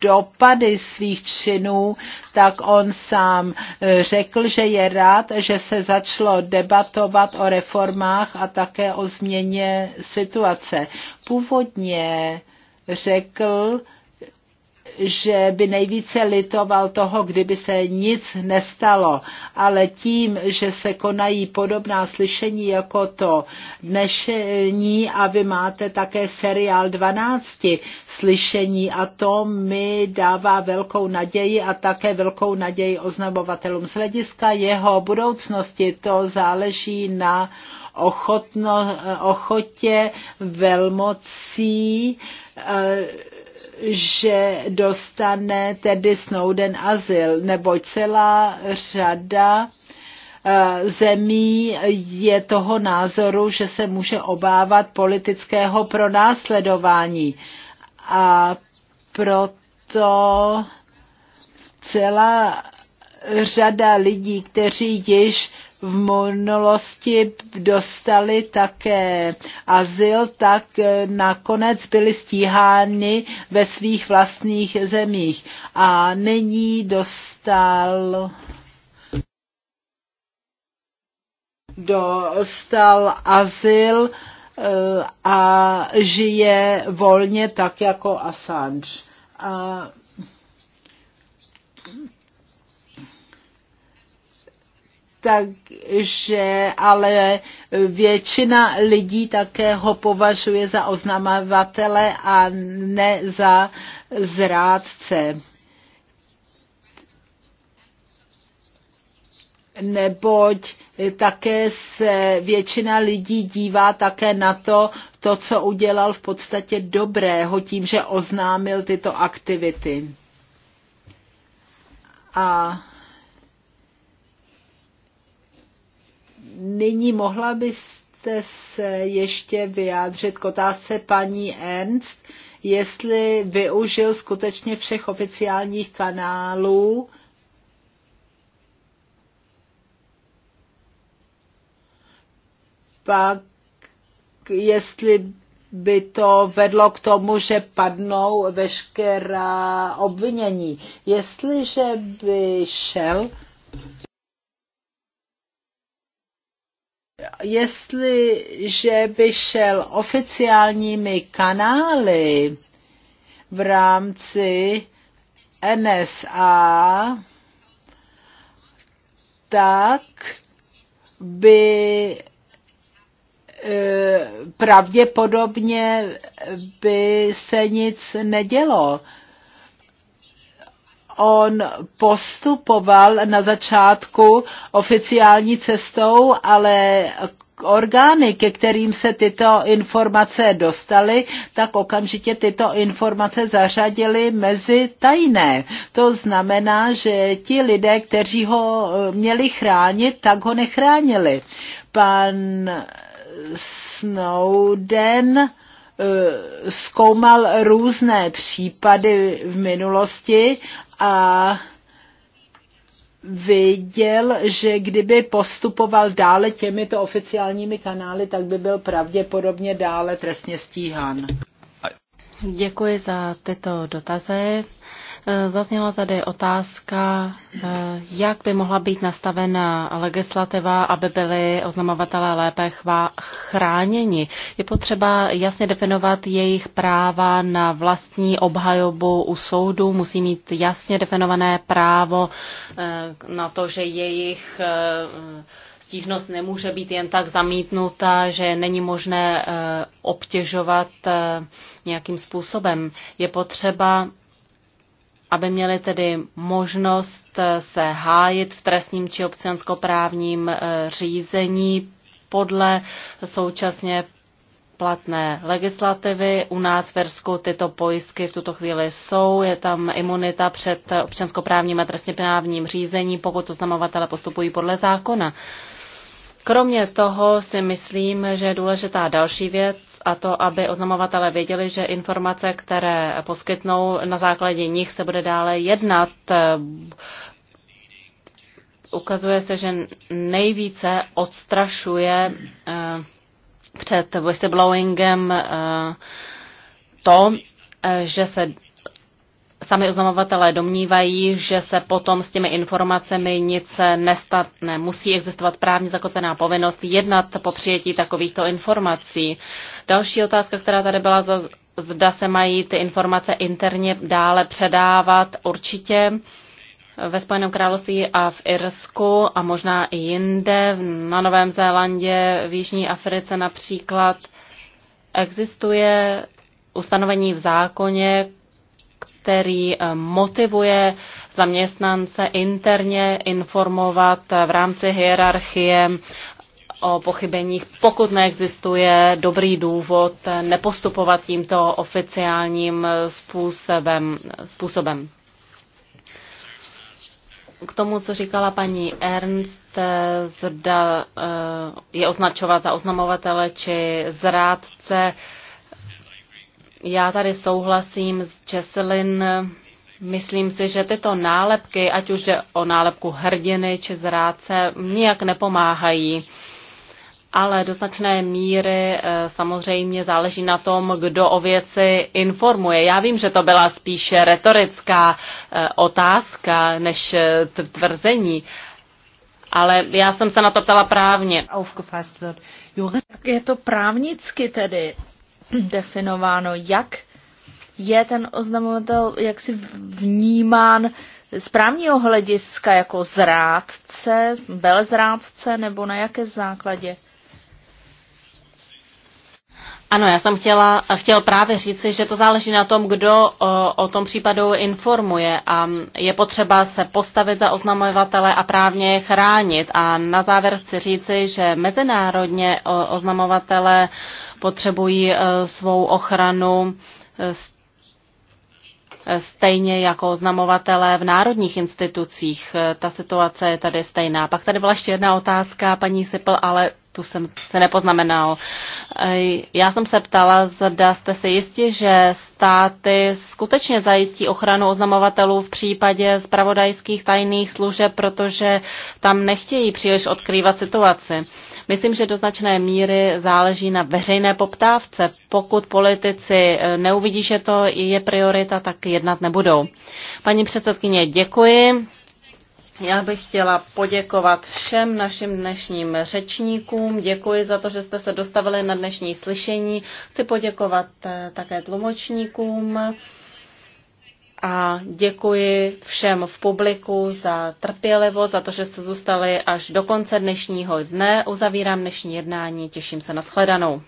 C: dopady svých činů, tak on sám eh, řekl, že je rád, že se začalo debatovat o reformách a také o změně situace. Původně řekl, že by nejvíce litoval toho, kdyby se nic nestalo. Ale tím, že se konají podobná slyšení jako to dnešní a vy máte také seriál 12 slyšení a to mi dává velkou naději a také velkou naději oznamovatelům. Z hlediska jeho budoucnosti to záleží na ochotno, ochotě velmocí eh, že dostane tedy Snowden azyl, nebo celá řada eh, zemí je toho názoru, že se může obávat politického pronásledování. A proto celá řada lidí, kteří již v minulosti dostali také azyl, tak eh, nakonec byli stíháni ve svých vlastních zemích. A nyní dostal dostal azyl eh, a žije volně tak jako Assange. A takže ale většina lidí také ho považuje za oznamovatele a ne za zrádce. Neboť také se většina lidí dívá také na to, to, co udělal v podstatě dobrého tím, že oznámil tyto aktivity. A Nyní mohla byste se ještě vyjádřit k otázce paní Ernst, jestli využil skutečně všech oficiálních kanálů pak jestli by to vedlo k tomu, že padnou veškerá obvinění. Jestliže by šel jestliže by šel oficiálními kanály v rámci NSA, tak by eh, pravděpodobně by se nic nedělo on postupoval na začátku oficiální cestou, ale orgány, ke kterým se tyto informace dostaly, tak okamžitě tyto informace zařadili mezi tajné. To znamená, že ti lidé, kteří ho eh, měli chránit, tak ho nechránili. Pan Snowden Eh, zkoumal různé případy v minulosti a viděl, že kdyby postupoval dále těmito oficiálními kanály, tak by byl pravděpodobně dále trestně stíhán.
B: Děkuji za tyto dotazy. Eh, zazněla tady otázka, eh, jak by mohla být nastavena legislativa, aby byly oznamovatelé lépe chráněni. Je potřeba jasně definovat jejich práva na vlastní obhajobu u soudu, musí mít jasně definované právo eh, na to, že jejich stížnost nemůže být jen tak zamítnuta, že není možné obtěžovat nějakým způsobem. Je potřeba aby měli tedy možnost eh, se hájit v trestním či občanskoprávním eh, řízení podle současně platné legislativy. U nás v Versku tyto pojistky v tuto chvíli jsou. Je tam imunita před občanskoprávním a trestněprávním řízení, pokud oznamovatele postupují podle zákona. Kromě toho si myslím, že je důležitá další věc, a to, aby oznamovatele věděli, že informace, které poskytnou, na základě nich se bude dále jednat. Ukazuje se, že nejvíce odstrašuje eh, před whistleblowingem eh, to, eh, že se sami oznamovatelé domnívají, že se potom s těmi informacemi nic nestatne. Musí existovat právně zakotvená povinnost jednat po přijetí takovýchto informací. Další otázka, která tady byla, zda se mají ty informace interně dále předávat. Určitě ve Spojeném království a v Irsku a možná i jinde, na Novém Zélandě, v Jižní Africe například, existuje ustanovení v zákoně, který eh, motivuje zaměstnance interně informovat eh, v rámci hierarchie o pochybeních, pokud neexistuje dobrý důvod eh, nepostupovat tímto oficiálním způsobem. způsobem. K tomu, co říkala paní Ernst, zda je označovat za oznamovatele či zrádce, já tady souhlasím s Jesselyn. Myslím si, že tyto nálepky, ať už jde o nálepku hrdiny či zrádce, nijak nepomáhají. Ale do značné míry eh, samozřejmě záleží na tom, kdo o věci informuje. Já vím, že to byla spíše retorická eh, otázka než eh, tvrzení, ale já jsem se na to ptala
A: právně. Je to právnicky tedy definováno, jak je ten oznamovatel jaksi vnímán z právního hlediska jako zrádce, belezrádce nebo na jaké základě?
B: Ano, já jsem chtěla, chtěl právě říci, že to záleží na tom, kdo o, o tom případu informuje a je potřeba se postavit za oznamovatele a právně je chránit. A na závěr chci říci, že mezinárodně o, oznamovatele uh, potřebují eh, svou ochranu eh, eh, stejně jako oznamovatelé v národních institucích. Ta situace je tady stejná. Pak tady byla ještě jedna otázka, paní Sipl, ale tu jsem se nepoznamenal. Já jsem se ptala, zda jste si jistí, že státy skutečně zajistí ochranu oznamovatelů v případě zpravodajských tajných služeb, protože tam nechtějí příliš odkrývat situaci. Myslím, že do značné míry záleží na veřejné poptávce. Pokud politici eh, neuvidí, že to je priorita, tak jednat nebudou. Paní předsedkyně, děkuji. Já bych chtěla poděkovat všem našim dnešním řečníkům. Děkuji za to, že jste se dostavili na dnešní slyšení. Chci poděkovat eh, také tlumočníkům a děkuji všem v publiku za trpělivost, za to, že jste zůstali až do konce dnešního dne. Uzavírám dnešní jednání, těším se na shledanou.